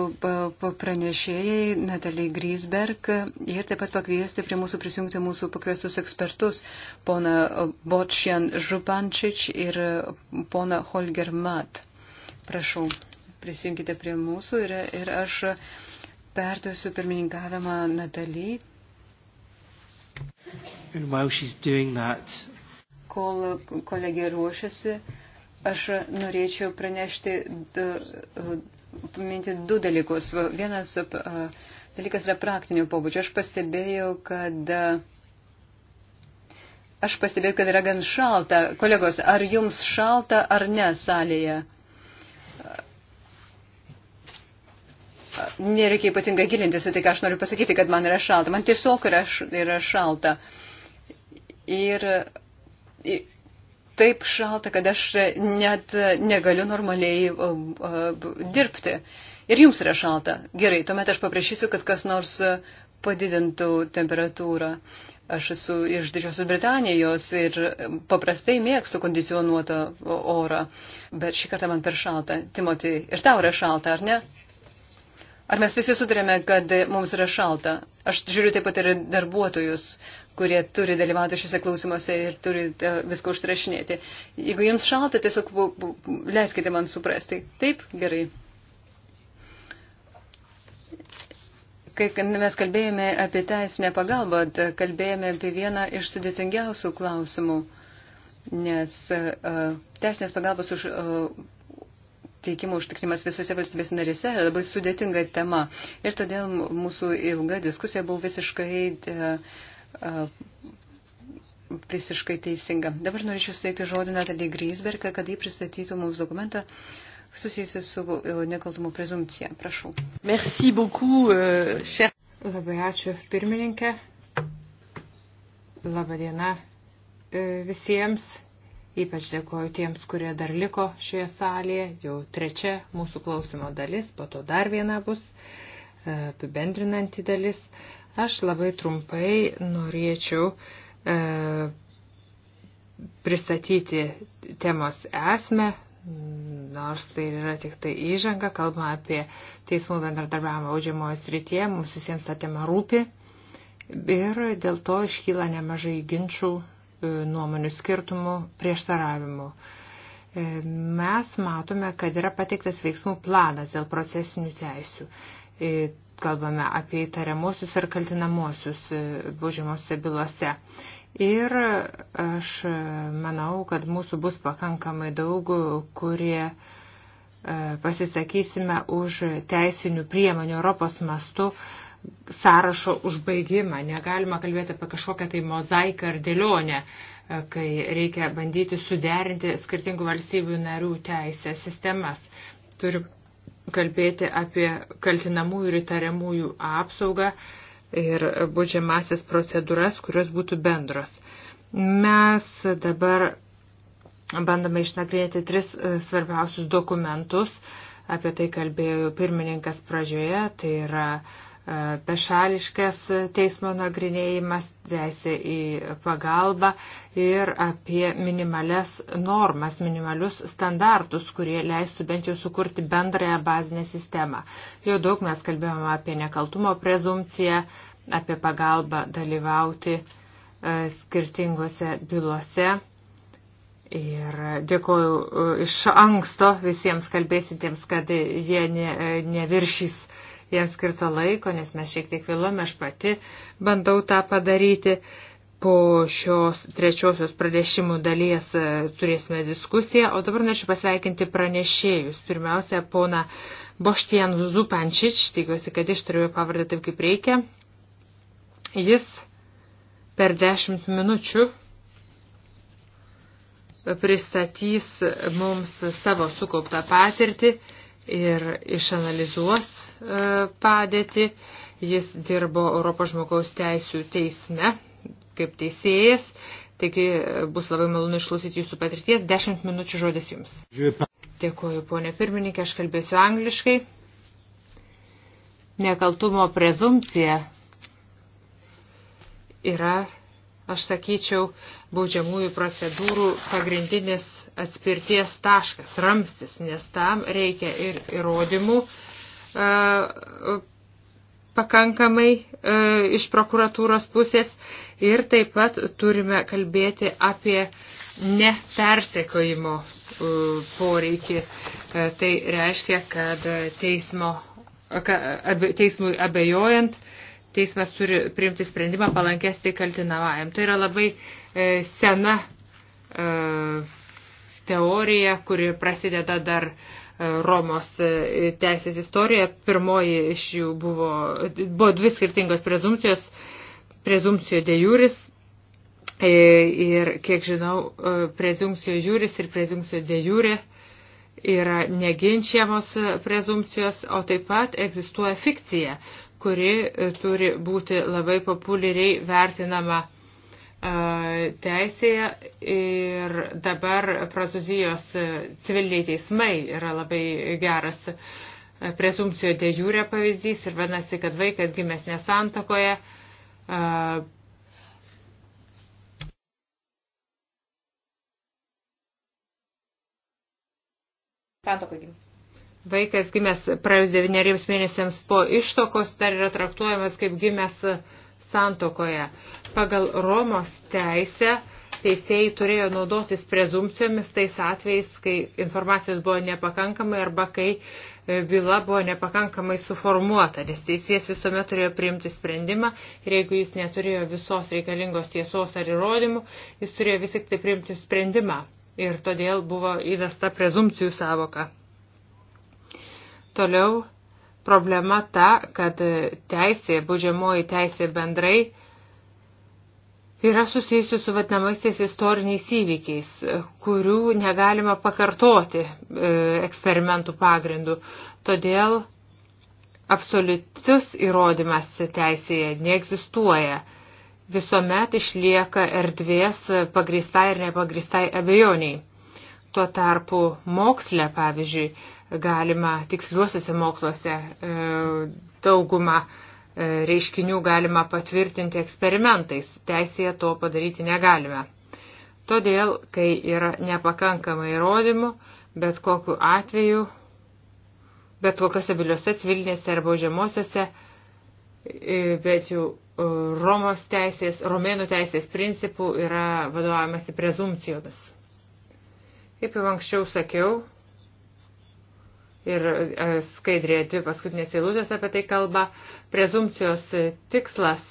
pranešėjai Natalijai Grisberg ir taip pat pakviesti prie mūsų prisijungti mūsų pakviestus ekspertus, pona Botšian Župančič ir pona Holger Mat. Prašau, prisijunkite prie mūsų ir, ir aš perduosiu pirmininkavimą Natalijai. Kol kolegė ruošiasi. Aš norėčiau pranešti, paminti du dalykus. Vienas dalykas yra praktinio pobūdžio. Aš pastebėjau, kad Aš pastebėjau, kad yra gan šalta. Kolegos, ar jums šalta ar ne salėje? Nereikia ypatingai gilintis į tai, ką aš noriu pasakyti, kad man yra šalta. Man tiesiog yra, yra šalta. Ir, ir taip šalta, kad aš net negaliu normaliai um, um, dirbti. Ir jums yra šalta. Gerai, tuomet aš paprašysiu, kad kas nors uh, padidintų temperatūrą. Aš esu iš Didžiosios Britanijos ir um, paprastai mėgstu kondicionuotą orą, bet šį kartą man per šalta. Timoti, ir tau yra šalta, ar ne? Ar mes visi sutarėme, kad mums yra šalta? Aš žiūriu taip pat ir darbuotojus, kurie turi dalyvauti šiuose klausimuose ir turi e, viską užsirašinėti. Jeigu jums šalta, tiesiog leiskite man suprasti. Taip, gerai. Kai mes kalbėjome apie teisinę pagalbą, kalbėjome apie vieną iš sudėtingiausių klausimų, nes e, e, teisinės pagalbos už, teikimo užtikrimas visose valstybės narėse labai sudėtinga tema. Ir todėl mūsų ilga diskusija buvo visiškai visiškai teisinga. Dabar norėčiau suteikti žodį Natalį Grisbergą, kad jį pristatytų mums dokumentą susijusiu su e, nekaltumo prezumcija. Prašau. Merci beaucoup, e, cher. Labai ačiū, pirmininkė. Labadiena e, visiems. Ypač dėkoju tiems, kurie dar liko šioje salėje. Jau trečia mūsų klausimo dalis, po to dar viena bus apibendrinanti dalis. Aš labai trumpai norėčiau e, pristatyti temos esmę, nors tai yra tik tai įžanga, kalbama apie teismų bendradarbiavimą audžiamojo srityje, mums visiems ta tema rūpi ir dėl to iškyla nemažai ginčių, e, nuomonių skirtumų, prieštaravimų. E, mes matome, kad yra pateiktas veiksmų planas dėl procesinių teisių e, kalbame apie įtariamuosius ir kaltinamosius e, būžimuose bylose. Ir aš e, manau, kad mūsų bus pakankamai daug, kurie e, pasisakysime už teisinių priemonių Europos mastu sąrašo užbaigimą. Negalima kalbėti apie kažkokią tai mozaiką ar dėlionę, kai reikia bandyti suderinti skirtingų valstybių narių teisės sistemas. Turi kalbėti apie kaltinamųjų ir įtariamųjų apsaugą ir būdžiamasias procedūras, kurios būtų bendros. Mes dabar bandome išnagrinėti tris e, svarbiausius dokumentus, apie tai kalbėjo pirmininkas pradžioje, tai yra uh, bešališkas teismo nagrinėjimas, teisė į pagalbą ir apie minimales normas, minimalius standartus, kurie leistų bent jau sukurti bendrąją bazinę sistemą. Jau daug mes kalbėjome apie nekaltumo prezumciją, apie pagalbą dalyvauti e, skirtingose bylose. Ir dėkoju e, iš anksto visiems kalbėsintiems, kad jie ne, e, neviršys ne jam skirto laiko, nes mes šiek tiek vėluome, aš pati bandau tą padaryti. Po šios trečiosios pranešimų dalies e, turėsime diskusiją, o dabar norėčiau pasveikinti pranešėjus. Pirmiausia, pona Boštien Zupančič, tikiuosi, kad ištariu pavardę taip kaip reikia. Jis per dešimt minučių pristatys mums savo sukauptą patirtį ir išanalizuos e, padėtį. Jis dirbo Europos žmogaus teisų teisme kaip teisėjas, taigi e, bus labai malonu išklausyti jūsų patirties. Dešimt minučių žodis jums. Dėkuoju, ponė pirmininkė, aš kalbėsiu angliškai. Nekaltumo prezumcija yra aš sakyčiau, baudžiamųjų procedūrų pagrindinis atspirties taškas, ramstis, nes tam reikia ir įrodymų e, pakankamai e, iš prokuratūros pusės ir taip pat turime kalbėti apie nepersekojimo e, poreikį. Tai reiškia, kad teismo, teismui abejojant teismas turi priimti sprendimą palankesti kaltinamajam. Tai yra labai e, sena e, teorija, kuri prasideda dar e, Romos e, teisės istoriją. Pirmoji iš jų buvo, buvo dvi skirtingos prezumcijos, prezumcijo de juris e, ir, kiek žinau, e, prezumcijo juris ir prezumcijo de jure yra neginčiamos prezumcijos, o taip pat egzistuoja fikcija, kuri e, turi būti labai populiariai vertinama e, teisėje ir dabar Prancūzijos e, civiliniai teismai yra labai geras prezumpcijo de jūrė pavyzdys ir vadinasi, kad vaikas gimęs nesantakoje santokai gimė. Vaikas gimęs praėjus devyneriems mėnesiams po ištokos dar yra traktuojamas kaip gimęs santokoje. Pagal Romos teisę teisėjai turėjo naudotis prezumcijomis tais atvejais, kai informacijos buvo nepakankamai arba kai e, byla buvo nepakankamai suformuota, nes teisėjas visuomet turėjo priimti sprendimą ir jeigu jis neturėjo visos reikalingos tiesos ar įrodymų, jis turėjo vis tik tai priimti sprendimą ir todėl buvo įvesta prezumcijų savoka. Toliau problema ta, kad teisė, baudžiamoji teisė bendrai yra susijusi su vadinamaisiais istoriniais įvykiais, kurių negalima pakartoti e, eksperimentų pagrindų. Todėl absoliutus įrodymas teisėje neegzistuoja. Visuomet išlieka erdvės pagristai ir nepagristai abejoniai. Tuo tarpu moksle, pavyzdžiui, galima tiksliuosiuose moksluose e, daugumą e, reiškinių galima patvirtinti eksperimentais. Teisėje to padaryti negalime. Todėl, kai yra nepakankamai įrodymų, bet kokiu atveju, bet kokiuose biliuose, civilinėse arba žemosiuose, e, bet jau Romos teisės, romėnų teisės principų yra vadovaujamasi prezumcijomis. Kaip jau anksčiau sakiau, ir e, skaidrėje dvi paskutinės eilutės apie tai kalba. Prezumcijos tikslas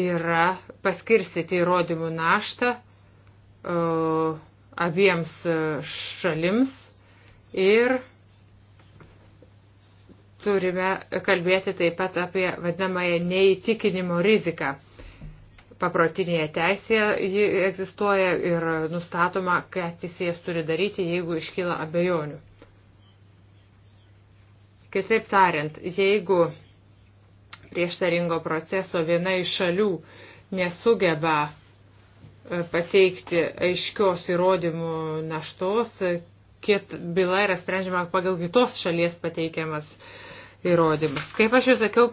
yra paskirstyti įrodymų naštą e, abiems šalims ir turime kalbėti taip pat apie vadinamąją neįtikinimo riziką. Paprotinėje teisėje ji egzistuoja ir nustatoma, ką teisėjas turi daryti, jeigu iškyla abejonių. Kitaip tariant, jeigu prieštaringo proceso viena iš šalių nesugeba e, pateikti aiškios įrodymų naštos, kit byla yra sprendžiama pagal kitos šalies pateikiamas įrodymus. Kaip aš jau sakiau,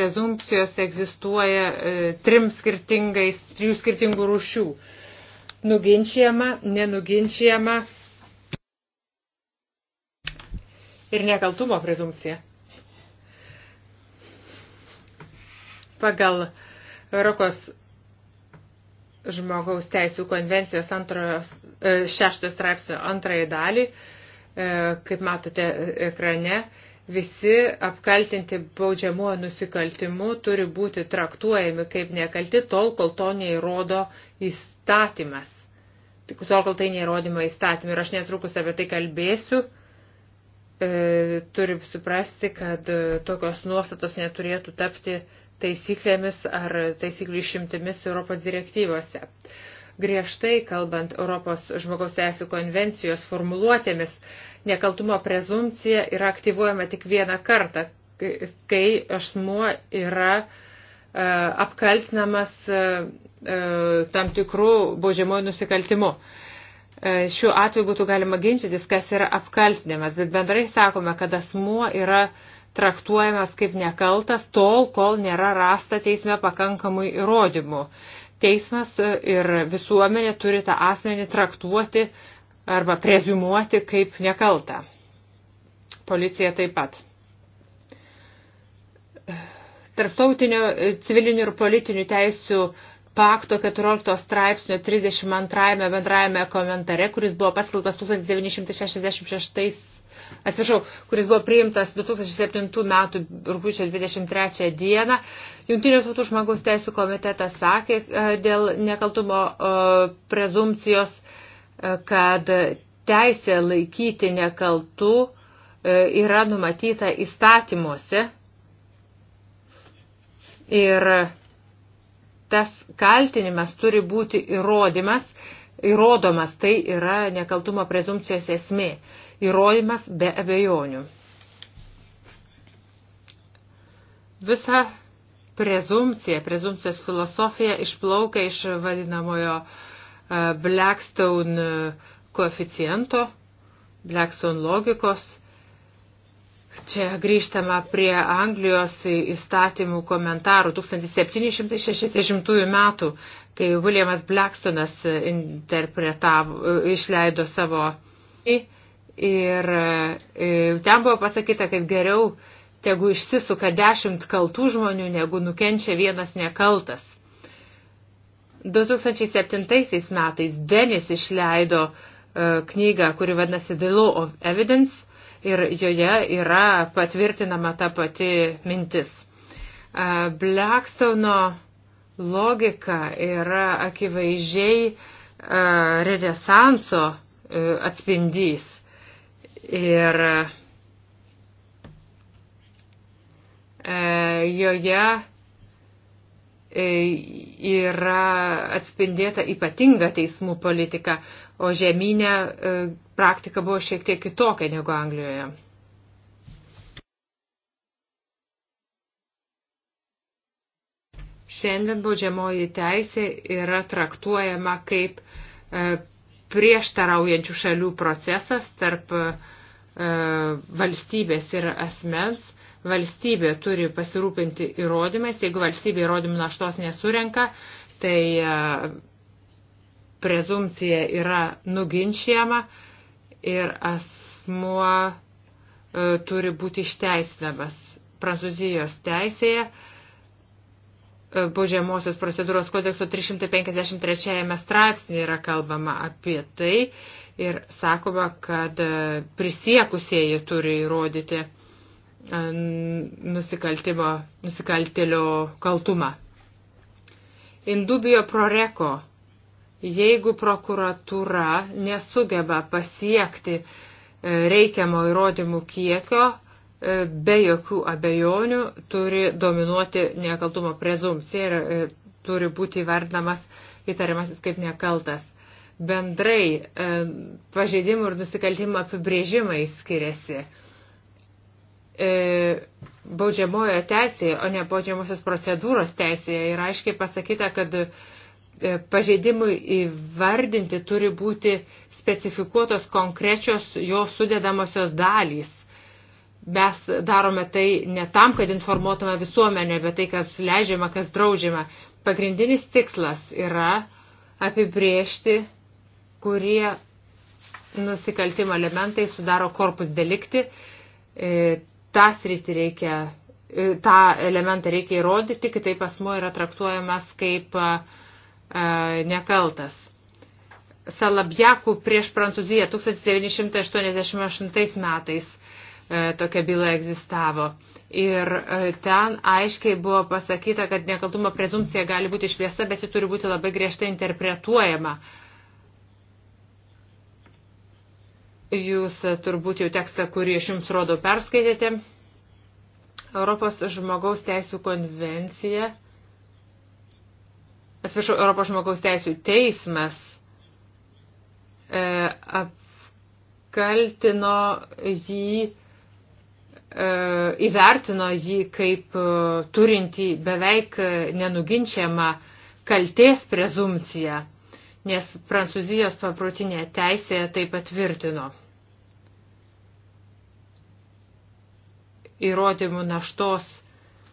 prezumpcijos egzistuoja e, trim skirtingais, trijų skirtingų rūšių. Nuginčiama, nenuginčiama ir nekaltumo prezumcija. Pagal Europos žmogaus teisų konvencijos antrojo, e, šeštojo straipsnio antrąją dalį, e, kaip matote ekrane, visi apkaltinti baudžiamuo nusikaltimu turi būti traktuojami kaip nekalti tol, kol to neįrodo įstatymas. Tol, kol tai neįrodymo įstatymai. Ir aš netrukus apie tai kalbėsiu e, turi suprasti, kad e, tokios nuostatos neturėtų tapti taisyklėmis ar taisyklių išimtimis Europos direktyvose. Griežtai kalbant Europos žmogaus teisų konvencijos formuluotėmis, nekaltumo prezumcija yra aktyvuojama tik vieną kartą, kai asmuo yra e, apkaltinamas e, tam tikrų baudžiamojų nusikaltimų. E, šiuo atveju būtų galima ginčytis, kas yra apkaltinimas, bet bendrai sakome, kad asmuo yra traktuojamas kaip nekaltas tol, kol nėra rasta teisme pakankamai įrodymų. Teismas e, ir visuomenė turi tą asmenį traktuoti arba prezumuoti kaip nekaltą. Policija taip pat. Tarptautinio civilinių ir politinių teisių uh, pakto 14 straipsnio 32 bendrajame komentare, kuris buvo paskelbtas 1966, atsiprašau, kuris buvo priimtas 2007 metų rūpiučio 23 dieną, Junktinių tautų žmogaus teisų komitetas sakė e, dėl nekaltumo e, prezumcijos, e, kad teisė laikyti nekaltų yra numatyta įstatymuose. Ir tas kaltinimas turi būti įrodymas, įrodomas, tai yra nekaltumo prezumcijos esmė, įrodymas be abejonių. Visa prezumcija, prezumcijos filosofija išplaukia iš vadinamojo e, Blackstone e, koeficiento, Blackstone logikos Čia grįžtama prie Anglijos įstatymų komentarų 1760 metų, kai Williamas Blackstonas e, interpretavo, e, išleido savo. Ir e, ten buvo pasakyta, kad geriau tegu išsisuka dešimt kaltų žmonių, negu nukenčia vienas nekaltas. 2007 metais Denis išleido knygą, kuri vadinasi The Law of Evidence ir joje yra patvirtinama ta pati mintis. Blackstone'o logika yra akivaizdžiai renesanso e, atspindys. Ir e, joje E, yra atspindėta ypatinga teismų politika, o žemynė e, praktika buvo šiek tiek kitokia negu Anglijoje. Šiandien baudžiamoji teisė yra traktuojama kaip e, prieštaraujančių šalių procesas tarp valstybės ir asmens, Valstybė turi pasirūpinti įrodymais. Jeigu valstybė įrodymų naštos nesurenka, tai e, prezumcija yra nuginčiama ir asmuo e, turi būti išteisinamas. Prancūzijos teisėje e, baudžiamosios procedūros kodekso 353 straipsnė yra kalbama apie tai ir sakoma, kad prisiekusieji turi įrodyti E, nusikaltėlio kaltumą. Indubijo proreko, jeigu prokuratūra nesugeba pasiekti e, reikiamo įrodymų kiekio, e, be jokių abejonių turi dominuoti nekaltumo prezumcija ir turi būti įvardinamas įtariamasis kaip nekaltas. Bendrai pažeidimų ir nusikaltimų apibrėžimai skiriasi. E, baudžiamojo teisėje, o ne baudžiamosios procedūros teisėje yra aiškiai pasakyta, kad e, pažeidimui įvardinti turi būti specifikuotos konkrečios jo sudėdamosios dalys. Mes darome tai ne tam, kad informuotume visuomenę apie tai, kas leidžiama, kas draudžiama. Pagrindinis tikslas yra apibriežti, kurie nusikaltimo elementai sudaro korpus delikti e, tą sritį reikia, e, tą elementą reikia įrodyti, kitaip asmuo yra traktuojamas kaip e, e, nekaltas. Salabjakų prieš Prancūziją 1988 metais tokia byla egzistavo. Ir ten aiškiai buvo pasakyta, kad nekaltumo prezumcija gali būti išplėsta, bet ji turi būti labai griežtai interpretuojama. Uh, Jūs e, turbūt jau tekstą, kurį aš jums rodau, perskaitėte. Europos žmogaus teisų konvencija. Atsiprašau, Europos žmogaus teisų teismas e, apkaltino jį, e, įvertino jį kaip e, turinti beveik e, nenuginčiamą kaltės prezumciją, nes Prancūzijos paprotinė teisė tai patvirtino. įrodymų naštos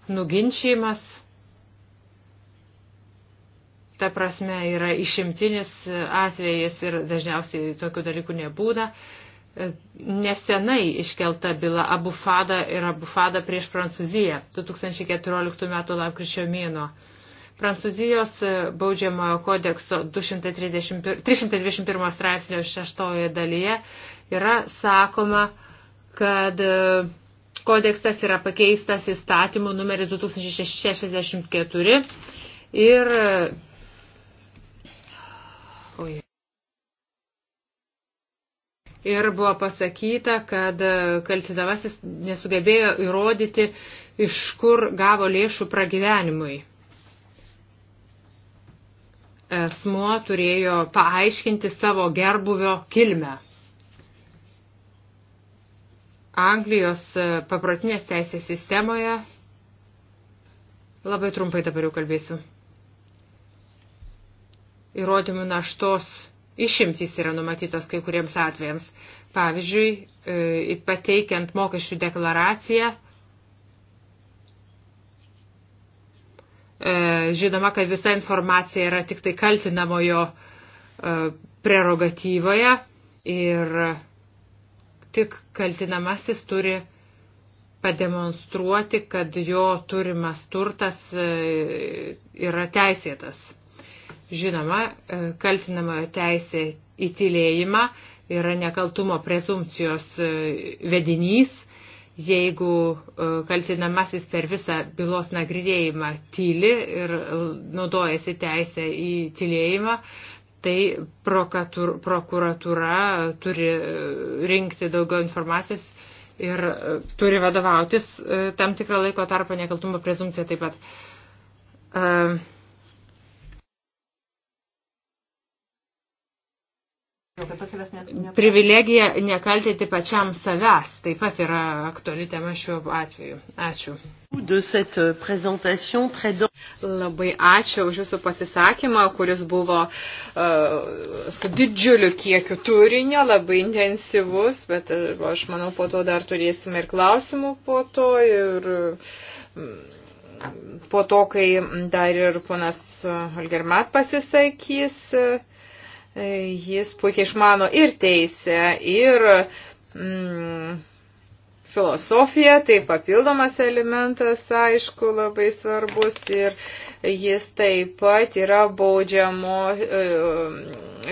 nuginčymas, ta prasme yra išimtinis atvejas ir dažniausiai tokių dalykų nebūna. Nesenai iškelta byla Abufada ir Abufada prieš Prancūziją 2014 m. lapkričio mėno. Prancūzijos baudžiamojo kodekso 230, 321 straipsnio šeštojoje dalyje yra sakoma, kad kodeksas yra pakeistas įstatymu numeris 2064 ir ir buvo pasakyta, kad kaltinamasis nesugebėjo įrodyti, iš kur gavo lėšų pragyvenimui. Esmuo turėjo paaiškinti savo gerbuvio kilmę. Anglijos e, paprotinės teisės sistemoje. Labai trumpai dabar jau kalbėsiu. Įrodymų naštos išimtys yra numatytos kai kuriems atvejams. Pavyzdžiui, e, pateikiant mokesčių deklaraciją, e, žinoma, kad visa informacija yra tik tai kaltinamojo prerogatyvoje ir tik kaltinamasis turi pademonstruoti, kad jo turimas turtas e, yra teisėtas. Žinoma, e, kaltinamojo teisė į tylėjimą yra nekaltumo prezumcijos e, vedinys. Jeigu kaltinamasis per visą bylos nagrinėjimą tyli ir naudojasi teisę į tylėjimą, tai prokuratura turi rinkti daugiau informacijos ir e, turi vadovautis e, tam tikrą laiko tarpą nekaltumo prezumcija taip pat. Uh, Privilegija nekaltėti pačiam savęs taip pat yra aktuali tema šiuo atveju. Ačiū. Labai ačiū už Jūsų pasisakymą, kuris buvo uh, su didžiuliu kiekiu turinio, labai intensyvus, bet e, aš manau, po to dar turėsime ir klausimų po to. Ir, um, po to, kai dar ir ponas Holgermat pasisakys. Uh, Jis puikiai išmano ir teisę, ir mm, filosofija, tai papildomas elementas, aišku, labai svarbus ir jis taip pat yra baudžiamo e,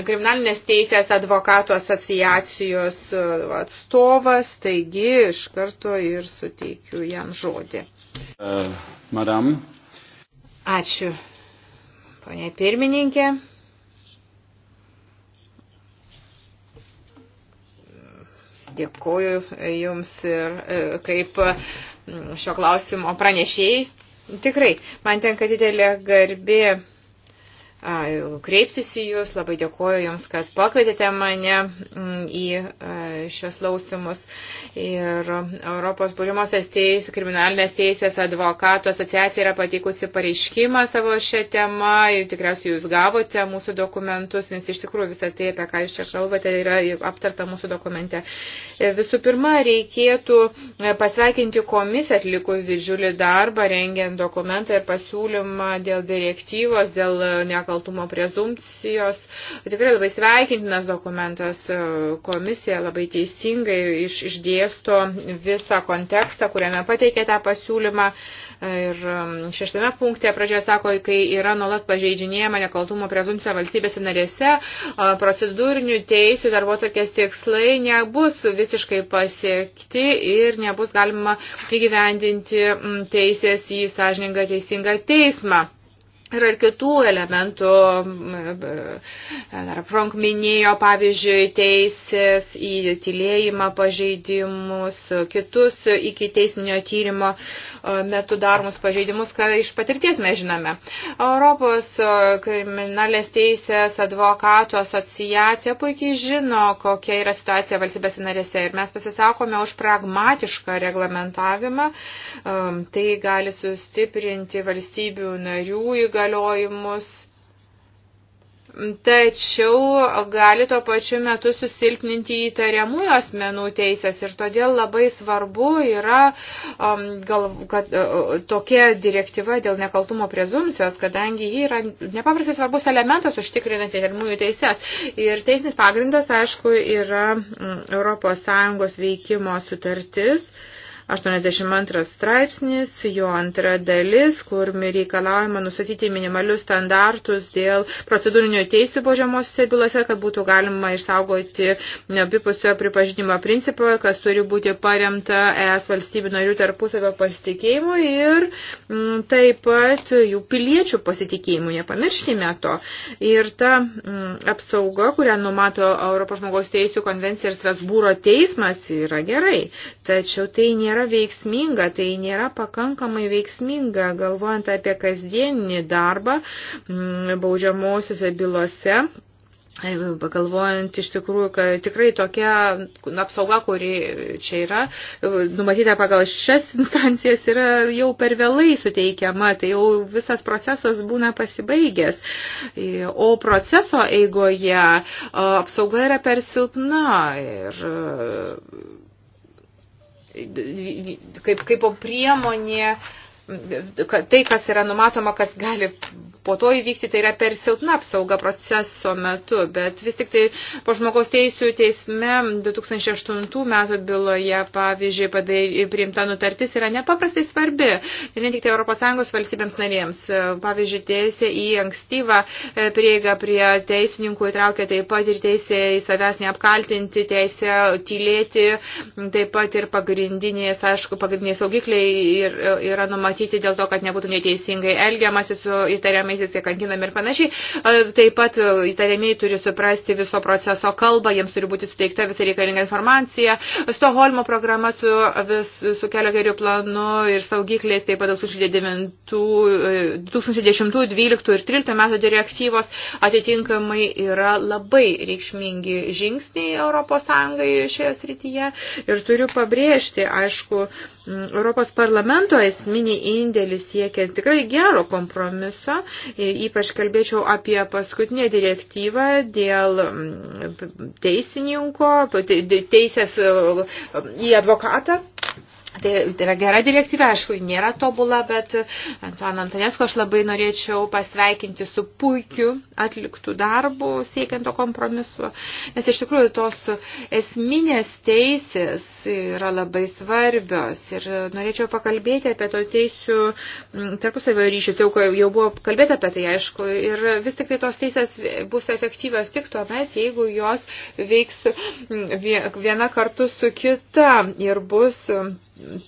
kriminalinės teisės advokatų asociacijos e, atstovas, taigi iš karto ir suteikiu jam žodį. Uh, madam. Ačiū, ponia pirmininkė. Dėkuoju Jums ir e, kaip šio klausimo pranešėjai. Tikrai, man tenka didelė garbė kreiptis į Jūs. Labai dėkuoju Jums, kad pakvietėte mane mm, į šios lausimus. Ir Europos būrimosios teisės, kriminalinės teisės advokatų asociacija yra pateikusi pareiškimą savo šią temą. Ir tikriausiai Jūs gavote mūsų dokumentus, nes iš tikrųjų visą tai, apie ką Jūs čia kalbate, yra aptarta mūsų dokumente. E, visų pirma, reikėtų e, pasveikinti komisiją atlikus didžiulį darbą, rengiant dokumentą ir pasiūlymą dėl direktyvos, dėl nekalbų nekaltumo prezumcijos. Tikrai labai sveikintinas dokumentas. Komisija labai teisingai iš, išdėsto visą kontekstą, kuriame pateikė tą pasiūlymą. Ir um, šeštame punkte pradžioje sako, kai yra nuolat pažeidžinėjama nekaltumo prezumcija valstybėse narėse, procedūrinių teisų darbo tokias tikslai nebus visiškai pasiekti ir nebus galima įgyvendinti teisės į sąžiningą teisingą teismą. Yra ir kitų elementų, dar Frank minėjo, pavyzdžiui, teisės į tylėjimą pažeidimus, kitus iki teisminio tyrimo uh, metu daromus pažeidimus, ką iš patirties mes žinome. Europos e, kriminalės teisės advokatų asociacija puikiai žino, kokia yra situacija valstybės narėse ir mes pasisakome už pragmatišką reglamentavimą. E, tai gali sustiprinti valstybių narių įgaliojimus tačiau gali tuo pačiu metu susilpninti įtariamųjų asmenų teisės ir todėl labai svarbu yra, um, gal, kad uh, uh, tokia direktyva dėl nekaltumo prezumcijos, kadangi ji yra nepaprastai svarbus elementas užtikrinant įtariamųjų teises. Ir teisinis pagrindas, aišku, yra mm, ES veikimo sutartis. 82 straipsnis, jo antra dalis, kur reikalaujama nustatyti minimalius standartus dėl procedūrinio teisų požemosiuose bylose, kad būtų galima išsaugoti abipusio pripažinimo principą, kas turi būti paremta ES valstybių narių tarpusavio pasitikėjimu ir m, mm, taip pat jų piliečių pasitikėjimu, nepamirškime to. Ir ta m, mm, apsauga, kurią numato Europos žmogaus teisų konvencija ir Strasbūro teismas, yra gerai. Tačiau tai nėra nėra veiksminga, tai nėra pakankamai veiksminga, galvojant apie kasdieninį darbą mm, baudžiamosiuose bylose. Pagalvojant iš tikrųjų, kad tikrai tokia apsauga, kuri čia yra, numatyta pagal šias instancijas, yra jau per vėlai suteikiama, tai jau visas procesas būna pasibaigęs. O proceso eigoje apsauga yra per silpna. Ir kaip, kaip priemonė, tai, kas yra numatoma, kas gali po to įvykti, tai yra per silpna apsauga proceso metu, bet vis tik tai po žmogaus teisų teisme 2008 metų byloje, pavyzdžiui, padai, priimta nutartis yra nepaprastai svarbi, ne vien tik tai ES valstybėms narėms. Pavyzdžiui, teisė į ankstyvą e, prieigą prie teisininkų įtraukia taip pat ir teisė į savęs neapkaltinti, teisė tylėti, taip pat ir pagrindinės, aišku, pagrindiniai saugikliai ir, e, yra numatyti dėl to, kad nebūtų neteisingai elgiamasi su įtariamai įtariamaisiais, kiek kankinami ir panašiai. E, taip pat e, įtariamiai turi suprasti viso proceso kalbą, jiems turi būti suteikta visa reikalinga informacija. Stoholmo programa su, vis, su kelio gerių planu ir saugikliais, taip pat 2010-2012 e, ir 2013 metų direktyvos atitinkamai yra labai reikšmingi žingsniai Europos Sąjungai šioje srityje. Ir turiu pabrėžti, aišku, Europos parlamento esminį indėlį siekia tikrai gero kompromiso, e, ypač kalbėčiau apie paskutinę direktyvą dėl teisininko, teisės e, į advokatą Tai yra gera direktyva, aišku, nėra tobula, bet Antuan Antanesko aš labai norėčiau pasveikinti su puikiu atliktų darbų siekiant to kompromisu, nes iš tikrųjų tos esminės teisės yra labai svarbios ir norėčiau pakalbėti apie to teisių tarpusavio ryšius, tai jau, jau buvo kalbėta apie tai, aišku, ir vis tik tai tos teisės bus efektyvios tik tuo met, jeigu jos veiks viena kartu su kita ir bus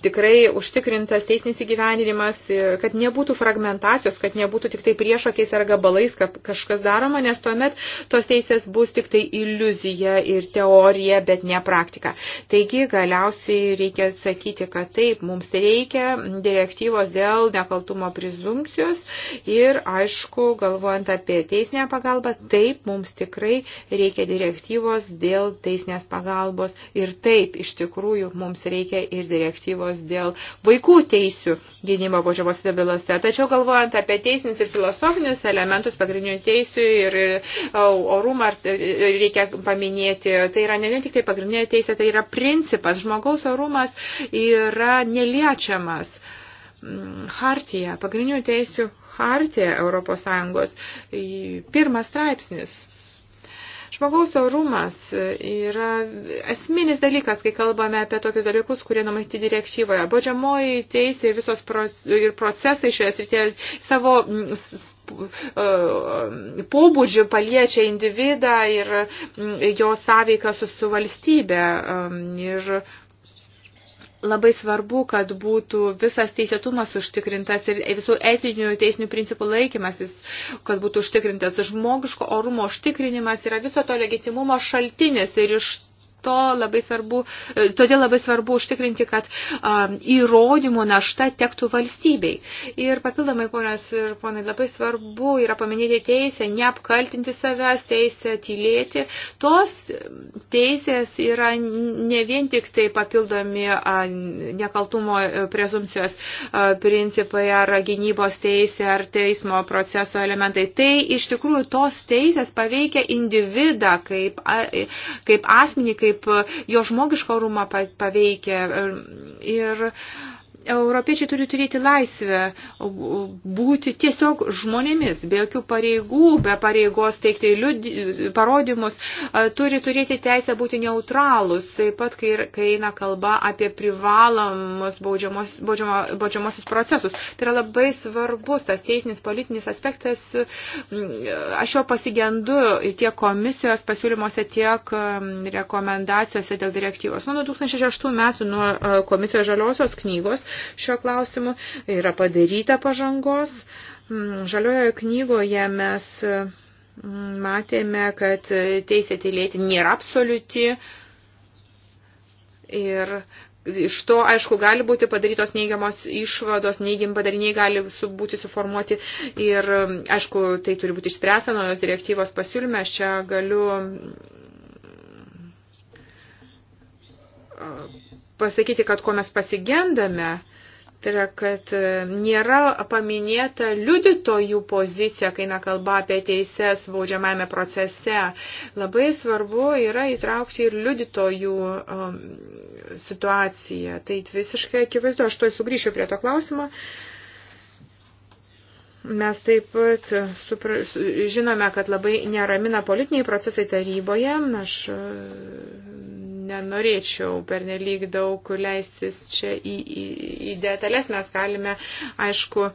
tikrai užtikrintas teisinis įgyvenimas, kad nebūtų fragmentacijos, kad nebūtų tik tai priešokiais ar gabalais kažkas daroma, nes tuomet tos teisės bus tik tai iliuzija ir teorija, bet ne praktika. Taigi galiausiai reikia sakyti, kad taip, mums reikia direktyvos dėl nekaltumo prezumcijos ir aišku, galvojant apie teisinę pagalbą, taip, mums tikrai reikia direktyvos dėl teisinės pagalbos ir taip, iš tikrųjų, mums reikia ir direktyvos direktyvos dėl vaikų teisių gynimo baudžiamosiose bylose. Tačiau galvojant apie teisinius ir filosofinius elementus, pagrindinių teisių ir orumą e, e, reikia paminėti, tai yra ne vien tik tai pagrindinė teisė, tai yra principas. Žmogaus orumas yra neliečiamas. Mm, hartija, pagrindinių teisių Hartija Europos Sąjungos, pirmas straipsnis Žmogaus orumas yra esminis dalykas, kai kalbame apie tokius dalykus, kurie numatyti direktyvoje. Baudžiamoji teisė ir visos pro, ir procesai šioje srityje savo mm, e, pobūdžių paliečia individą ir mm, jo sąveiką su, su valstybe. E, ir labai svarbu, kad būtų visas teisėtumas užtikrintas ir visų etinių teisinių principų laikymasis, kad būtų užtikrintas žmogiško orumo užtikrinimas yra viso to legitimumo šaltinis ir iš to labai svarbu, e, todėl labai svarbu užtikrinti, kad um, įrodymų našta tektų valstybei. Ir papildomai, ponas ir ponai, labai svarbu yra paminėti teisę, neapkaltinti savęs, teisę tylėti. Tos teisės yra ne vien tik tai papildomi a, nekaltumo e, prezumcijos a, principai ar gynybos teisė ar teismo proceso elementai. Tai iš tikrųjų tos teisės paveikia individą kaip, a, kaip asmenį, kaip kaip jo žmogišką orumą paveikia. Ir europiečiai turi turėti laisvę būti tiesiog žmonėmis, be jokių pareigų, be pareigos teikti liudi, parodymus, turi turėti teisę būti neutralus, taip pat, kai, kai eina kalba apie privalomus baudžiamos, baudžiamo, baudžiamosius procesus. Tai yra labai svarbus tas teisinis politinis aspektas. Mm, aš jo pasigendu tiek komisijos pasiūlymuose, tiek rekomendacijose dėl direktyvos. Nuo 2006 metų nuo komisijos žaliosios knygos šio klausimu. Yra padaryta pažangos. Mm, Žaliojoje knygoje mes mm, matėme, kad teisė tylėti nėra absoliuti. Ir iš to, aišku, gali būti padarytos neigiamos išvados, neigiam padariniai gali būti suformuoti ir, mm, aišku, tai turi būti išspręsta nuo direktyvos pasiūlyme. Aš čia galiu pasakyti, kad ko mes pasigendame Tai yra, kad e, nėra paminėta liudytojų pozicija, kai nekalba apie teises baudžiamame procese. Labai svarbu yra įtraukti ir liudytojų um, situaciją. Tai visiškai akivaizdu, aš to sugrįšiu prie to klausimo. Mes taip pat supra, žinome, kad labai neramina politiniai procesai taryboje. Aš nenorėčiau pernelyg daug leistis čia į, į, į detalės, mes galime, aišku,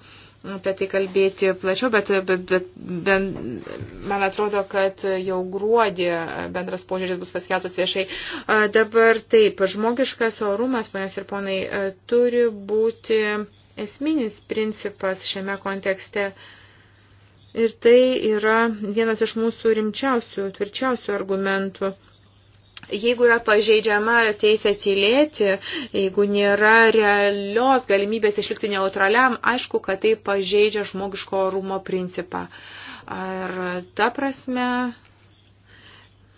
apie tai kalbėti plačiau, bet, bet, bet, bet man atrodo, kad jau gruodį bendras požiūris bus paskeltas viešai. Dabar taip, žmogiškas orumas, ponios ir ponai, turi būti esminis principas šiame kontekste. Ir tai yra vienas iš mūsų rimčiausių, tvirčiausių argumentų jeigu yra pažeidžiama teisė tylėti, jeigu nėra realios galimybės išlikti neutraliam, aišku, kad tai pažeidžia žmogiško orumo principą. Ar ta prasme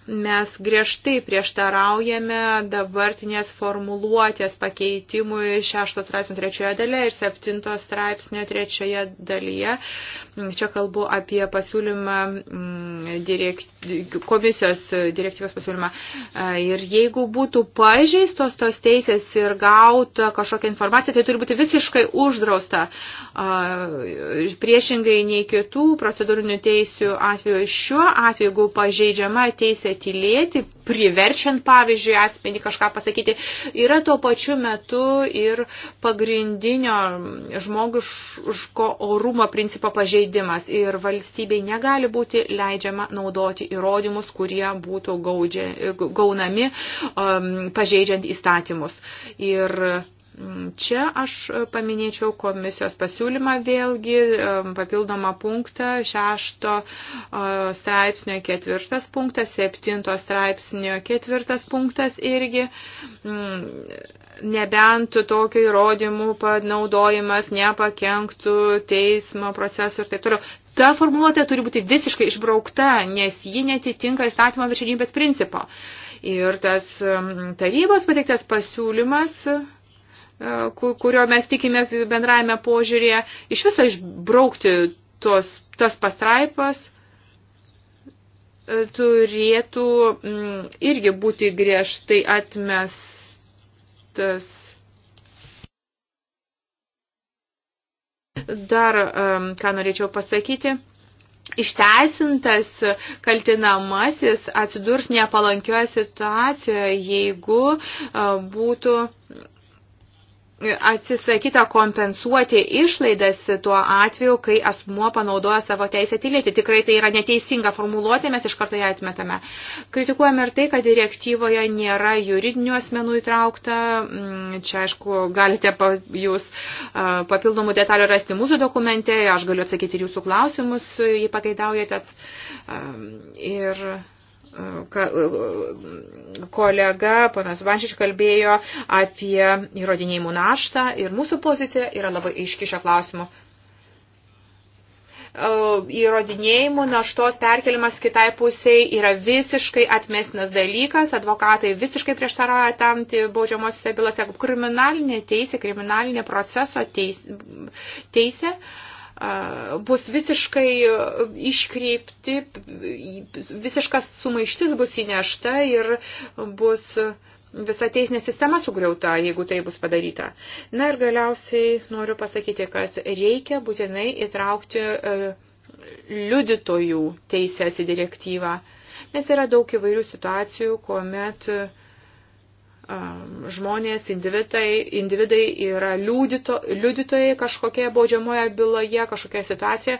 mes griežtai prieštaraujame dabartinės formuluotės pakeitimui 6 straipsnio 3 dalyje ir 7 straipsnio 3 dalyje. Čia kalbu apie pasiūlymą mm, direkt, komisijos direktyvos pasiūlymą. E, ir jeigu būtų pažeistos tos teisės ir gauta kažkokia informacija, tai turi būti visiškai uždrausta. E, priešingai nei kitų procedūrinių teisių atveju, šiuo atveju, jeigu pažeidžiama teisė tylėti, priverčiant, pavyzdžiui, asmenį kažką pasakyti, yra tuo pačiu metu ir pagrindinio žmogiško orumo principo pažeidimas. Ir valstybei negali būti leidžiama naudoti įrodymus, kurie būtų gaudžia, gaunami um, pažeidžiant įstatymus. Ir Čia aš paminėčiau komisijos pasiūlymą vėlgi, papildomą punktą, šešto straipsnio ketvirtas punktas, septinto straipsnio ketvirtas punktas irgi mm, nebent tokio įrodymų panaudojimas nepakenktų teismo procesų ir taip toliau. Ta formuluotė turi būti visiškai išbraukta, nes ji netitinka įstatymo viršinybės principo. Ir tas tarybos pateiktas pasiūlymas E, kurio mes tikimės bendrajame požiūrėje, iš viso išbraukti tos, tas pastraipas e, turėtų mm, irgi būti griežtai atmestas. Dar e, ką norėčiau pasakyti išteisintas kaltinamasis atsidurs nepalankioje situacijoje, jeigu būtų atsisakyta kompensuoti išlaidas tuo atveju, kai asmuo panaudoja savo teisę tylėti. Tikrai tai yra neteisinga formuluotė, mes iš karto ją atmetame. Kritikuojame ir tai, kad direktyvoje nėra juridinių asmenų įtraukta. Mm, čia, aišku, galite pa, jūs papildomų detalių rasti mūsų dokumente, aš galiu atsakyti ir jūsų klausimus, jei pageidaujate. Ir kolega panas Vanšič kalbėjo apie įrodinėjimų naštą ir mūsų pozicija yra labai aiški šio klausimu įrodinėjimų naštos perkelimas kitai pusiai yra visiškai atmestinas dalykas, advokatai visiškai prieštarauja tam baudžiamosiose bylose, kriminalinė teisė, kriminalinė proceso teisė, teisė bus visiškai e, iškreipti, visiškas sumaištis bus įnešta ir bus visa teisinė sistema sugriauta, jeigu tai bus padaryta. Na ir galiausiai noriu pasakyti, kad reikia būtinai įtraukti e, liudytojų teisės į direktyvą, nes yra daug įvairių situacijų, kuomet uh, žmonės, individai, individai yra liudito, liudytojai kažkokioje baudžiamoje byloje, kažkokioje situacijoje.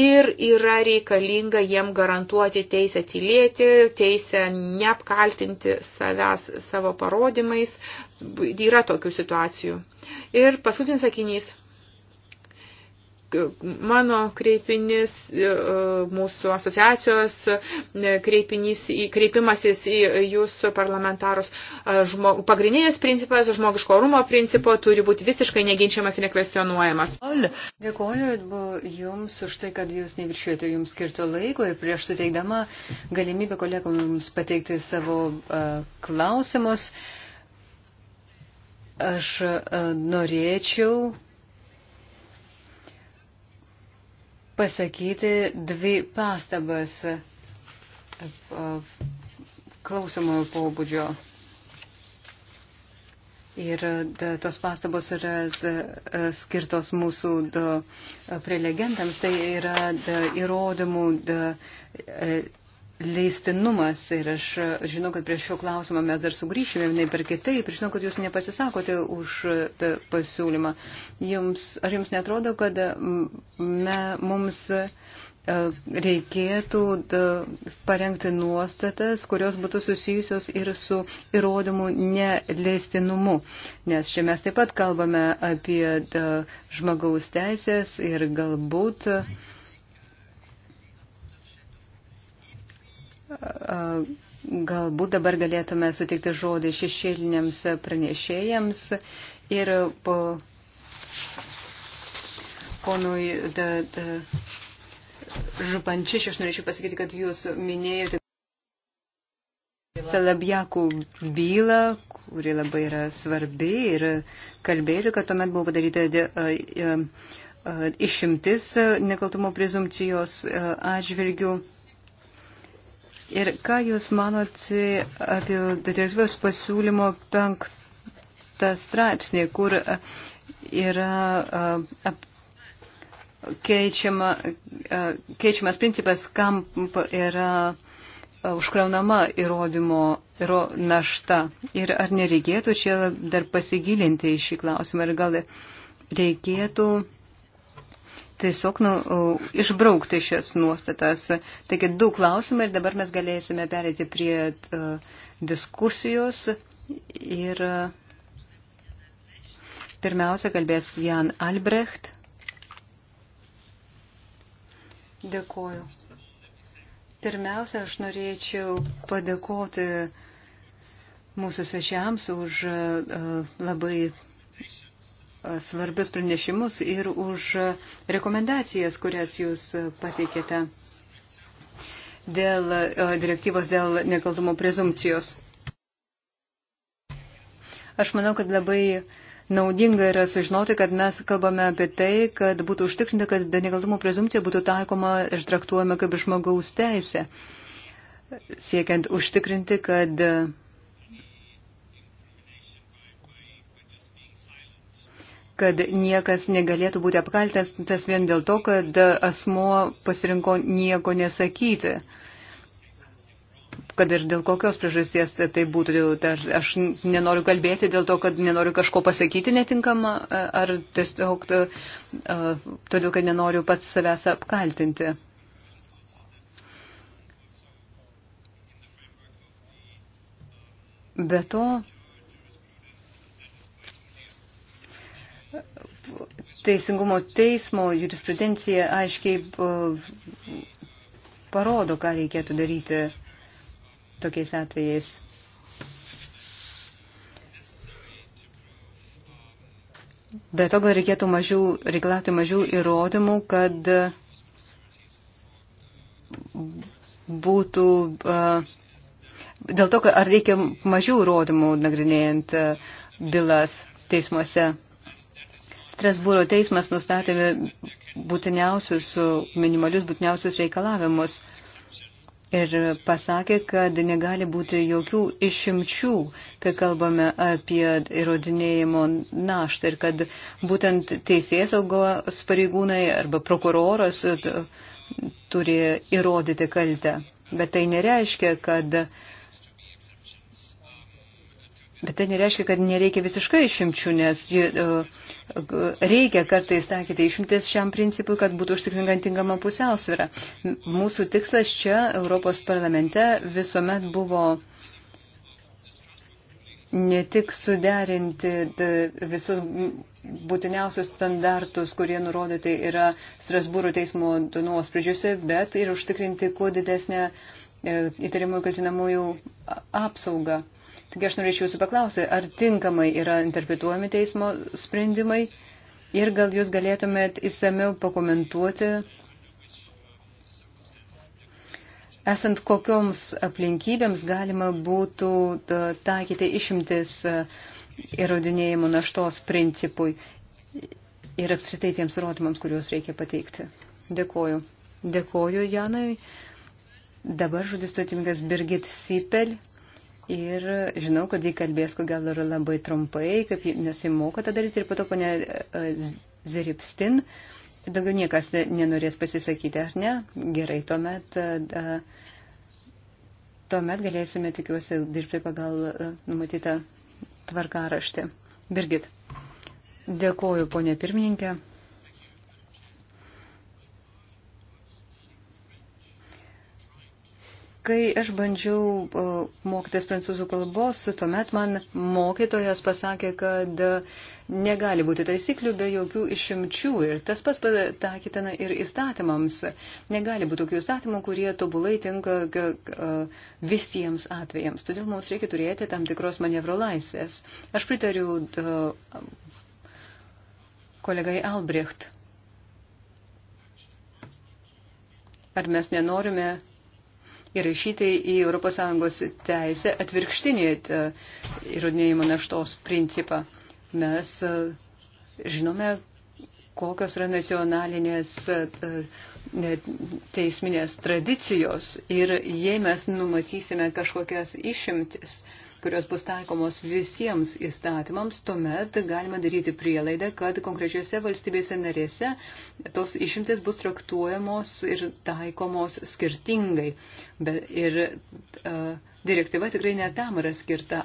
Ir yra reikalinga jiem garantuoti teisę tylėti, teisę neapkaltinti savęs savo parodymais. Yra tokių situacijų. Ir paskutinis sakinys mano kreipinis, e, mūsų asociacijos e, kreipinys, kreipimasis į jūsų parlamentarus. E, Žmog, pagrindinis principas, žmogiško rumo principo turi būti visiškai neginčiamas ir nekvestionuojamas. Dėkuoju Jums už tai, kad Jūs neviršiuojate Jums skirto laiko ir prieš suteikdama galimybę kolegoms pateikti savo uh, klausimus. Aš uh, norėčiau pasakyti dvi pastabas klausomojo pobūdžio. Ir da, tos pastabos yra e, skirtos mūsų da, prelegentams, tai yra da, įrodymų da, e, leistinumas ir aš žinau, kad prie šio klausimo mes dar sugrįšime, ne per kitaip, žinau, kad jūs nepasisakote už tą pasiūlymą. Jums, ar jums netrodo, kad me, mums e, reikėtų parengti nuostatas, kurios būtų susijusios ir su įrodymų neleistinumu. Nes čia mes taip pat kalbame apie žmogaus teisės ir galbūt. Mhm Galbūt dabar galėtume sutikti žodį šešėliniams pranešėjams ir po ponui Župančiš, aš norėčiau pasakyti, kad jūs minėjote Salabjakų bylą, kuri labai yra svarbi ir kalbėti, kad tuomet buvo padaryta išimtis nekaltumo prezumcijos atžvilgių. Ir ką Jūs manote apie direktyvos pasiūlymo penktą straipsnį, kur e, yra e, ap, keičiama, e, keičiamas principas, kam yra užkraunama įrodymo įro, našta. Ir ar nereikėtų čia dar pasigilinti į šį klausimą, ar gal reikėtų tiesiog nu, išbraukti šias nuostatas. Taigi du klausimai ir dabar mes galėsime perėti prie uh, diskusijos ir uh, pirmiausia kalbės Jan Albrecht. Dėkoju. Pirmiausia, aš norėčiau padėkoti mūsų svečiams už uh, labai svarbius pranešimus ir už rekomendacijas, kurias jūs pateikėte dėl e, direktyvos dėl nekaltumo prezumcijos. Aš manau, kad labai naudinga yra sužinoti, kad mes kalbame apie tai, kad būtų užtikrinta, kad nekaltumo prezumcija būtų taikoma ir traktuojama kaip žmogaus teisė, siekiant užtikrinti, kad kad niekas negalėtų būti apkaltas tas vien dėl to, kad asmuo pasirinko nieko nesakyti. Kad ir dėl kokios priežasties tai būtų, tai aš nenoriu kalbėti dėl to, kad nenoriu kažko pasakyti netinkamą, ar tiesiog todėl, kad nenoriu pats savęs apkaltinti. Be to, Teisingumo teismo jurisprudencija aiškiai parodo, ką reikėtų daryti tokiais atvejais. Be to, gal reikėtų mažiau, reikalauti mažiau įrodymų, kad būtų. Dėl to, ar reikia mažiau įrodymų nagrinėjant bylas teismuose. Strasbūro teismas nustatė būtiniausius, minimalius būtiniausius reikalavimus ir pasakė, kad negali būti jokių išimčių, kai kalbame apie įrodinėjimo naštą ir kad būtent teisės saugos pareigūnai arba prokuroras turi įrodyti kaltę. Bet tai nereiškia, kad Bet tai nereiškia, kad nereikia visiškai išimčių, nes Reikia kartais taikyti išimtis šiam principui, kad būtų užtikrinta tinkama pusiausvyrą. Mūsų tikslas čia Europos parlamente visuomet buvo ne tik suderinti visus būtiniausius standartus, kurie nurodyti yra Strasbūro teismo nuosprendžiuose, bet ir užtikrinti kuo didesnę e, įtariamųjų kaltinamųjų apsaugą. Taigi aš norėčiau jūsų paklausyti, ar tinkamai yra interpretuojami teismo sprendimai ir gal jūs galėtumėt įsameu pakomentuoti, esant kokioms aplinkybėms galima būtų taikyti išimtis e, įrodinėjimo naštos principui ir apskritai tiems įrodymams, kuriuos reikia pateikti. Dėkoju. Dėkoju, Janai. Dabar žodis tuotiminkas Birgit Sipel Ir žinau, kad jį kalbės, ko gal yra labai trumpai, kaip, nes jį moka tą daryti ir po to ponė e, Zeripstin. Daugiau niekas nenorės pasisakyti, ar ne? Gerai, tuomet, e, e, tuomet galėsime, tikiuosi, dirbti pagal numatytą tvarkaraštį. Birgit. Dėkoju, ponė pirmininkė. Kai aš bandžiau mokytis prancūzų kalbos, tuomet man mokytojas pasakė, kad negali būti taisyklių be jokių išimčių ir tas pas pataikytina ir įstatymams. Negali būti tokių įstatymų, kurie tobulai tinka visiems atvejams. Todėl mums reikia turėti tam tikros manevro laisvės. Aš pritariu kolegai Albrecht. Ar mes nenorime įrašyti į ES teisę atvirkštinį e, įrodinėjimo naštos principą. Mes e, žinome, kokios yra nacionalinės e, teisminės tradicijos ir jei mes numatysime kažkokias išimtis, kurios bus taikomos visiems įstatymams, tuomet galima daryti prielaidą, kad konkrečiose valstybėse narėse tos išimtis bus traktuojamos ir taikomos skirtingai. Be, ir uh, direktyva tikrai netam yra skirta.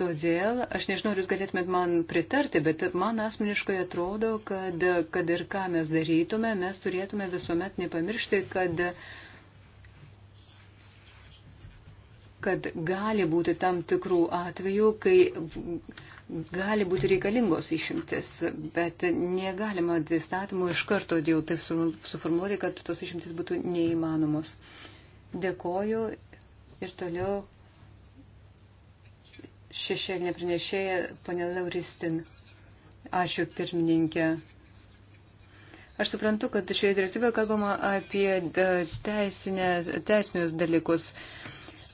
Todėl, aš nežinau, ar jūs galėtumėt man pritarti, bet man asmeniškai atrodo, kad, kad ir ką mes darytume, mes turėtume visuomet nepamiršti, kad uh, kad gali būti tam tikrų atvejų, kai gali būti reikalingos išimtis, bet negalima įstatymų iš karto jau taip suformuoluoti, kad tos išimtis būtų neįmanomos. Dėkoju ir toliau šešėlinė prinešėja ponė Lauristin. Ačiū pirmininkė. Aš suprantu, kad šioje direktyvoje kalbama apie e, teisinę, teisinius dalykus. Uh,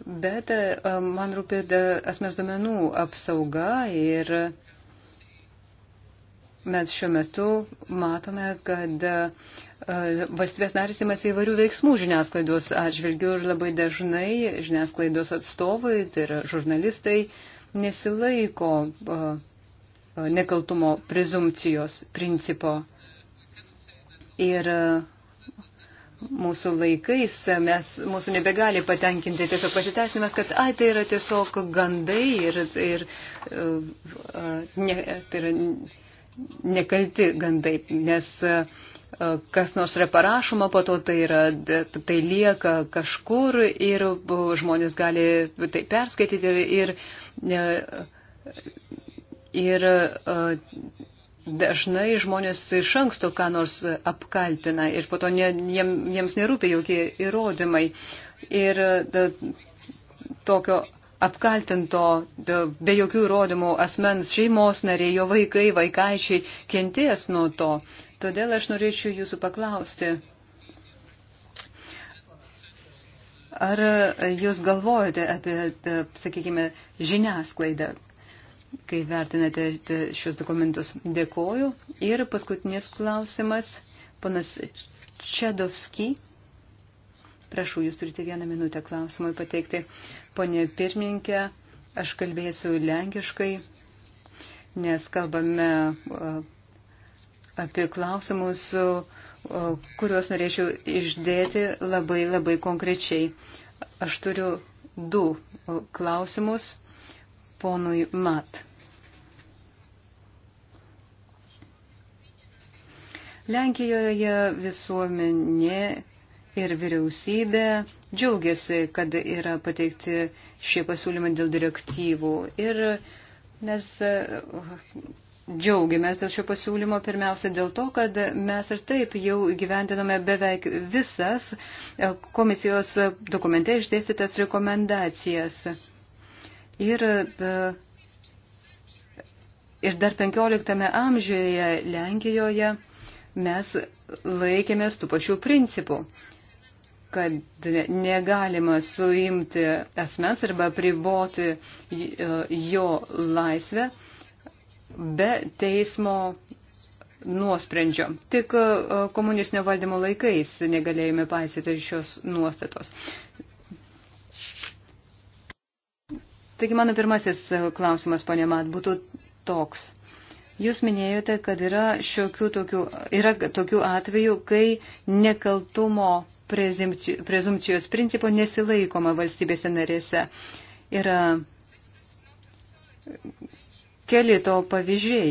bet e, man rūpi asmens duomenų apsauga ir mes šiuo metu matome, kad e, valstybės narys imasi įvairių veiksmų žiniasklaidos atžvilgių ir labai dažnai žiniasklaidos atstovai, tai yra žurnalistai, nesilaiko e, nekaltumo prezumcijos principo. Ir uh, mūsų laikais mes, mūsų nebegali patenkinti tiesiog pasiteisinimas, kad ai, tai yra tiesiog gandai ir, ir uh, uh, ne, tai yra nekalti gandai, nes uh, kas nors yra parašoma, po to tai, yra, tai lieka kažkur ir žmonės gali tai perskaityti ir, ir, ir, ir Dažnai žmonės iš anksto ką nors apkaltina ir po to ne, jiem, jiems nerūpia jokie įrodymai. Ir da, e, tokio apkaltinto da, e, be jokių įrodymų asmens šeimos nariai, jo vaikai, vaikaičiai kenties nuo to. Todėl aš norėčiau jūsų paklausti. Ar jūs galvojate apie, e, sakykime, žiniasklaidą, kai vertinate šios dokumentus. Dėkoju. Ir paskutinis klausimas, panas Čedovski. Prašau, jūs turite vieną minutę klausimui pateikti. Pone pirmininkė, aš kalbėsiu lenkiškai, nes kalbame apie klausimus, kuriuos norėčiau išdėti labai labai konkrečiai. Aš turiu du klausimus ponui Mat. Lenkijoje visuomenė ir vyriausybė džiaugiasi, kad yra pateikti šie pasiūlymai dėl direktyvų. Ir mes e, džiaugiamės dėl šio pasiūlymo pirmiausia dėl to, kad mes ir taip jau gyvendiname beveik visas e, komisijos dokumente išdėstytas rekomendacijas. Ir, e, ir dar 15 amžiuje Lenkijoje mes laikėmės tų pačių principų kad negalima suimti asmens arba priboti e, jo laisvę be teismo nuosprendžio. Tik e, komunistinio valdymo laikais negalėjome paisyti šios nuostatos. Taigi mano pirmasis e, klausimas, ponė Mat, būtų toks. Jūs minėjote, kad yra, šiokių, tokių, yra tokių atvejų, kai nekaltumo prezumcijos principo nesilaikoma valstybėse narėse. Yra keli to pavyzdžiai.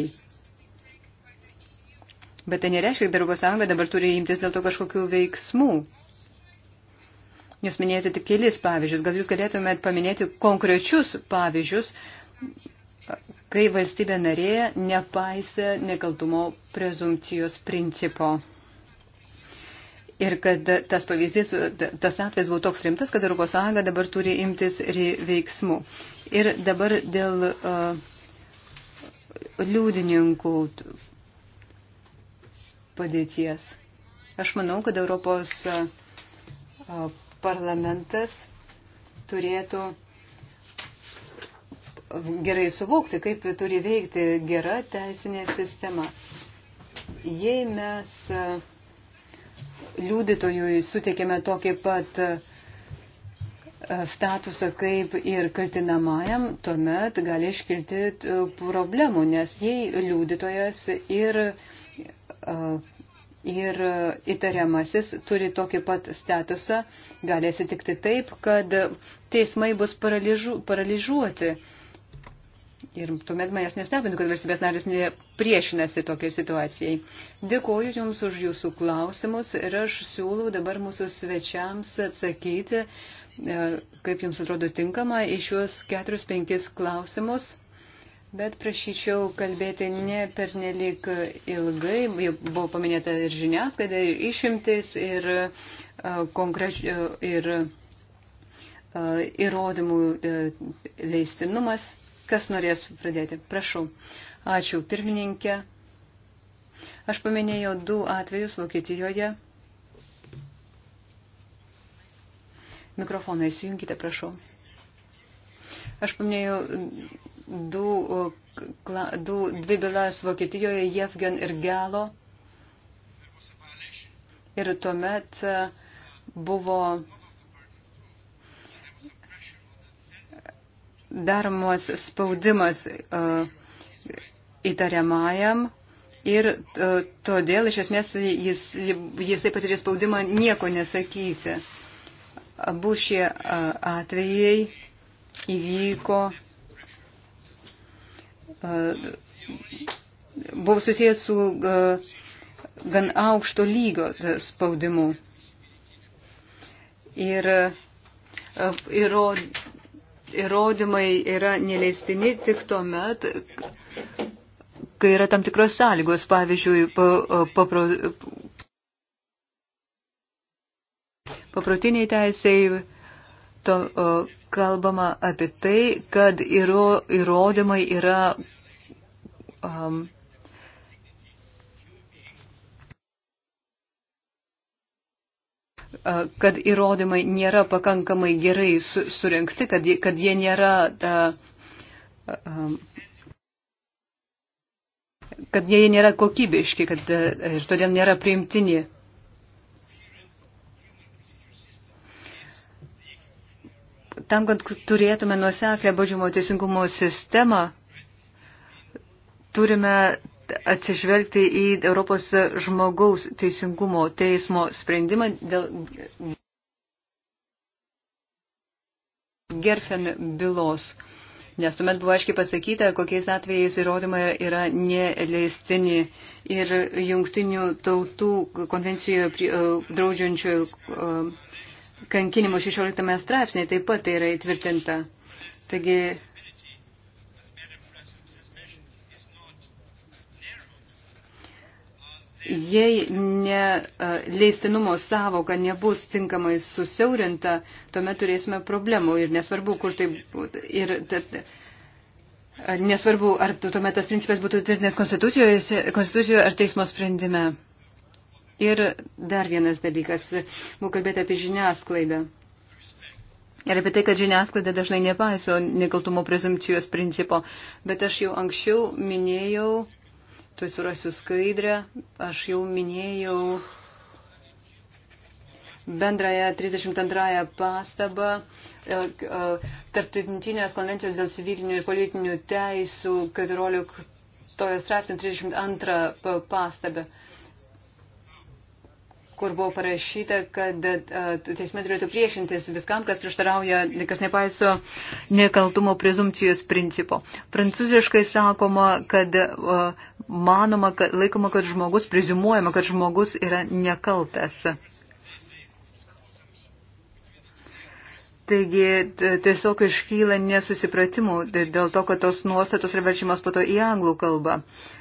Bet tai nereiškia, kad Europos Sąjunga dabar turi imtis dėl to kažkokių veiksmų. Jūs minėjote tik kelis pavyzdžius. Gal jūs galėtumėt paminėti konkrečius pavyzdžius, kai valstybė narė nepaisė nekaltumo prezumcijos principo. Ir kad tas pavyzdys, tas atvejs buvo toks rimtas, kad Europos Sąjunga dabar turi imtis veiksmų. Ir dabar dėl uh, liūdininkų padėties. Aš manau, kad Europos uh, parlamentas turėtų gerai suvokti, kaip turi veikti gera teisinė sistema. Jei mes e, liudytojui suteikėme tokį pat e, statusą kaip ir kaltinamajam, tuomet gali iškilti problemų, nes jei liudytojas ir uh, ir e, įtariamasis turi tokį pat statusą, gali atsitikti taip, kad teismai bus paralyžu, paralyžuoti. Ir tuomet manęs nestebinu, kad valstybės narės priešinasi tokiai situacijai. Dėkoju Jums už Jūsų klausimus ir aš siūlau dabar mūsų svečiams atsakyti, e, kaip Jums atrodo tinkama, iš juos keturis penkis klausimus. Bet prašyčiau kalbėti ne per nelik ilgai, jau buvo paminėta ir žiniasklaida, ir išimtis, ir, konkreč, ir įrodymų e, leistinumas. Kas norės pradėti? Prašau. Ačiū, pirmininkė. Aš paminėjau du atvejus Vokietijoje. Mikrofoną įsijunkite, prašau. Aš paminėjau du, du, dvi bylas Vokietijoje, Jefgen ir Gelo. Ir tuomet e, buvo daromas spaudimas e, įtariamajam ir e, todėl iš esmės jis, jisai patirė spaudimą nieko nesakyti. Abu šie atvejai įvyko buvo susijęs su gan aukšto lygio spaudimu. Ir įrodymai yra neleistini tik tuo met, kai yra tam tikros sąlygos, pavyzdžiui, papro, paprotiniai teisėjai to, kalbama apie tai, kad įro, įrodymai yra. Um, kad įrodymai nėra pakankamai gerai su, surinkti, kad, kad jie nėra ta, um, kad jie nėra kokybiški kad, ir todėl nėra priimtini. tam, kad turėtume nuseklę baudžiamo teisingumo sistemą, turime atsižvelgti į Europos žmogaus teisingumo teismo sprendimą dėl Gerfen bylos. Nes tuomet buvo aiškiai pasakyta, kokiais atvejais įrodymai yra neleistini ir jungtinių tautų konvencijoje draudžiančių kankinimų 16 straipsnėje taip pat tai yra įtvirtinta. Taigi Jei ne leistinumo savoka nebus tinkamai susiaurinta, tuomet turėsime problemų ir nesvarbu, kur tai ir nesvarbu, ar tuomet tas principas būtų tvirtinęs konstitucijoje, konstitucijoje ar teismo sprendime. Ir dar vienas dalykas, buvo kalbėti apie žiniasklaidą. Ir apie tai, kad žiniasklaida dažnai nepaiso nekaltumo prezumcijos principo. Bet aš jau anksčiau minėjau, tu surasiu skaidrę, aš jau minėjau bendrąją 32 pastabą e, e, tarptautinės konvencijos dėl civilinių ir politinių teisų 14 straipsnio 32 pastabą kur buvo parašyta, kad e, teisme turėtų priešintis viskam, kas prieštarauja, kas nepaiso nekaltumo prezumcijos principo. Prancūziškai sakoma, kad e, manoma, kad, laikoma, kad žmogus, prezumuojama, kad žmogus yra nekaltas. Taigi tiesiog iškyla nesusipratimų dėl to, kad tos nuostatos yra verčiamas po to į anglų kalbą. Uh,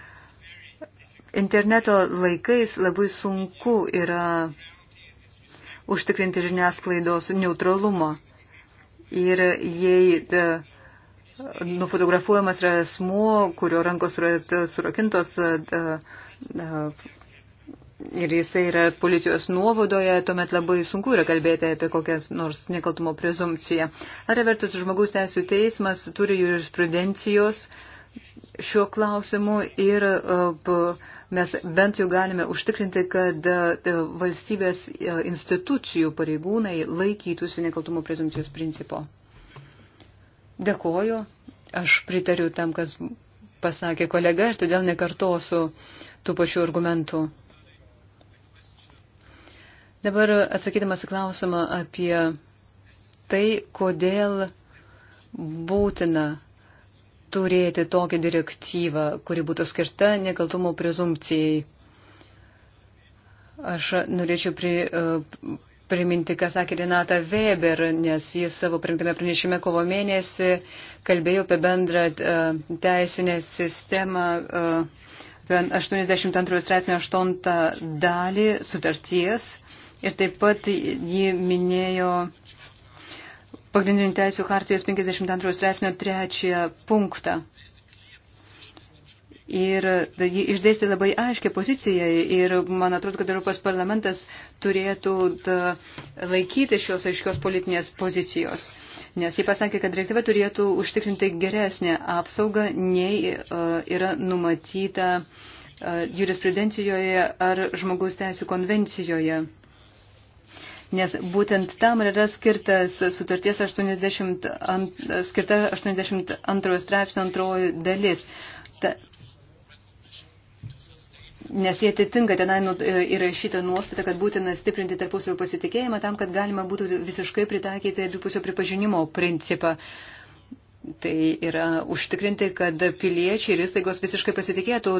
Interneto laikais labai sunku yra užtikrinti žiniasklaidos neutralumo. Ir jei da, e, nufotografuojamas yra asmuo, kurio rankos yra e, surakintos da, e, da, ir jisai yra policijos nuovadoje, tuomet labai sunku yra kalbėti apie kokias nors nekaltumo prezumciją. Ar vertus žmogus teisų teismas turi jurisprudencijos šiuo klausimu ir uh, mes bent jau galime užtikrinti, kad e, e, valstybės e, institucijų pareigūnai laikytųsi nekaltumo prezumcijos principo. Dėkoju, aš pritariu tam, kas pasakė kolega, ir todėl nekartosiu tų pačių argumentų. Dabar atsakydamas į klausimą apie tai, kodėl būtina turėti tokią direktyvą, kuri būtų skirta nekaltumo prezumcijai. Aš norėčiau pri, e, priminti, ką sakė Renata Weber, nes jis savo prinktame pranešime kovo mėnesį kalbėjo apie bendrą e, teisinę sistemą. E, apie 82 straipsnio 8 dalį sutarties ir taip pat jį minėjo pagrindinių teisų hartijos 52 straipsnio 3 punktą. Ir ji išdėstė labai aiškę poziciją ir man atrodo, kad Europos parlamentas turėtų laikyti šios aiškios politinės pozicijos. Nes ji pasakė, kad direktyva turėtų užtikrinti geresnę apsaugą, nei uh, yra numatyta uh, jurisprudencijoje ar žmogaus teisų konvencijoje nes būtent tam yra skirtas sutarties 80, skirta 82 straipsnio antroji dalis. Ta, Nes jie atitinka tenai nu, e, įrašytą nuostatą, kad būtina stiprinti tarpusavio pasitikėjimą tam, kad galima būtų visiškai pritaikyti abipusio pripažinimo principą. Tai yra užtikrinti, kad piliečiai ir įstaigos visiškai pasitikėtų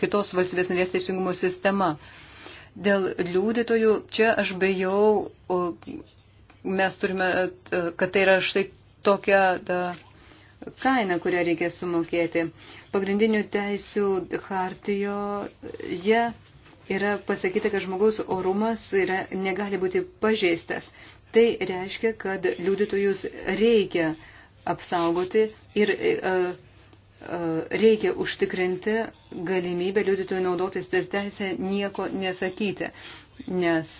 kitos valstybės narės teisingumo sistema. Uh, Dėl liūdytojų čia aš bejau, mes turime, e, kad tai yra štai tokia da, kaina, kurią reikia sumokėti. Pagrindinių teisių hartijoje yra pasakyta, kad žmogaus orumas yra, negali būti pažeistas. Tai reiškia, kad liudytojus reikia apsaugoti ir uh, reikia užtikrinti galimybę liudytojų naudotis ir teisę nieko nesakyti, nes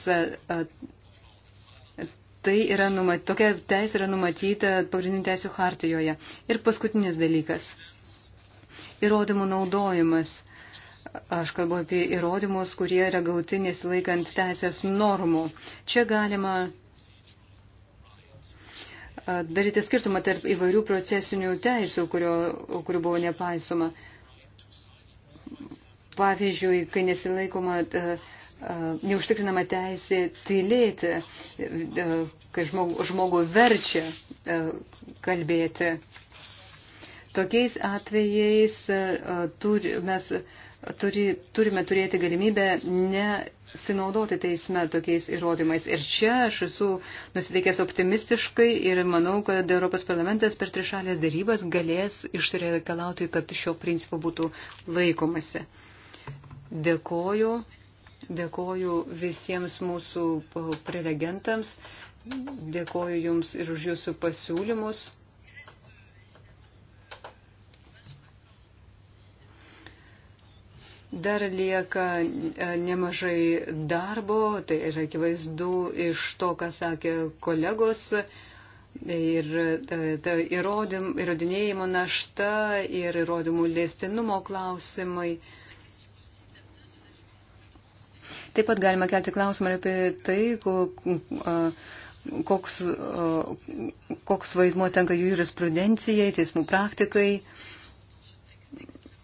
tai yra numat, tokia teisė yra numatyta pagrindinių teisų hartijoje. Ir paskutinis dalykas – įrodymų naudojimas. Aš kalbu apie įrodymus, kurie yra gauti nesilaikant teisės normų. Čia galima daryti skirtumą tarp įvairių procesinių teisų, kurio, kurių buvo nepaisoma. Pavyzdžiui, kai nesilaikoma, neužtikrinama teisė tylėti, kai žmogų, žmogų verčia kalbėti. Tokiais atvejais turi, mes turi, turime turėti galimybę nesinaudoti teisme tokiais įrodymais. Ir čia aš esu nusiteikęs optimistiškai ir manau, kad Europos parlamentas per trišalės darybas galės išsireikalauti, kad šio principo būtų laikomasi. Dėkoju. Dėkoju visiems mūsų prelegentams. Dėkoju Jums ir už Jūsų pasiūlymus. Dar lieka e, nemažai darbo, tai yra akivaizdu iš to, ką sakė kolegos. Ir ta, e, ta įrodym, įrodinėjimo našta ir įrodymų lėstinumo klausimai. Taip pat galima kelti klausimą apie tai, ko, a, koks, koks vaidmuo tenka jų jurisprudencijai, teismų praktikai.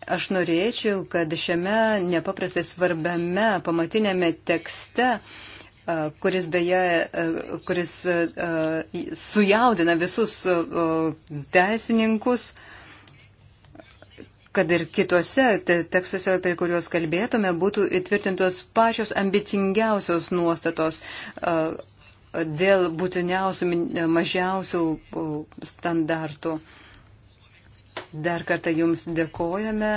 Aš norėčiau, kad šiame nepaprastai svarbiame pamatinėme tekste, kuris beje, kuris sujaudina visus teisininkus, kad ir kitose tekstuose, apie kuriuos kalbėtume, būtų įtvirtintos pačios ambicingiausios nuostatos dėl būtiniausių, mažiausių standartų. Dar kartą Jums dėkojame.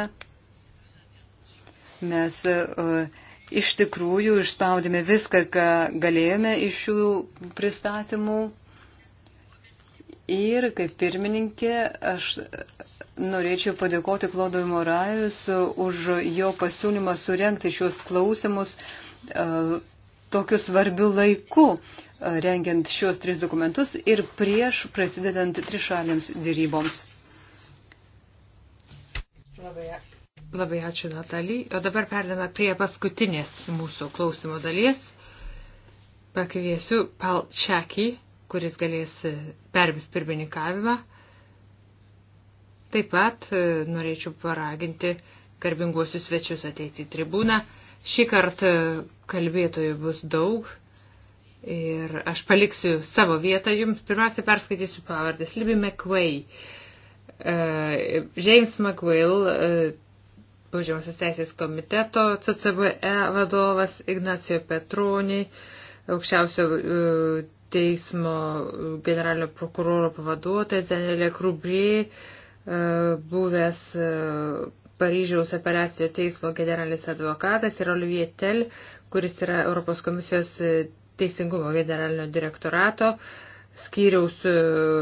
Mes e, iš tikrųjų išspaudėme viską, ką galėjome iš šių pristatymų. Ir kaip pirmininkė, aš norėčiau padėkoti Klodui Morajus už jo pasiūlymą surenkti šios klausimus e, tokiu svarbiu laiku, e, rengiant šios tris dokumentus ir prieš prasidedant trišalėms dėryboms. Labai, labai ačiū, Natalį. O dabar perdame prie paskutinės mūsų klausimo dalies. Pakviesiu Pal Čekį, kuris galės e, pervis pirmininkavimą. Taip pat e, norėčiau paraginti garbinguosius svečius ateiti į tribūną. Šį kartą e, kalbėtojų bus daug ir aš paliksiu savo vietą jums. Pirmiausia, perskaitysiu pavardės. Libby McWay Uh, James McWill, uh, Baudžiamosios teisės komiteto CCBE vadovas Ignacio Petroni, aukščiausio uh, teismo generalinio prokuroro pavaduotojas Danielė Krubrie, buvęs Paryžiaus apeliacinio teismo generalinis advokatas ir Olivier Tel, kuris yra Europos komisijos teisingumo generalinio direktorato uh, skyriaus e,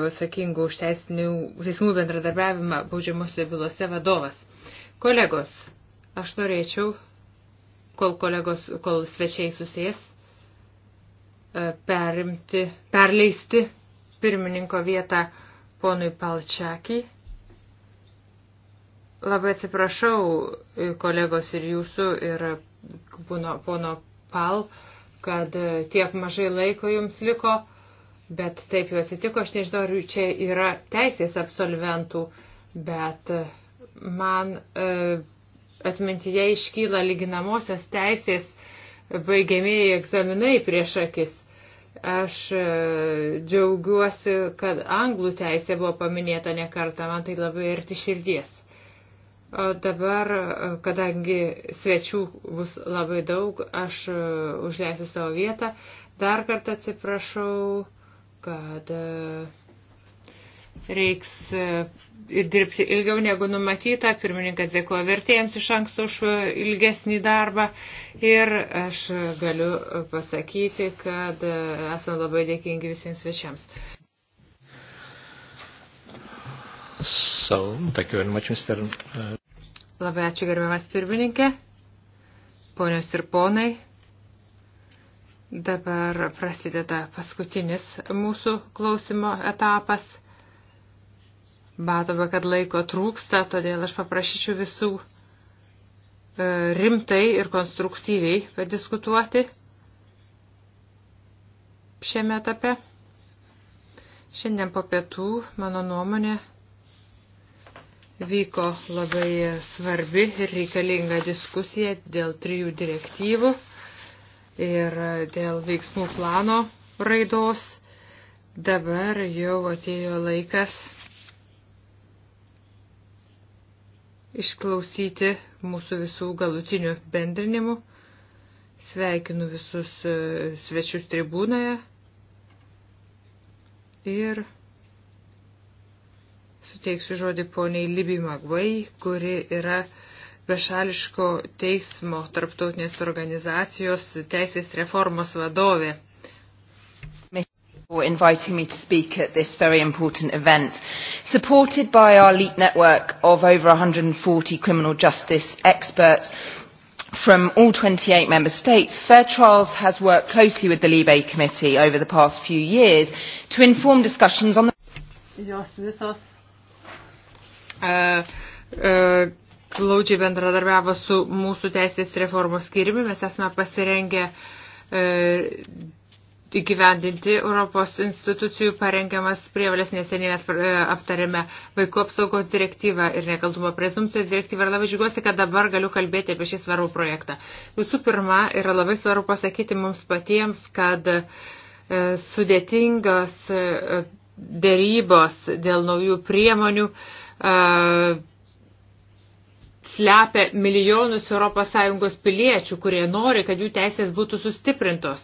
atsakingų už teisinių, teismų bendradarbiavimą baudžiamosios bylose vadovas. Kolegos, aš norėčiau, kol, kolegos, kol svečiai susės, e, perimti, perleisti pirmininko vietą ponui Palčiakį. Labai atsiprašau e, kolegos ir jūsų ir pono, pono Pal, kad tiek mažai laiko jums liko. Bet taip jau atsitiko, aš nežinau, ar čia yra teisės absolventų, bet e, man e, atmintyje iškyla lyginamosios teisės baigiamieji egzaminai prieš akis. Aš e, džiaugiuosi, kad anglų teisė buvo paminėta nekartą, man tai labai arti širdies. O dabar, e, kadangi svečių bus labai daug, aš e, užleisiu savo vietą. Dar kartą atsiprašau kad e, reiks e, ir dirbti ilgiau negu numatyta. Pirmininkas dėkoja vertėjams iš anksto už e, ilgesnį darbą. Ir aš galiu pasakyti, kad esame labai dėkingi visiems svečiams. So, thank you very much, Mr. Uh, labai ačiū gerbiamas pirmininkė, ponios ir ponai. Dabar prasideda paskutinis mūsų klausimo etapas. Matome, kad laiko trūksta, todėl aš paprašyčiau visų e, rimtai ir konstruktyviai padiskutuoti šiame etape. Šiandien po pietų, mano nuomonė, vyko labai svarbi ir reikalinga diskusija dėl trijų direktyvų ir dėl veiksmų plano raidos. Dabar jau atėjo laikas išklausyti mūsų visų galutinių bendrinimų. Sveikinu visus e, svečius tribūnoje ir suteiksiu žodį poniai Libi Magvai, kuri yra uh, bešališko teismo tarptautinės organizacijos teisės reformos vadovė. For inviting me to speak at this very important event. Supported by our LEAP network of over 140 criminal justice experts, from all twenty eight member states fair trials has worked closely with the libe committee over the past few years to inform discussions on the glaudžiai bendradarbiavo su mūsų teisės reformos skirimi. Mes esame pasirengę e, įgyvendinti Europos institucijų parengiamas prievalės neseniai mes e, aptarėme vaikų apsaugos direktyvą ir nekaltumo prezumcijos direktyvą ir labai žiūriuosi, kad dabar galiu kalbėti apie šį svarbų projektą. Visų pirma, yra labai svarbu pasakyti mums patiems, kad e, sudėtingos dėrybos dėl naujų priemonių slepia milijonus ES piliečių, kurie nori, kad jų teisės būtų sustiprintos.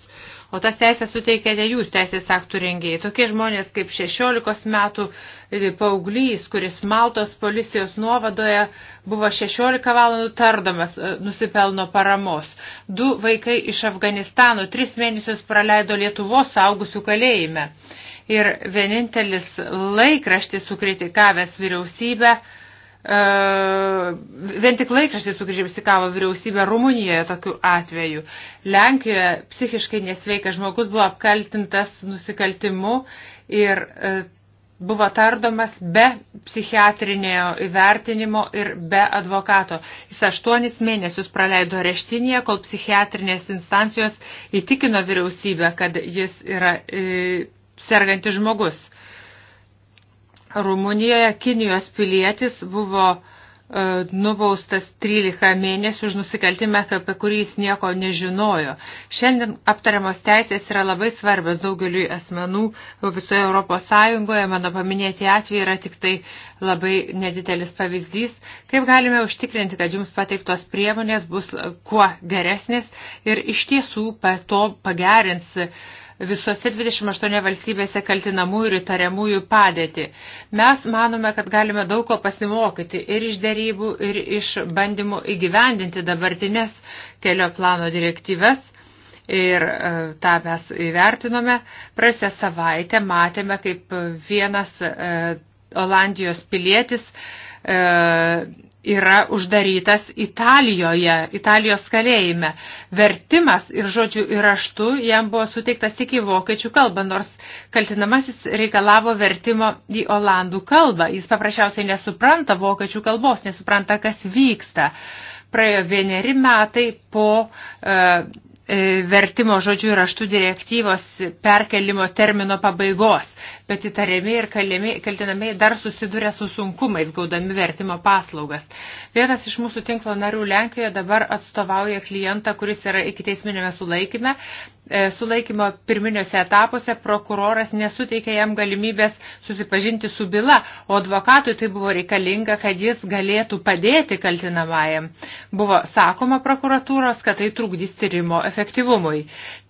O tas teisės suteikėte jūs teisės aktų rengėjai. Tokie žmonės kaip 16 metų e, paauglys, kuris Maltos policijos nuovadoje buvo 16 valandų tardomas, e, nusipelno paramos. Du vaikai iš Afganistano tris mėnesius praleido Lietuvos saugusių kalėjime. Ir vienintelis laikraštis sukritikavęs vyriausybę E, vien tik laikraštis sukrižimsikavo vyriausybę Rumunijoje tokiu atveju. Lenkijoje psichiškai nesveikas žmogus buvo apkaltintas nusikaltimu ir e, buvo tardomas be psichiatrinio įvertinimo ir be advokato. Jis aštuonis mėnesius praleido reštinėje, kol psichiatrinės instancijos įtikino vyriausybę, kad jis yra e, sergantis žmogus. E, Rumunijoje Kinijos pilietis buvo e, nubaustas 13 mėnesių už nusikaltimą, apie kurį jis nieko nežinojo. Šiandien aptariamos teisės yra labai svarbios daugeliui asmenų visoje Europos Sąjungoje. Mano paminėti atvejai yra tik tai labai nedidelis pavyzdys. Kaip galime užtikrinti, kad jums pateiktos priemonės bus kuo geresnės ir iš tiesų to pagerins uh, visose 28 valstybėse kaltinamųjų ir įtariamųjų padėtį. Mes manome, kad galime daug ko pasimokyti ir iš dėrybų, ir iš bandymų įgyvendinti dabartinės kelio plano direktyves. Ir e, tą mes įvertinome. Prasę savaitę matėme, kaip vienas e, Olandijos pilietis e, yra uždarytas Italijoje, Italijos kalėjime. Vertimas ir žodžių ir raštų jam buvo suteiktas iki vokiečių kalbą, nors kaltinamasis reikalavo vertimo į olandų kalbą. Jis paprasčiausiai nesupranta vokiečių kalbos, nesupranta, kas vyksta. Praėjo vieneri metai po e, E, vertimo žodžių ir aštų direktyvos perkelimo termino pabaigos, bet įtariami ir kaltinami dar susiduria su sunkumais, gaudami vertimo paslaugas. Vienas iš mūsų tinklo narių Lenkijoje dabar atstovauja klientą, kuris yra iki teisminėme sulaikime. E, sulaikymo pirminiuose etapuose prokuroras nesuteikė jam galimybės susipažinti su byla, o advokatui tai buvo reikalinga, kad jis galėtų padėti kaltinamajam. Buvo sakoma prokuratūros, kad tai trukdys tyrimo efektyvumą efektyvumui.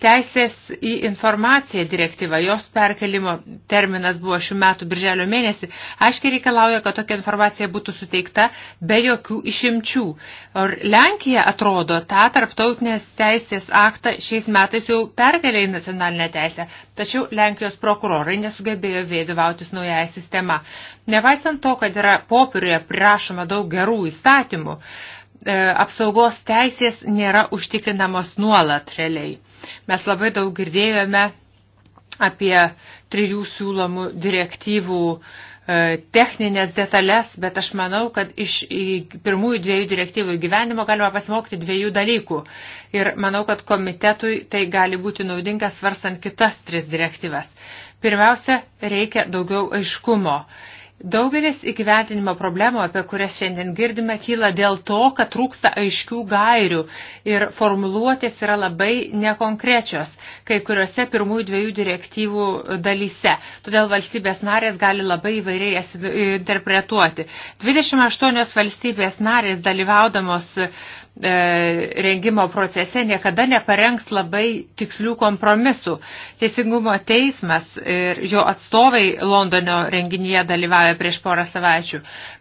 Teisės į informaciją direktyva, jos perkelimo terminas buvo šių metų birželio mėnesį, aiškiai reikalauja, kad tokia informacija būtų suteikta be jokių išimčių. Ar Lenkija atrodo tą tarptautinės teisės aktą šiais metais jau perkelė į nacionalinę teisę, tačiau Lenkijos prokurorai nesugebėjo vėdivautis naująją sistemą. Nevaisant to, kad yra popieriuje prirašoma daug gerų įstatymų, uh, E, apsaugos teisės nėra užtikrinamos nuolat realiai. Mes labai daug girdėjome apie trijų siūlomų direktyvų e, techninės detalės, bet aš manau, kad iš pirmųjų dviejų direktyvų gyvenimo galima pasimokti dviejų dalykų. Ir manau, kad komitetui tai gali būti naudinga svarstant kitas tris direktyvas. Pirmiausia, reikia daugiau aiškumo. Daugelis įgyventinimo problemų, apie kurias šiandien girdime, kyla dėl to, kad trūksta aiškių gairių ir formuluotės yra labai nekonkrečios kai kuriuose pirmųjų dviejų direktyvų dalyse. Todėl valstybės narės gali labai įvairiai interpretuoti. 28 valstybės narės dalyvaudamos uh, E, rengimo procese niekada neparengs labai tikslių kompromisų. Teisingumo teismas ir jo atstovai Londono renginyje dalyvavę prieš porą savaičių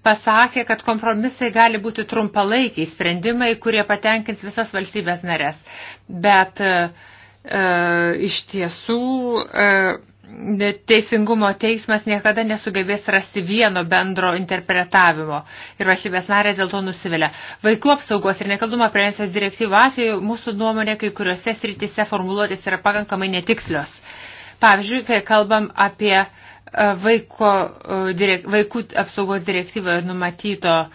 pasakė, kad kompromisai gali būti trumpalaikiai sprendimai, kurie patenkins visas valstybės narės. Bet e, e iš tiesų. E, Teisingumo teismas niekada nesugebės rasti vieno bendro interpretavimo ir valstybės narės dėl to nusivelia. Vaikų apsaugos ir nekaldumo prevencijos direktyvų atveju mūsų nuomonė kai kuriuose srityse formuluotės yra pakankamai netikslios. Pavyzdžiui, kai kalbam apie e, vaiko, e, direk, vaikų apsaugos direktyvoje numatyto e,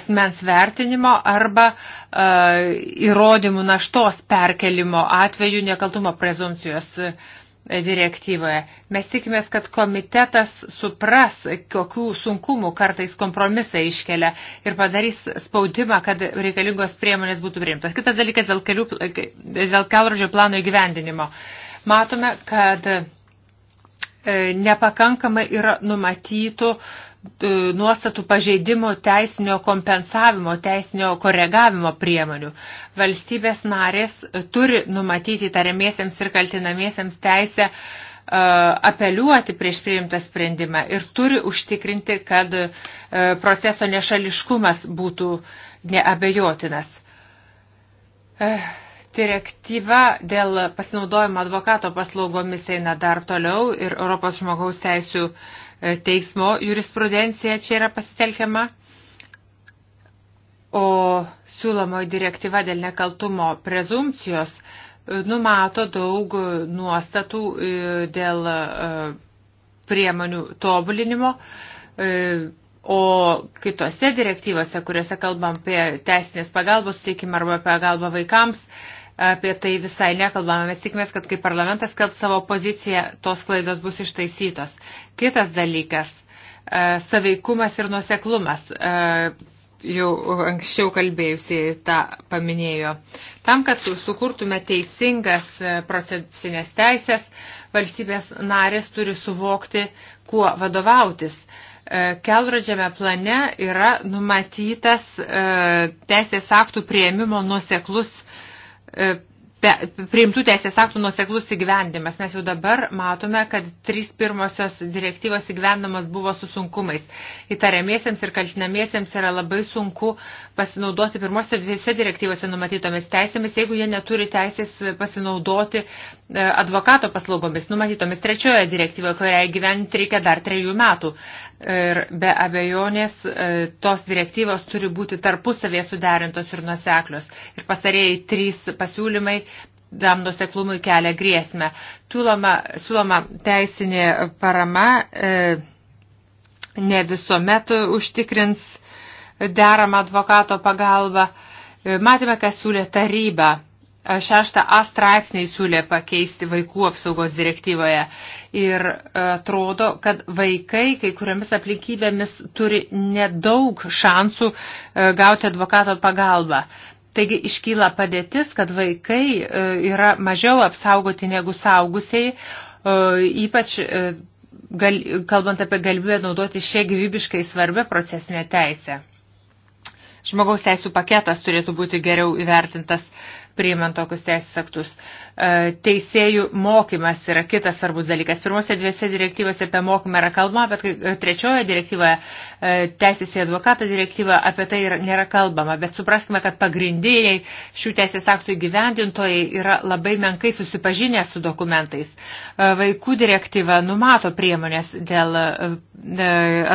asmens vertinimo arba įrodymų naštos perkelimo atveju nekaltumo prezumcijos atveju direktyvoje. Mes tikimės, kad komitetas supras, kokių sunkumų kartais kompromisai iškelia ir padarys spaudimą, kad reikalingos priemonės būtų priimtas. Kitas dalykas dėl, kelių, dėl kelrodžio plano įgyvendinimo. Matome, kad e, nepakankamai yra numatytų uh, E, nuostatų pažeidimų teisinio kompensavimo, teisinio koregavimo priemonių. Valstybės narės turi numatyti tariamiesiems ir kaltinamiesiems teisę e, apeliuoti prieš priimtą sprendimą ir turi užtikrinti, kad e, proceso nešališkumas būtų neabejotinas. Direktyva dėl pasinaudojimo advokato paslaugomis eina dar toliau ir Europos žmogaus teisų teismo jurisprudencija čia yra pasitelkiama. O siūlomoji direktyva dėl nekaltumo prezumcijos e, numato daug nuostatų e, dėl e, priemonių tobulinimo, o kitose direktyvose, kuriuose kalbam apie teisinės pagalbos suteikimą arba pagalbą vaikams, apie tai visai nekalbame. Mes tikimės, kad kai parlamentas kelb savo poziciją, tos klaidos bus ištaisytos. Kitas dalykas e, - saveikumas ir nuseklumas. E, jau anksčiau kalbėjusiai tą paminėjo. Tam, kad sukurtume teisingas e, procesinės teisės, valstybės narės turi suvokti, kuo vadovautis. Kelrodžiame plane yra numatytas teisės aktų prieimimo nuseklus E, priimtų teisės aktų nuseklus įgyvendimas. Mes jau dabar matome, kad trys pirmosios direktyvos įgyvendamas buvo su sunkumais. Įtariamiesiems ir kaltinamiesiems yra labai sunku pasinaudoti pirmosios dviese direktyvose numatytomis teisėmis, jeigu jie neturi teisės pasinaudoti e, advokato paslaugomis numatytomis trečiojoje direktyvoje, kurią įgyventi reikia dar trejų metų. Ir be abejonės e, tos direktyvos turi būti tarpusavėje suderintos ir nuseklios. Ir pasarėjai trys pasiūlymai tam nuseklumui kelia grėsmę. Tūloma, siūloma teisinė parama e, ne visuomet užtikrins deramą advokato pagalbą. E, matėme, kas siūlė taryba šeštą A straipsniai siūlė pakeisti vaikų apsaugos direktyvoje. Ir e, atrodo, kad vaikai kai kuriomis aplinkybėmis turi nedaug šansų e, gauti advokato pagalbą. Taigi iškyla padėtis, kad vaikai e, yra mažiau apsaugoti negu saugusiai, ypač gal, kalbant apie galimybę naudoti šią gyvybiškai svarbę procesinę teisę. Žmogaus teisų paketas turėtų būti geriau įvertintas uh, priimant tokius teisės aktus. E, teisėjų mokymas yra kitas svarbus dalykas. Pirmose dviese direktyvose apie mokymą yra kalba, bet e, trečioje direktyvoje E, teisės į advokatą direktyvą, apie tai nėra kalbama, bet supraskime, kad pagrindiniai šių teisės aktų įgyvendintojai yra labai menkai susipažinę su dokumentais. E, vaikų direktyva numato priemonės dėl e,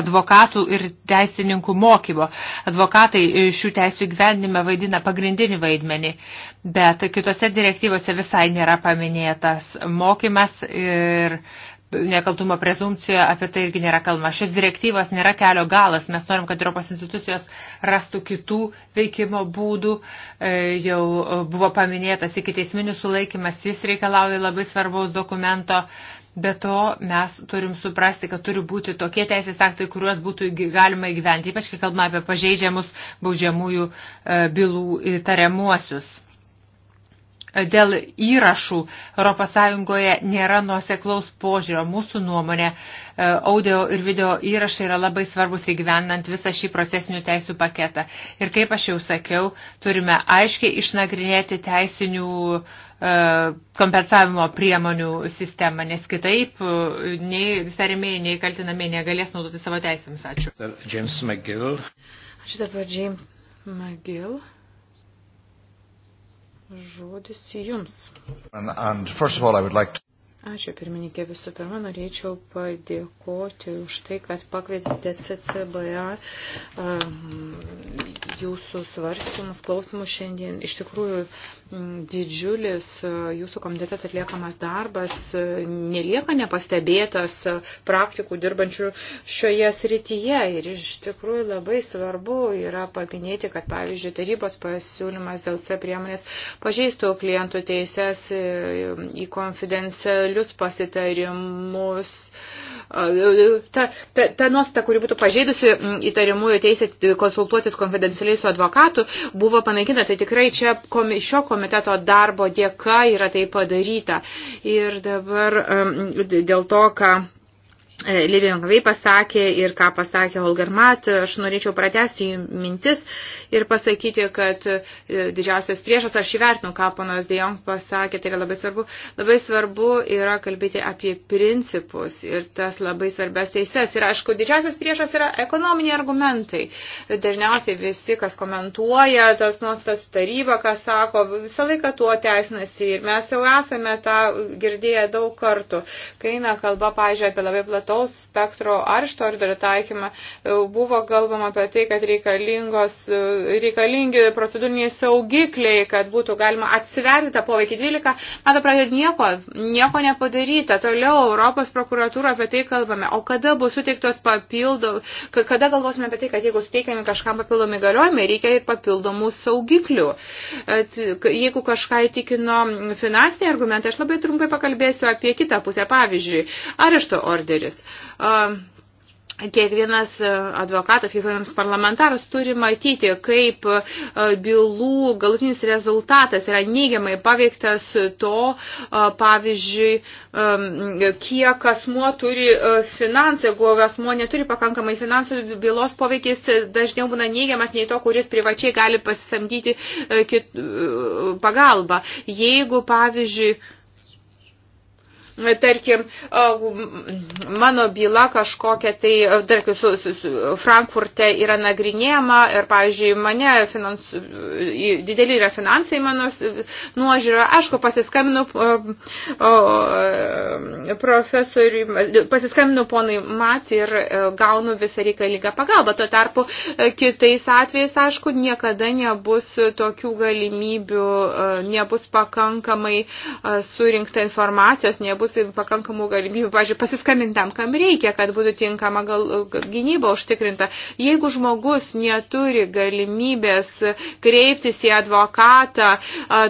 advokatų ir teisininkų mokymo. Advokatai šių teisų įgyvendinime vaidina pagrindinį vaidmenį, bet kitose direktyvose visai nėra paminėtas mokymas ir nekaltumo prezumcijoje apie tai irgi nėra kalba. Šios direktyvos nėra kelio galas. Mes norim, kad Europos institucijos rastų kitų veikimo būdų. E, jau buvo paminėtas iki teisminių sulaikimas, jis reikalauja labai svarbaus dokumento. Be to mes turim suprasti, kad turi būti tokie teisės aktai, kuriuos būtų galima įgyventi, ypač kai kalbame apie pažeidžiamus baudžiamųjų e, bylų įtariamuosius dėl įrašų ES nėra nuoseklaus požiūrio. Mūsų nuomonė, e, audio ir video įrašai yra labai svarbus įgyvendant visą šį procesinių teisų paketą. Ir kaip aš jau sakiau, turime aiškiai išnagrinėti teisinių e, kompensavimo priemonių sistemą, nes kitaip e, nei sarimiai, nei kaltinamiai negalės naudoti savo teisėms. Ačiū. James McGill. Ačiū dabar, James McGill. Žodis jums. And, and all, like to... Ačiū pirmininkė. Visų pirma, norėčiau padėkoti už tai, kad pakvietėte CCBA um, jūsų svarstymus, klausimus šiandien. Iš tikrųjų, didžiulis jūsų komitetas atliekamas darbas nelieka nepastebėtas praktikų dirbančių šioje srityje. Ir iš tikrųjų labai svarbu yra paminėti, kad pavyzdžiui, tarybos pasiūlymas dėl C priemonės pažeistų klientų teises e, į konfidencialių neformalius pasitarimus. Ta, ta, ta nuostata, kuri būtų pažeidusi įtariamųjų teisę konsultuotis konfidencialiai su advokatu, buvo panaikinta. Tai tikrai čia komi, šio komiteto darbo dėka yra tai padaryta. Ir dabar dėl to, ką E, Livingvei pasakė ir ką pasakė Holger Mat, aš norėčiau pratesti jų mintis ir pasakyti, kad e, didžiausias priešas, aš įvertinu, ką panas Dejong pasakė, tai yra labai svarbu. Labai svarbu yra kalbėti apie principus ir tas labai svarbias teises. Ir aišku, didžiausias priešas yra ekonominiai argumentai. Dažniausiai visi, kas komentuoja tas nuostas taryba, kas sako, visą laiką tuo teisinasi ir mes jau esame tą girdėję daug kartų. Kai eina kalba, pažiūrėjau, apie labai platų plataus spektro aršto orderio taikymą, buvo kalbama apie tai, kad reikalingi procedūriniai saugikliai, kad būtų galima atsiverti tą poveikį 12. Man atrodo, nieko, nieko nepadaryta. Toliau Europos prokuratūra apie tai kalbame. O kada bus suteiktos papildomų, kada galvosime apie tai, kad jeigu suteikiami kažkam papildomi galiojimai, reikia ir papildomų saugiklių. Jeigu kažką įtikino finansiniai argumentai, aš labai trumpai pakalbėsiu apie kitą pusę. Pavyzdžiui, arešto orderis teisės. Kiekvienas advokatas, kiekvienas parlamentaras turi matyti, kaip bylų galutinis rezultatas yra neigiamai paveiktas to, pavyzdžiui, kiek asmuo turi finansų, jeigu asmuo neturi pakankamai finansų, bylos poveikis dažniau būna neigiamas nei to, kuris privačiai gali pasisamdyti pagalbą. Jeigu, pavyzdžiui, tarkim, mano byla kažkokia, tai, tarkim, su, su, su Frankfurte yra nagrinėjama ir, pavyzdžiui, mane finans, dideli yra finansai mano nuožiūra. Aišku, pasiskambinu profesoriui, pasiskambinu ponui Mat ir gaunu visą reikalingą pagalbą. Tuo tarpu kitais atvejais, aišku, niekada nebus tokių galimybių, nebus pakankamai surinkta informacijos, nebus bus pakankamų galimybių, pažiūrėjau, pasiskambinti tam, kam reikia, kad būtų tinkama gal, gynyba užtikrinta. Jeigu žmogus neturi galimybės kreiptis į advokatą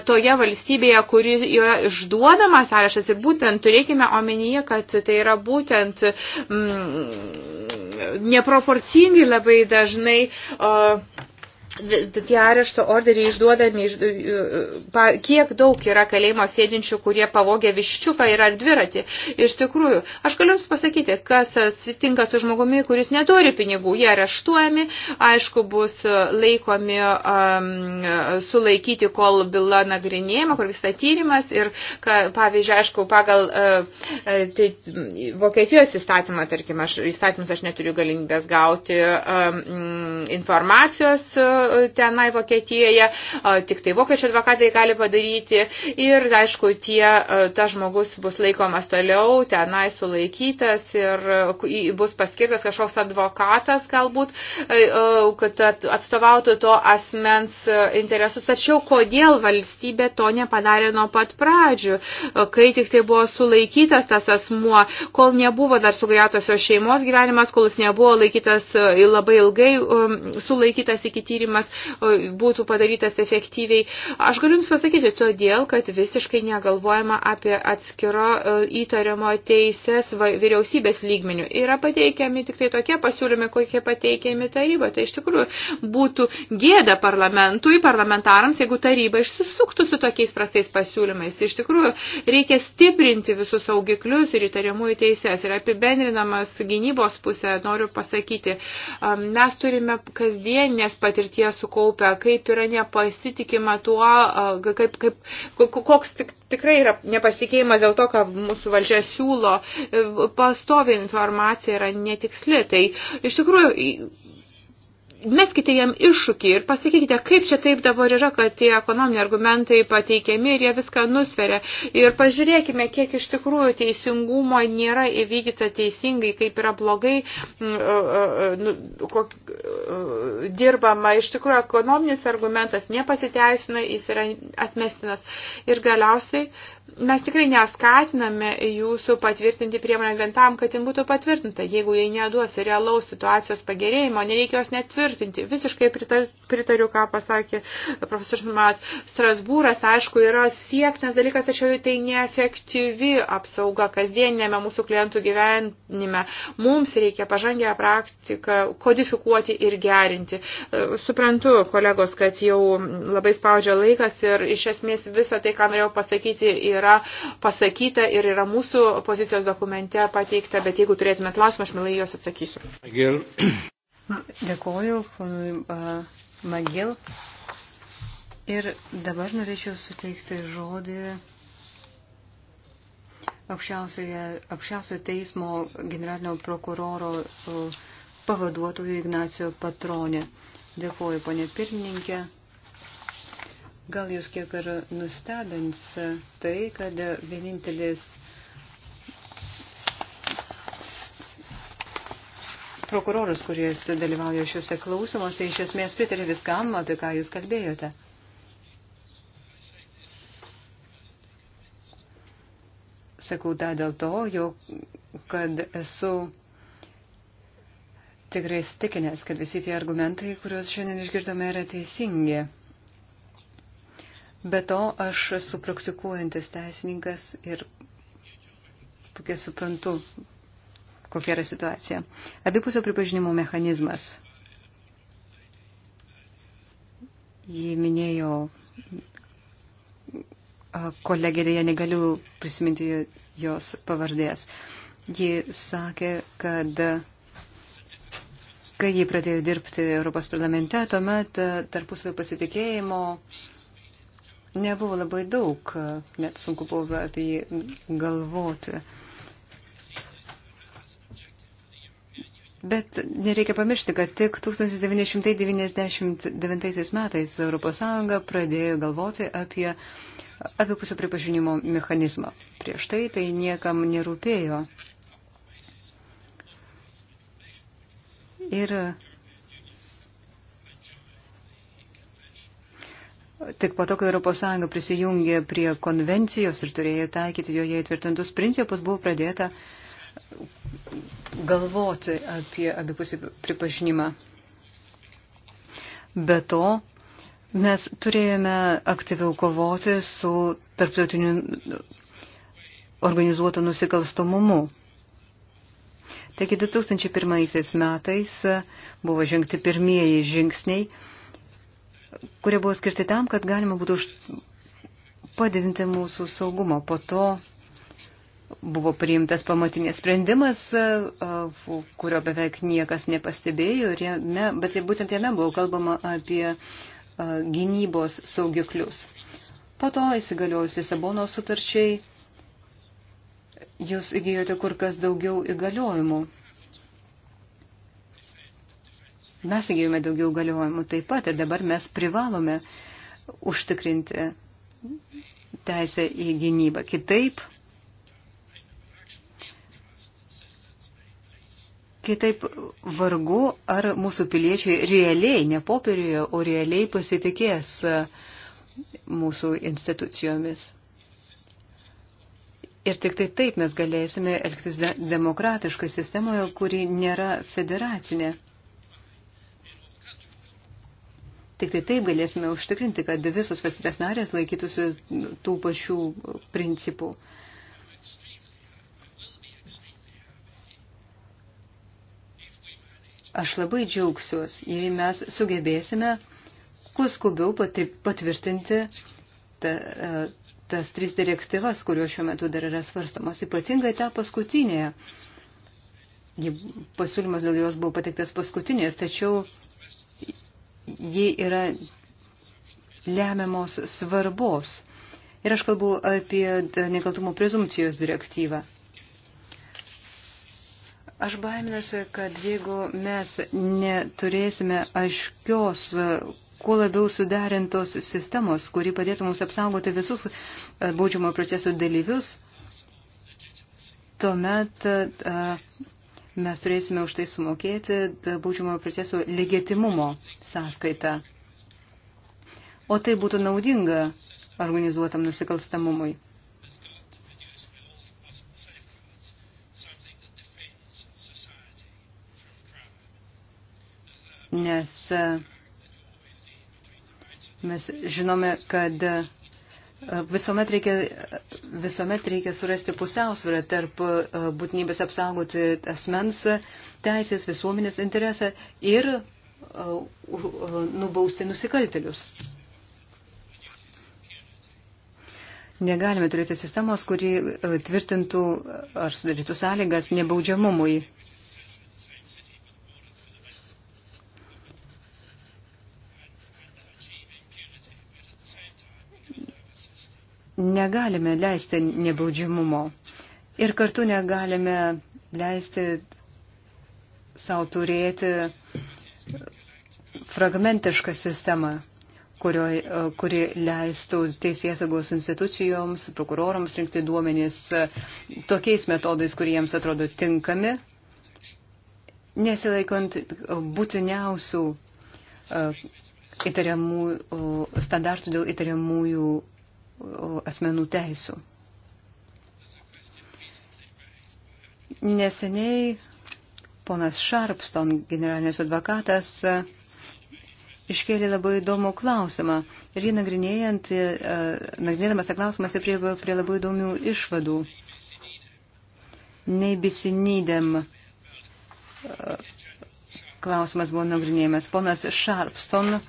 toje valstybėje, kuri yra išduodama sąrašas ir būtent turėkime omenyje, kad tai yra būtent mm, neproporcingai labai dažnai uh, tie arešto orderiai išduodami, iš, e, e, pa, kiek daug yra kalėjimo sėdinčių, kurie pavogė viščiuką ir ar dviratį. Iš tikrųjų, aš galiu Jums pasakyti, kas atsitinka su žmogumi, kuris neturi pinigų. Jie areštuojami, aišku, bus laikomi um, sulaikyti, kol byla nagrinėjama, kur vyksta tyrimas ir, ka, pavyzdžiui, aišku, pagal uh, tai, Vokietijos įstatymą, tarkim, aš, įstatymus aš neturiu galimybės gauti um, informacijos. Uh, tenai Vokietijoje, tik tai vokiečių advokatai gali padaryti ir, aišku, tie, ta žmogus bus laikomas toliau, tenai sulaikytas ir bus paskirtas kažkoks advokatas galbūt, kad atstovautų to asmens interesus. Tačiau kodėl valstybė to nepadarė nuo pat pradžių, kai tik tai buvo sulaikytas tas asmuo, kol nebuvo dar sugriatosios šeimos gyvenimas, kol jis nebuvo laikytas labai ilgai, um, sulaikytas iki tyrimo vertinimas būtų padarytas efektyviai. Aš galiu Jums pasakyti, todėl, kad visiškai negalvojama apie atskiro įtariamo teisės vyriausybės lygmenių. Yra pateikiami tik tai tokie pasiūlymai, kokie pateikiami taryba. Tai iš tikrųjų būtų gėda parlamentui, parlamentarams, jeigu taryba išsisuktų su tokiais prastais pasiūlymais. Tai iš tikrųjų reikia stiprinti visus saugiklius ir įtariamųjų teisės. Ir apibendrinamas gynybos pusė, noriu pasakyti, mes turime kasdienės patirties jie sukaupia, kaip yra nepasitikima tuo, kaip, kaip, koks tik, tikrai yra nepasitikėjimas dėl to, ką mūsų valdžia siūlo, e, pastovi informacija yra netiksli. Tai iš tikrųjų meskite jam iššūkį ir pasakykite, kaip čia taip dabar yra, kad tie ekonominiai argumentai pateikiami ir jie viską nusveria. Ir pažiūrėkime, kiek iš tikrųjų teisingumo nėra įvykdyta teisingai, kaip yra blogai mm, nu, kok, dirbama. Iš tikrųjų, ekonominis argumentas nepasiteisina, jis yra atmestinas. Ir galiausiai uh, mes tikrai neskatiname jūsų patvirtinti priemonę vien tam, kad jin būtų patvirtinta. Jeigu jai neduos realaus situacijos pagerėjimo, nereikia jos netvirtinti. Visiškai pritar, pritariu, ką pasakė profesorius Mat. Strasbūras, aišku, yra siektinas dalykas, tačiau tai neefektyvi apsauga kasdienėme mūsų klientų gyvenime. Mums reikia pažangę praktiką kodifikuoti ir gerinti. Suprantu, kolegos, kad jau labai spaudžia laikas ir iš esmės visą tai, ką norėjau pasakyti, yra pasakyta ir yra mūsų pozicijos dokumente pateikta, bet jeigu turėtumėt klausimą, aš mielai juos atsakysiu. Magil. Dėkoju, ponui Magil. Ir dabar norėčiau suteikti žodį aukščiausiojo teismo generalinio prokuroro pavaduotojų Ignacijo Patronė. Dėkuoju, ponė pirmininkė. Gal jūs kiek ir nustebins tai, kad vienintelis prokuroras, kuris dalyvauja šiuose klausimuose, iš esmės pritarė viskam, apie ką jūs kalbėjote. Sakau tą dėl to, jog, kad esu tikrai stikinęs, kad visi tie argumentai, kuriuos šiandien išgirdome, yra teisingi. Be to, aš esu praktikuojantis teisininkas ir puikiai suprantu, kokia yra situacija. Abipusio pripažinimo mechanizmas. Jį minėjo kolegė, dėja negaliu prisiminti jos pavardės. Ji sakė, kad kai ji pradėjo dirbti Europos parlamente, tuomet tarpusavio pasitikėjimo uh, nebuvo labai daug, net sunku buvo apie jį galvoti. Bet nereikia pamiršti, kad tik 1999 metais ES pradėjo galvoti apie abipusio pripažinimo mechanizmą. Prieš tai tai niekam nerūpėjo. Ir Tik po to, kai ES prisijungė prie konvencijos ir turėjo taikyti joje įtvirtintus principus, buvo pradėta galvoti apie abipusį pripažinimą. Be to, mes turėjome aktyviau kovoti su tarptautiniu organizuotu nusikalstamumu. Taigi 2001 metais buvo žengti pirmieji žingsniai kurie buvo skirti tam, kad galima būtų padidinti mūsų saugumo. Po to buvo priimtas pamatinės sprendimas, e, e, kurio beveik niekas nepastebėjo, jame, bet tai būtent jame buvo kalbama apie e, gynybos saugiklius. Po to įsigaliojus Lisabono sutarčiai, jūs įgyjote kur kas daugiau įgaliojimų. Mes įgyjome daugiau galiojimų taip pat ir dabar mes privalome užtikrinti teisę į gynybą. Kitaip, kitaip vargu, ar mūsų piliečiai realiai, ne popieriuje, o realiai pasitikės mūsų institucijomis. Ir tik tai taip mes galėsime elgtis demokratiškai sistemoje, kuri nėra federacinė. Tik tai taip galėsime užtikrinti, kad visos valstybės narės laikytųsi tų pačių principų. Aš labai džiaugsiuos, jei mes sugebėsime kuo skubiau patvirtinti ta, e, tas tris direktyvas, kurios šiuo metu dar yra svarstomas, ypatingai tą paskutinėje. Pasiūlymas dėl jos buvo pateiktas paskutinės, tačiau ji yra lemiamos svarbos. Ir aš kalbu apie nekaltumo prezumcijos direktyvą. Aš baiminuosi, kad jeigu mes neturėsime aiškios, kuo labiau sudarintos sistemos, kuri padėtų mums apsaugoti visus baudžiamo proceso dalyvius, tuomet mes turėsime už tai sumokėti baudžiamojo proceso legitimumo sąskaitą. O tai būtų naudinga organizuotam nusikalstamumui. Nes e, mes žinome, kad Visuomet reikia, visuomet reikia surasti pusiausvyrą tarp e, būtinybės apsaugoti asmens teisės, visuomenės interesą ir e, e, nubausti nusikaltelius. Negalime turėti sistemos, kuri tvirtintų ar sudarytų sąlygas nebaudžiamumui. negalime leisti nebaudžiamumo ir kartu negalime leisti savo turėti fragmentišką sistemą, kurio, e, kuri leistų teisėsaugos institucijoms, prokurorams rinkti duomenys e, tokiais metodais, kurie jiems atrodo tinkami, nesilaikant e, būtiniausių įtariamų standartų dėl įtariamųjų asmenų teisų. Neseniai ponas Sharpston, generalinis advokatas, iškėlė labai įdomų klausimą. Ir jį nagrinėjant, e, nagrinėdamas tą klausimą, jis prie, prie labai įdomių išvadų. Neibisinydėm e, klausimas buvo nagrinėjamas. Ponas Sharpston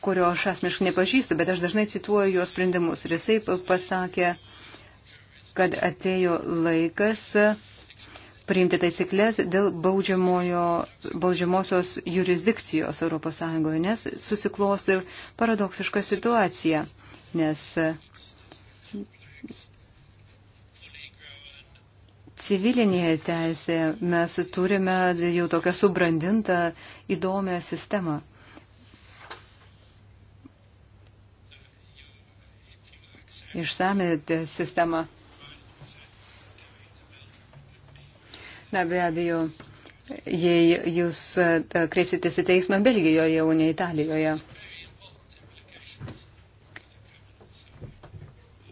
kurio aš asmeniškai nepažįstu, bet aš dažnai cituoju jo sprendimus. Ir jisai pasakė, kad atėjo laikas priimti taisyklės dėl baudžiamosios jurisdikcijos ES, nes susiklosti paradoksišką situaciją, nes civilinėje teisėje mes turime jau tokią subrandintą įdomią sistemą. išsame sistemą. Na be abejo, jei jūs e, kreipsitės į teismą Belgijoje, o ne Italijoje.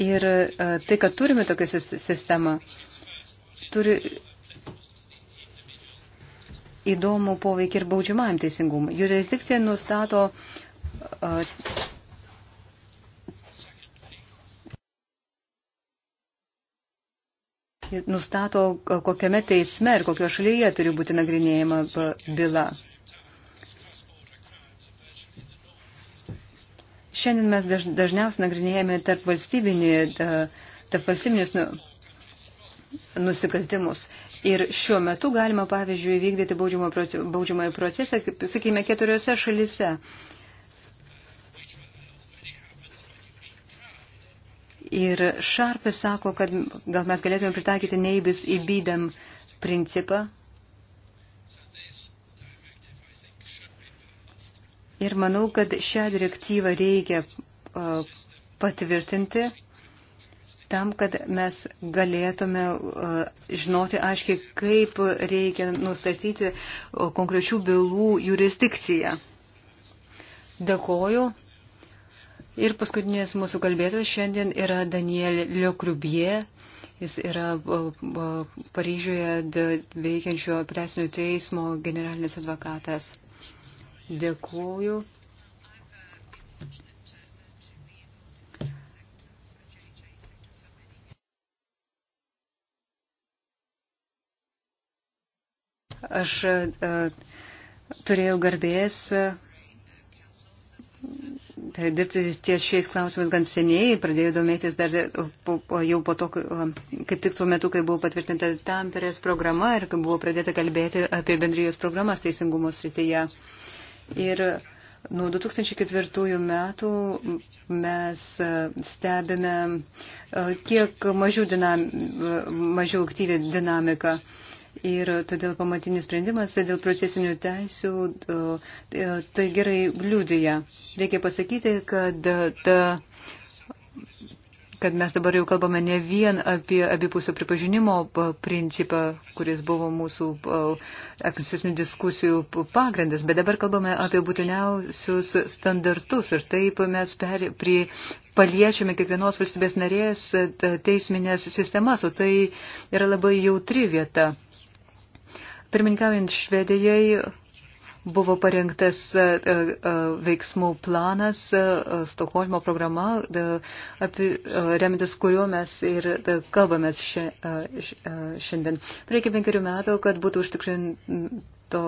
Ir e, tai, kad turime tokią sistemą, turi įdomų poveikį ir baudžiamajam teisingumui. Jurisdikcija nustato e, nustato, kokiame teisme ir kokio šalyje turi būti nagrinėjama byla. Šiandien mes dažniausiai nagrinėjame tarp, valstybinį, tarp valstybinius nu, nusikaltimus. Ir šiuo metu galima, pavyzdžiui, vykdyti baudžiamąjį procesą, sakykime, keturiose šalise. Ir Šarpas sako, kad gal mes galėtume pritaikyti neibis įbydam principą. Ir manau, kad šią direktyvą reikia patvirtinti tam, kad mes galėtume žinoti aiškiai, kaip reikia nustatyti konkrečių bylų jurisdikciją. Dėkoju. Ir paskutinės mūsų kalbėtojas šiandien yra Daniel Liokrubie. Jis yra Paryžiuje veikiančio apeliacinio teismo generalinis advokatas. Dėkuoju. Aš a, e, turėjau garbės a, tai dirbti ties šiais klausimais gan seniai, pradėjau domėtis dar e, po, po, jau po to, e, kaip tik tuo metu, kai buvo patvirtinta Tamperės programa ir kai buvo pradėta kalbėti apie bendrijos programas teisingumo srityje. Ir e, nuo 2004 metų mes stebime kiek mažiau, dinam, mažiau aktyvę dinamiką. Ir todėl pamatinis sprendimas dėl procesinių teisių e, tai gerai liūdėja. Reikia pasakyti, kad, ta, kad mes dabar jau kalbame ne vien apie abipusio pripažinimo principą, kuris buvo mūsų ankstesnių diskusijų pagrindas, bet dabar kalbame apie būtiniausius standartus ir taip mes per, prie, paliečiame kiekvienos valstybės narės e, teisminės sistemas, o tai yra labai jautri vieta. Pirmininkaujant Švedijai buvo parengtas e, e, e, veiksmų planas, Stokholmo programa, remintis kuriuo mes ir kalbame šiandien. Reikia penkerių metų, kad būtų užtikrinto,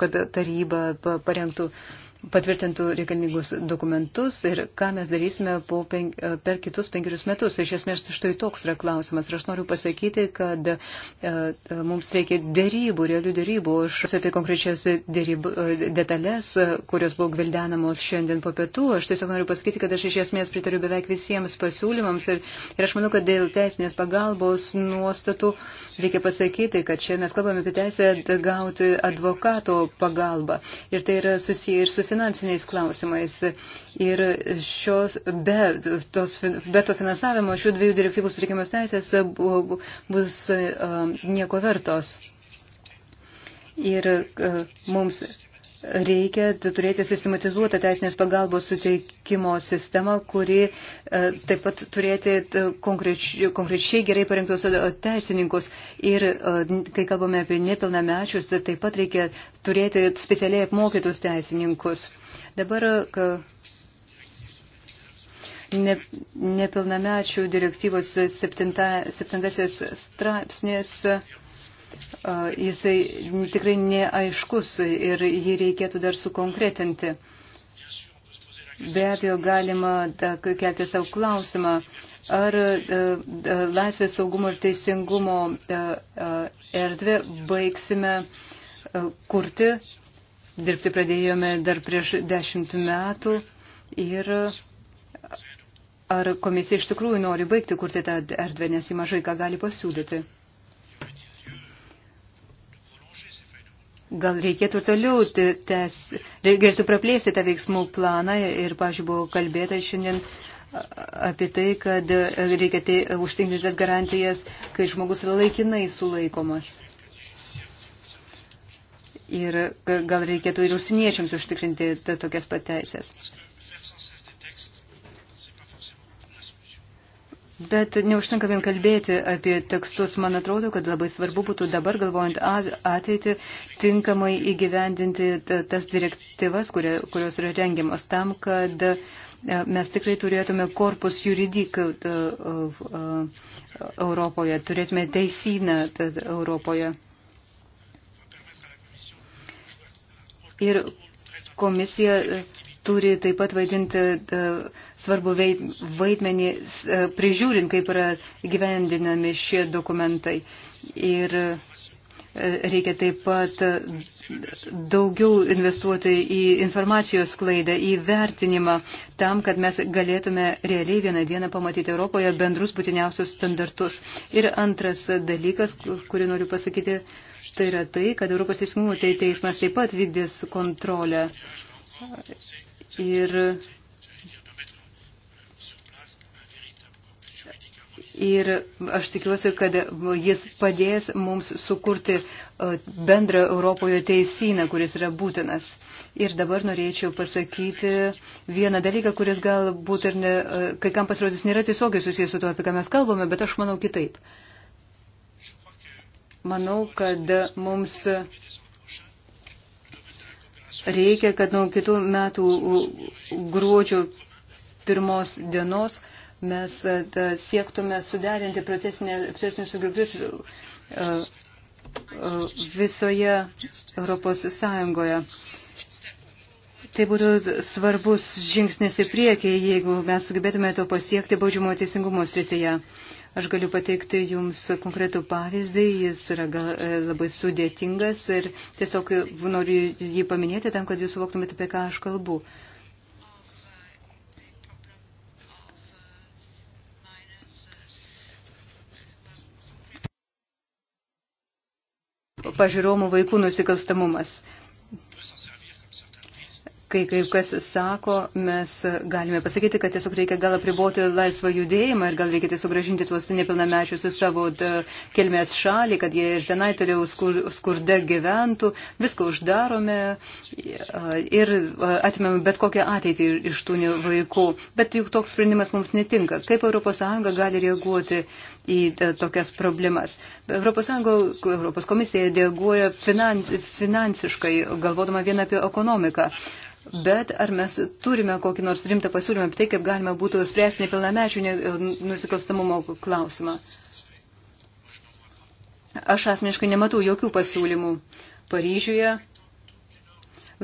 kad taryba parengtų patvirtintų reikalingus dokumentus ir ką mes darysime penk, per kitus penkerius metus. Iš esmės, štai toks yra klausimas. Ir aš noriu pasakyti, kad e, e mums reikia dėrybų, realių dėrybų. Aš apie konkrečias dėrybų, e, detalės, e, kurios buvo gvildenamos šiandien po pietų, aš tiesiog noriu pasakyti, kad aš iš esmės pritariu beveik visiems pasiūlymams. Ir, ir aš manau, kad dėl teisinės pagalbos nuostatų reikia pasakyti, kad čia mes kalbame apie teisę gauti advokato pagalbą. Ir tai yra susiję ir su finansiniais klausimais. Ir šios, be, tos, be to finansavimo šių dviejų direktyvų sutikimas teisės bus nieko vertos. Ir mums Reikia turėti sistematizuotą teisinės pagalbos suteikimo sistemą, kuri e, taip pat turėti e, konkrečiai, konkrečiai gerai parengtos e, teisininkus. Ir kai kalbame apie nepilnamečius, tai taip pat reikia turėti specialiai apmokytus teisininkus. Dabar ne, nepilnamečių direktyvos septinta, septintasis straipsnis. Jisai tikrai neaiškus ir jį reikėtų dar sukonkretinti. Be abejo, galima kelti savo klausimą, ar e, e, laisvės saugumo ir teisingumo e, erdvę baigsime kurti. Dirbti pradėjome dar prieš dešimt metų ir ar komisija iš tikrųjų nori baigti kurti tą erdvę, nes jį mažai ką gali pasiūlyti. Gal reikėtų ir toliau tęs, reikėtų praplėsti tą veiksmų planą ir, pažiūrėjau, buvo kalbėta šiandien apie tai, kad reikia tai, užtinkti tas garantijas, kai žmogus yra laikinai sulaikomas. Ir e, gal reikėtų ir užsieniečiams užtikrinti tokias pateisės. Bet neužtenka vien kalbėti apie tekstus. Man atrodo, kad labai svarbu būtų dabar, galvojant ateitį, tinkamai įgyvendinti tas direktyvas, kurios yra rengiamos tam, kad e, mes tikrai turėtume korpus juridik e, e, Europoje, turėtume teisyną Europoje. Ir komisija turi taip pat vaidinti e, svarbu vaidmenį e, prižiūrint, kaip yra gyvendinami šie dokumentai. Ir e, reikia taip pat daugiau investuoti į informacijos klaidą, į vertinimą, tam, kad mes galėtume realiai vieną dieną pamatyti Europoje bendrus būtiniausius standartus. Ir antras dalykas, kurį noriu pasakyti, tai yra tai, kad Europos teisingumo teismas taip pat vykdys kontrolę. Ir, ir aš tikiuosi, kad jis padės mums sukurti e, bendrą Europoje teisyną, kuris yra būtinas. Ir dabar norėčiau pasakyti vieną dalyką, kuris galbūt ir ne, e, kai kam pasirodys nėra tiesiogiai susijęs su to, apie ką mes kalbame, bet aš manau kitaip. Manau, kad mums reikia, kad nuo kitų metų gruodžio pirmos dienos mes e, siektume suderinti procesinius sugebris e, e, visoje Europos Sąjungoje. Tai būtų svarbus žingsnis į priekį, jeigu mes sugebėtume to pasiekti baudžiamo teisingumo srityje. Aš galiu pateikti Jums konkretų pavyzdį, jis yra gal, e, labai sudėtingas ir tiesiog noriu jį paminėti tam, kad Jūs suvoktumėte, apie ką aš kalbu. Pažiūromų vaikų nusikalstamumas kai kaip kas sako, mes galime pasakyti, kad tiesiog reikia gal apriboti laisvą judėjimą ir gal reikia tiesiog gražinti tuos nepilnamečius į savo e, kilmės šalį, kad jie ir tenai toliau skur, skurde gyventų, viską uždarome e, ir e, atimame bet kokią ateitį iš tų vaikų. Bet juk toks sprendimas mums netinka. Kaip ES gali reaguoti į tokias problemas? ES, ES komisija reaguoja finan, finansiškai, galvodama vien apie ekonomiką. Bet ar mes turime kokį nors rimtą pasiūlymą apie tai, kaip galima būtų spręsti nepilnamečių nusikalstamumo klausimą? Aš asmeniškai nematau jokių pasiūlymų. Paryžiuje,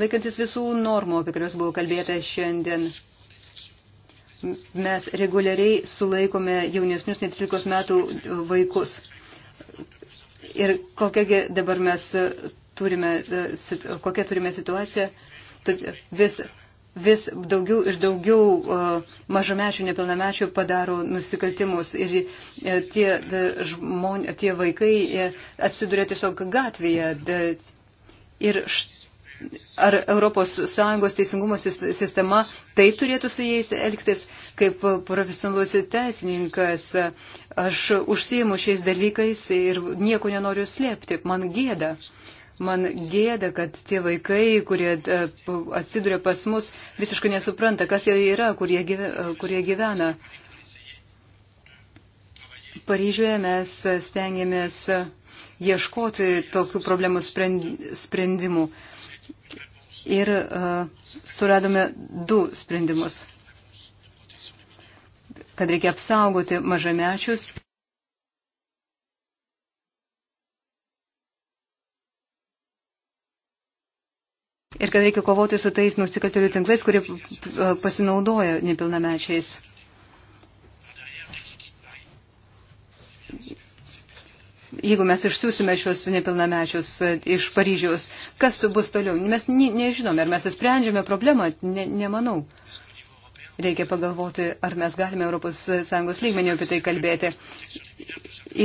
laikantis visų normų, apie kurias buvo kalbėta šiandien, mes reguliariai sulaikome jaunesnius nei 13 metų vaikus. Ir kokiagi dabar mes turime, kokią turime situaciją? vis, vis daugiau ir daugiau e, mažamečių, nepilnamečių padaro nusikaltimus ir e, tie, e, žmon, tie vaikai atsiduria tiesiog gatvėje. Ir ar ES teisingumo sistema taip turėtų su jais elgtis, kaip profesionalus teisininkas. Aš užsijimu šiais dalykais ir nieko nenoriu slėpti, man gėda. Man gėda, kad tie vaikai, kurie e, atsiduria pas mus, visiškai nesupranta, kas jie yra, kur jie, e, kur jie gyvena. Paryžiuje mes stengiamės ieškoti tokių problemų sprendimų. Ir uh, suradome du sprendimus. Kad reikia apsaugoti mažamečius. ir kad reikia kovoti su tais nusikaltėlių tinklais, kurie pasinaudoja nepilnamečiais. Jeigu mes išsiųsime šios nepilnamečius e, iš Paryžiaus, kas bus toliau? Mes nežinome, ar mes sprendžiame problemą, ne, nemanau. Ne Reikia pagalvoti, ar mes galime ES lygmenį apie tai kalbėti.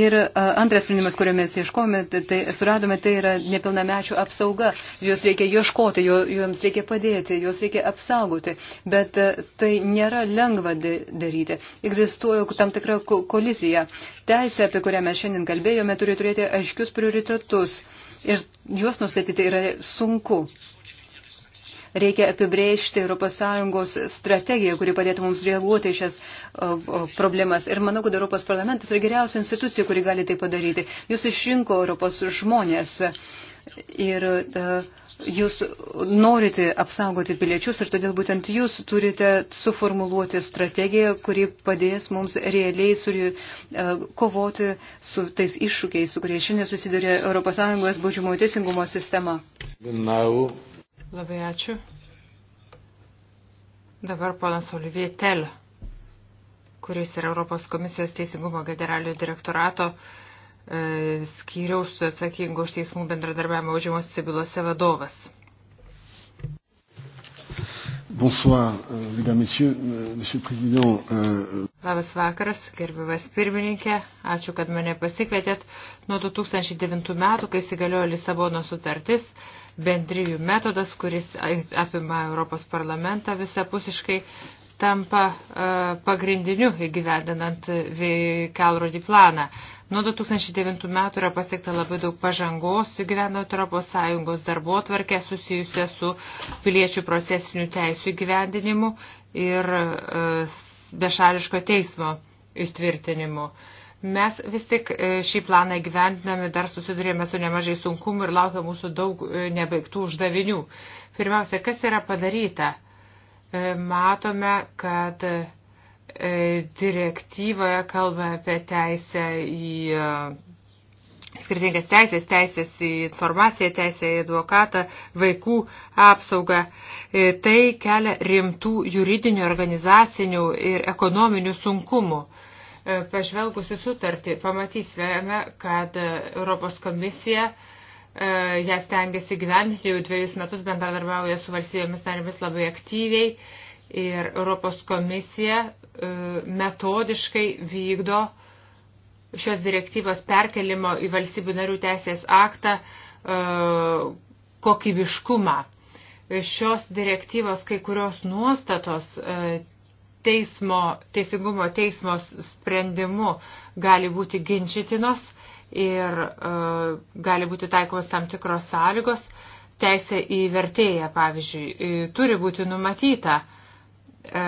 Ir antras sprendimas, kurio mes ieškome, tai, tai, suradome, tai yra nepilnamečių apsauga. Jos reikia ieškoti, joms reikia padėti, jos reikia apsaugoti. Bet tai nėra lengva daryti. Egzistuoja tam tikra kolizija. Teisė, apie kurią mes šiandien kalbėjome, turi turėti aiškius prioritetus. Ir juos nustatyti yra sunku. Reikia apibrėžti ES strategiją, kuri padėtų mums reaguoti į šias problemas. Ir manau, kad Europos parlamentas yra geriausia institucija, kuri gali tai padaryti. Jūs išrinko Europos žmonės. Ir e, jūs norite apsaugoti piliečius ir todėl būtent jūs turite suformuluoti strategiją, kuri padės mums realiai suri, e, kovoti su tais iššūkiais, su kurie šiandien susiduria ES baudžiamojo teisingumo sistema. Now. Labai ačiū. Dabar ponas Olivier Tel, kuris yra Europos komisijos teisingumo generalinio direktorato e, skyriaus atsakingų už teismų bendradarbiavimą užimos civilose vadovas. Bonsoir, euh, mesdames, messieurs, euh, monsieur le président. Euh, Labas vakaras, gerbiamas pirmininkė, ačiū, kad mane pasikvietėt. Nuo 2009 metų, kai įsigaliojo Lisabono sutartis, bendrijų metodas, kuris apima Europos parlamentą visapusiškai, tampa e, pagrindiniu įgyvendinant kelrodį planą. Nuo 2009 metų yra pasiekta labai daug pažangos įgyvendant ES darbo tvarkę susijusią su piliečių procesinių teisų įgyvendinimu ir e, bešališko teismo įtvirtinimu. Mes vis tik e, šį planą gyvendinami dar susidurėme su nemažai sunkumų ir laukia mūsų daug e, nebaigtų uždavinių. Pirmiausia, kas yra padaryta? E, matome, kad direktyvoje kalba apie teisę į skirtingas teisės, teisės į informaciją, teisę į advokatą, vaikų apsaugą. Tai kelia rimtų juridinių, organizacinių ir ekonominių sunkumų E, pažvelgusi sutartį, pamatysime, kad e, Europos komisija e, ją stengiasi gyventi, jau dviejus metus bendradarbiauja su valstybėmis narėmis labai aktyviai ir Europos komisija metodiškai vykdo šios direktyvos perkelimo į valstybių narių teisės aktą kokybiškumą. Šios direktyvos kai kurios nuostatos teismo, teisingumo teismo sprendimu gali būti ginčytinos ir e, gali būti taikomos tam tikros sąlygos. Teisė į vertėją, pavyzdžiui, e, turi būti numatyta, e,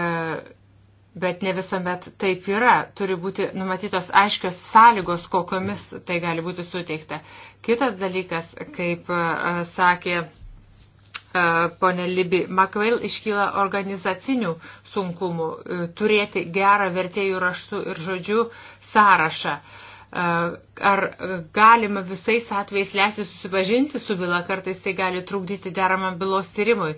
bet ne visuomet taip yra. Turi būti numatytos aiškios sąlygos, kokiomis tai gali būti suteikta. Kitas dalykas, kaip e, sakė E, ponė Libi Makvail, iškyla organizacinių sunkumų e, turėti gerą vertėjų raštų ir žodžių sąrašą. E, ar galima visais atvejais leisti susipažinti su byla, kartais tai gali trukdyti deramam bylos tyrimui.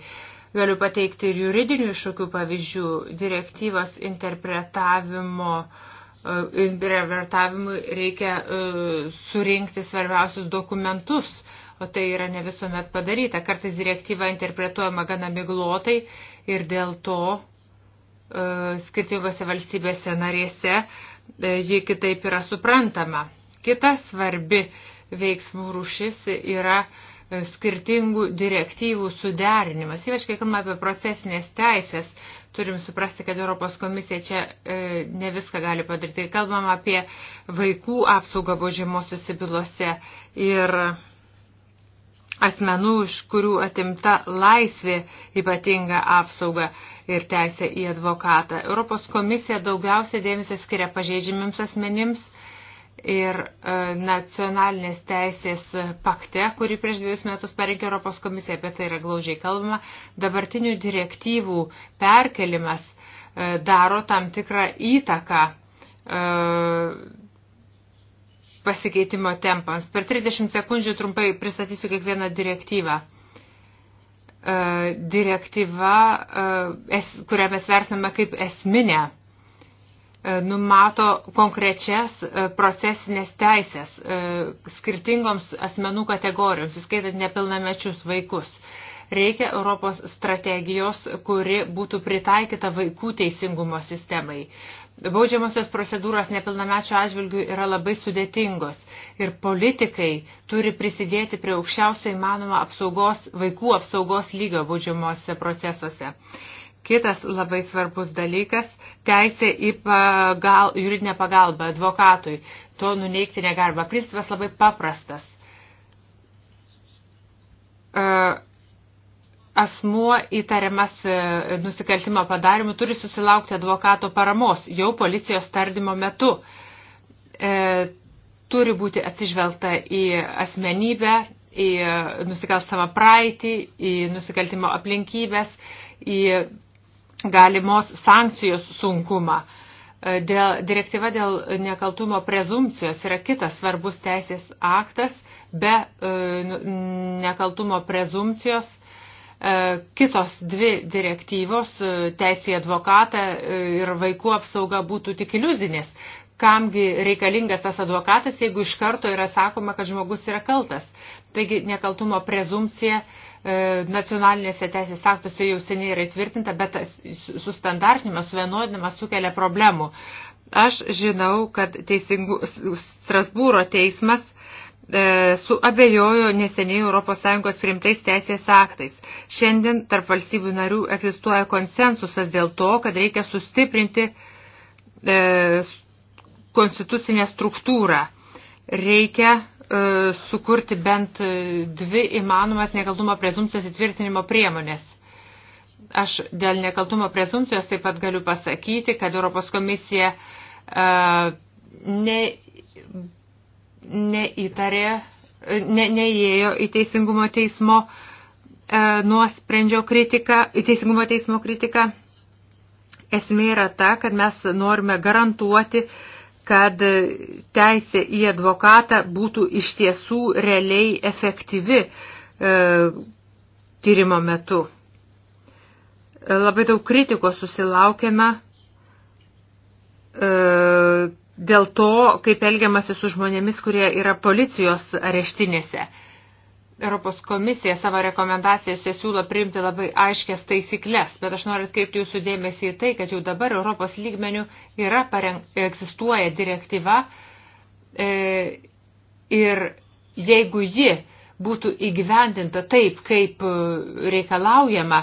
Galiu pateikti ir juridinių iššūkių pavyzdžių direktyvos interpretavimo uh, interpretavimui reikia surinkti svarbiausius dokumentus o tai yra ne visuomet padaryta. Kartais direktyva interpretuojama gana miglotai ir dėl to e, skirtingose valstybėse narėse e, ji kitaip yra suprantama. Kita svarbi veiksmų rušis yra e, skirtingų direktyvų suderinimas. Ypač, kai kalbame apie procesinės teisės, turim suprasti, kad Europos komisija čia e, ne viską gali padaryti. Kalbam apie vaikų apsaugą baudžiamosiuose bylose ir e, asmenų, iš kurių atimta laisvė ypatinga apsauga ir teisė į advokatą. Europos komisija daugiausia dėmesio skiria pažeidžiamiams asmenims ir e, nacionalinės teisės pakte, kurį prieš dviejus metus pareikė Europos komisija, apie tai yra glaužiai kalbama, dabartinių direktyvų perkelimas e, daro tam tikrą įtaką e, pasikeitimo tempams. Per 30 sekundžių trumpai pristatysiu kiekvieną direktyvą. E, direktyva, e, kurią mes vertiname kaip esminę, e, numato konkrečias procesinės teisės skirtingoms asmenų kategorijoms, įskaitant nepilnamečius vaikus. Reikia Europos strategijos, kuri būtų pritaikyta vaikų teisingumo sistemai. Baudžiamosios procedūros nepilnamečio atžvilgių yra labai sudėtingos ir politikai turi prisidėti prie aukščiausio įmanoma apsaugos, vaikų apsaugos lygio baudžiamosiose procesuose. Kitas labai svarbus dalykas - teisė į pagal, juridinę pagalbą advokatui. To nuneikti negarba. Principas labai paprastas asmuo įtariamas e, nusikaltimo padarimu turi susilaukti advokato paramos jau policijos tardymo metu. E, turi būti atsižvelgta į asmenybę, į nusikalstamą praeitį, į nusikaltimo aplinkybės, į galimos sankcijos sunkumą. E, dėl, direktyva dėl nekaltumo prezumcijos yra kitas svarbus teisės aktas, be e, nekaltumo prezumcijos e, E, kitos dvi direktyvos, e, teisė į advokatą e, ir vaikų apsauga būtų tik iliuzinės. Kamgi reikalingas tas advokatas, jeigu iš karto yra sakoma, kad žmogus yra kaltas. Taigi nekaltumo prezumcija nacionalinėse teisės aktuose jau seniai yra įtvirtinta, bet sustandartinimas, suvienodinimas sukelia problemų. Aš žinau, kad teisingų, Strasbūro teismas E, suabejojo neseniai ES priimtais teisės aktais. Šiandien tarp valstybių narių egzistuoja konsensusas dėl to, kad reikia sustiprinti e, konstitucinę struktūrą. Reikia e, sukurti bent dvi įmanomas nekaltumo prezumcijos įtvirtinimo priemonės. Aš dėl nekaltumo prezumcijos taip pat galiu pasakyti, kad Europos komisija e, ne neįtarė, ne, neįėjo į teisingumo teismo e, nuosprendžio kritiką, į teisingumo teismo kritiką. Esmė yra ta, kad mes norime garantuoti, kad teisė į advokatą būtų iš tiesų realiai efektyvi e, tyrimo metu. Labai daug kritikos susilaukėme e, dėl to, kaip elgiamasi su žmonėmis, kurie yra policijos areštinėse. Europos komisija savo rekomendacijose siūlo priimti labai aiškias taisyklės, bet aš noriu atkreipti jūsų dėmesį į tai, kad jau dabar Europos lygmenių yra pareng, egzistuoja direktyva e, ir jeigu ji būtų įgyvendinta taip, kaip e, reikalaujama,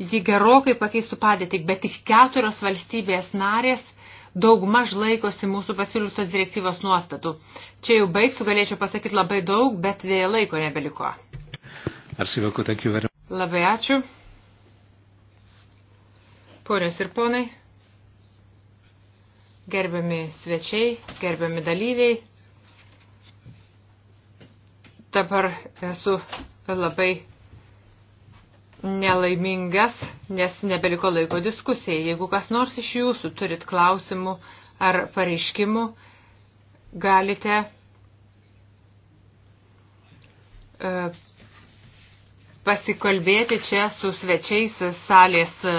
ji gerokai pakeistų padėtį, bet tik keturios valstybės narės daugmaž laikosi mūsų pasiūlytos direktyvos nuostatų. Čia jau baigsiu, galėčiau pasakyti labai daug, bet dėja laiko nebeliko. Labai ačiū. Ponios ir ponai, gerbiami svečiai, gerbiami dalyviai, dabar esu labai nelaimingas, nes nebeliko laiko diskusijai. Jeigu kas nors iš jūsų turit klausimų ar pareiškimų, galite e, pasikalbėti čia su svečiais salės e,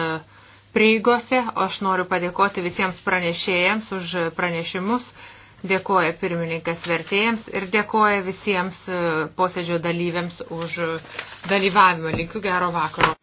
prieigose. Aš noriu padėkoti visiems pranešėjams už pranešimus. Dėkoja pirmininkas vertėjams ir dėkoja visiems e, posėdžio dalyviams už dalyvavimą. Linkiu gero vakaro.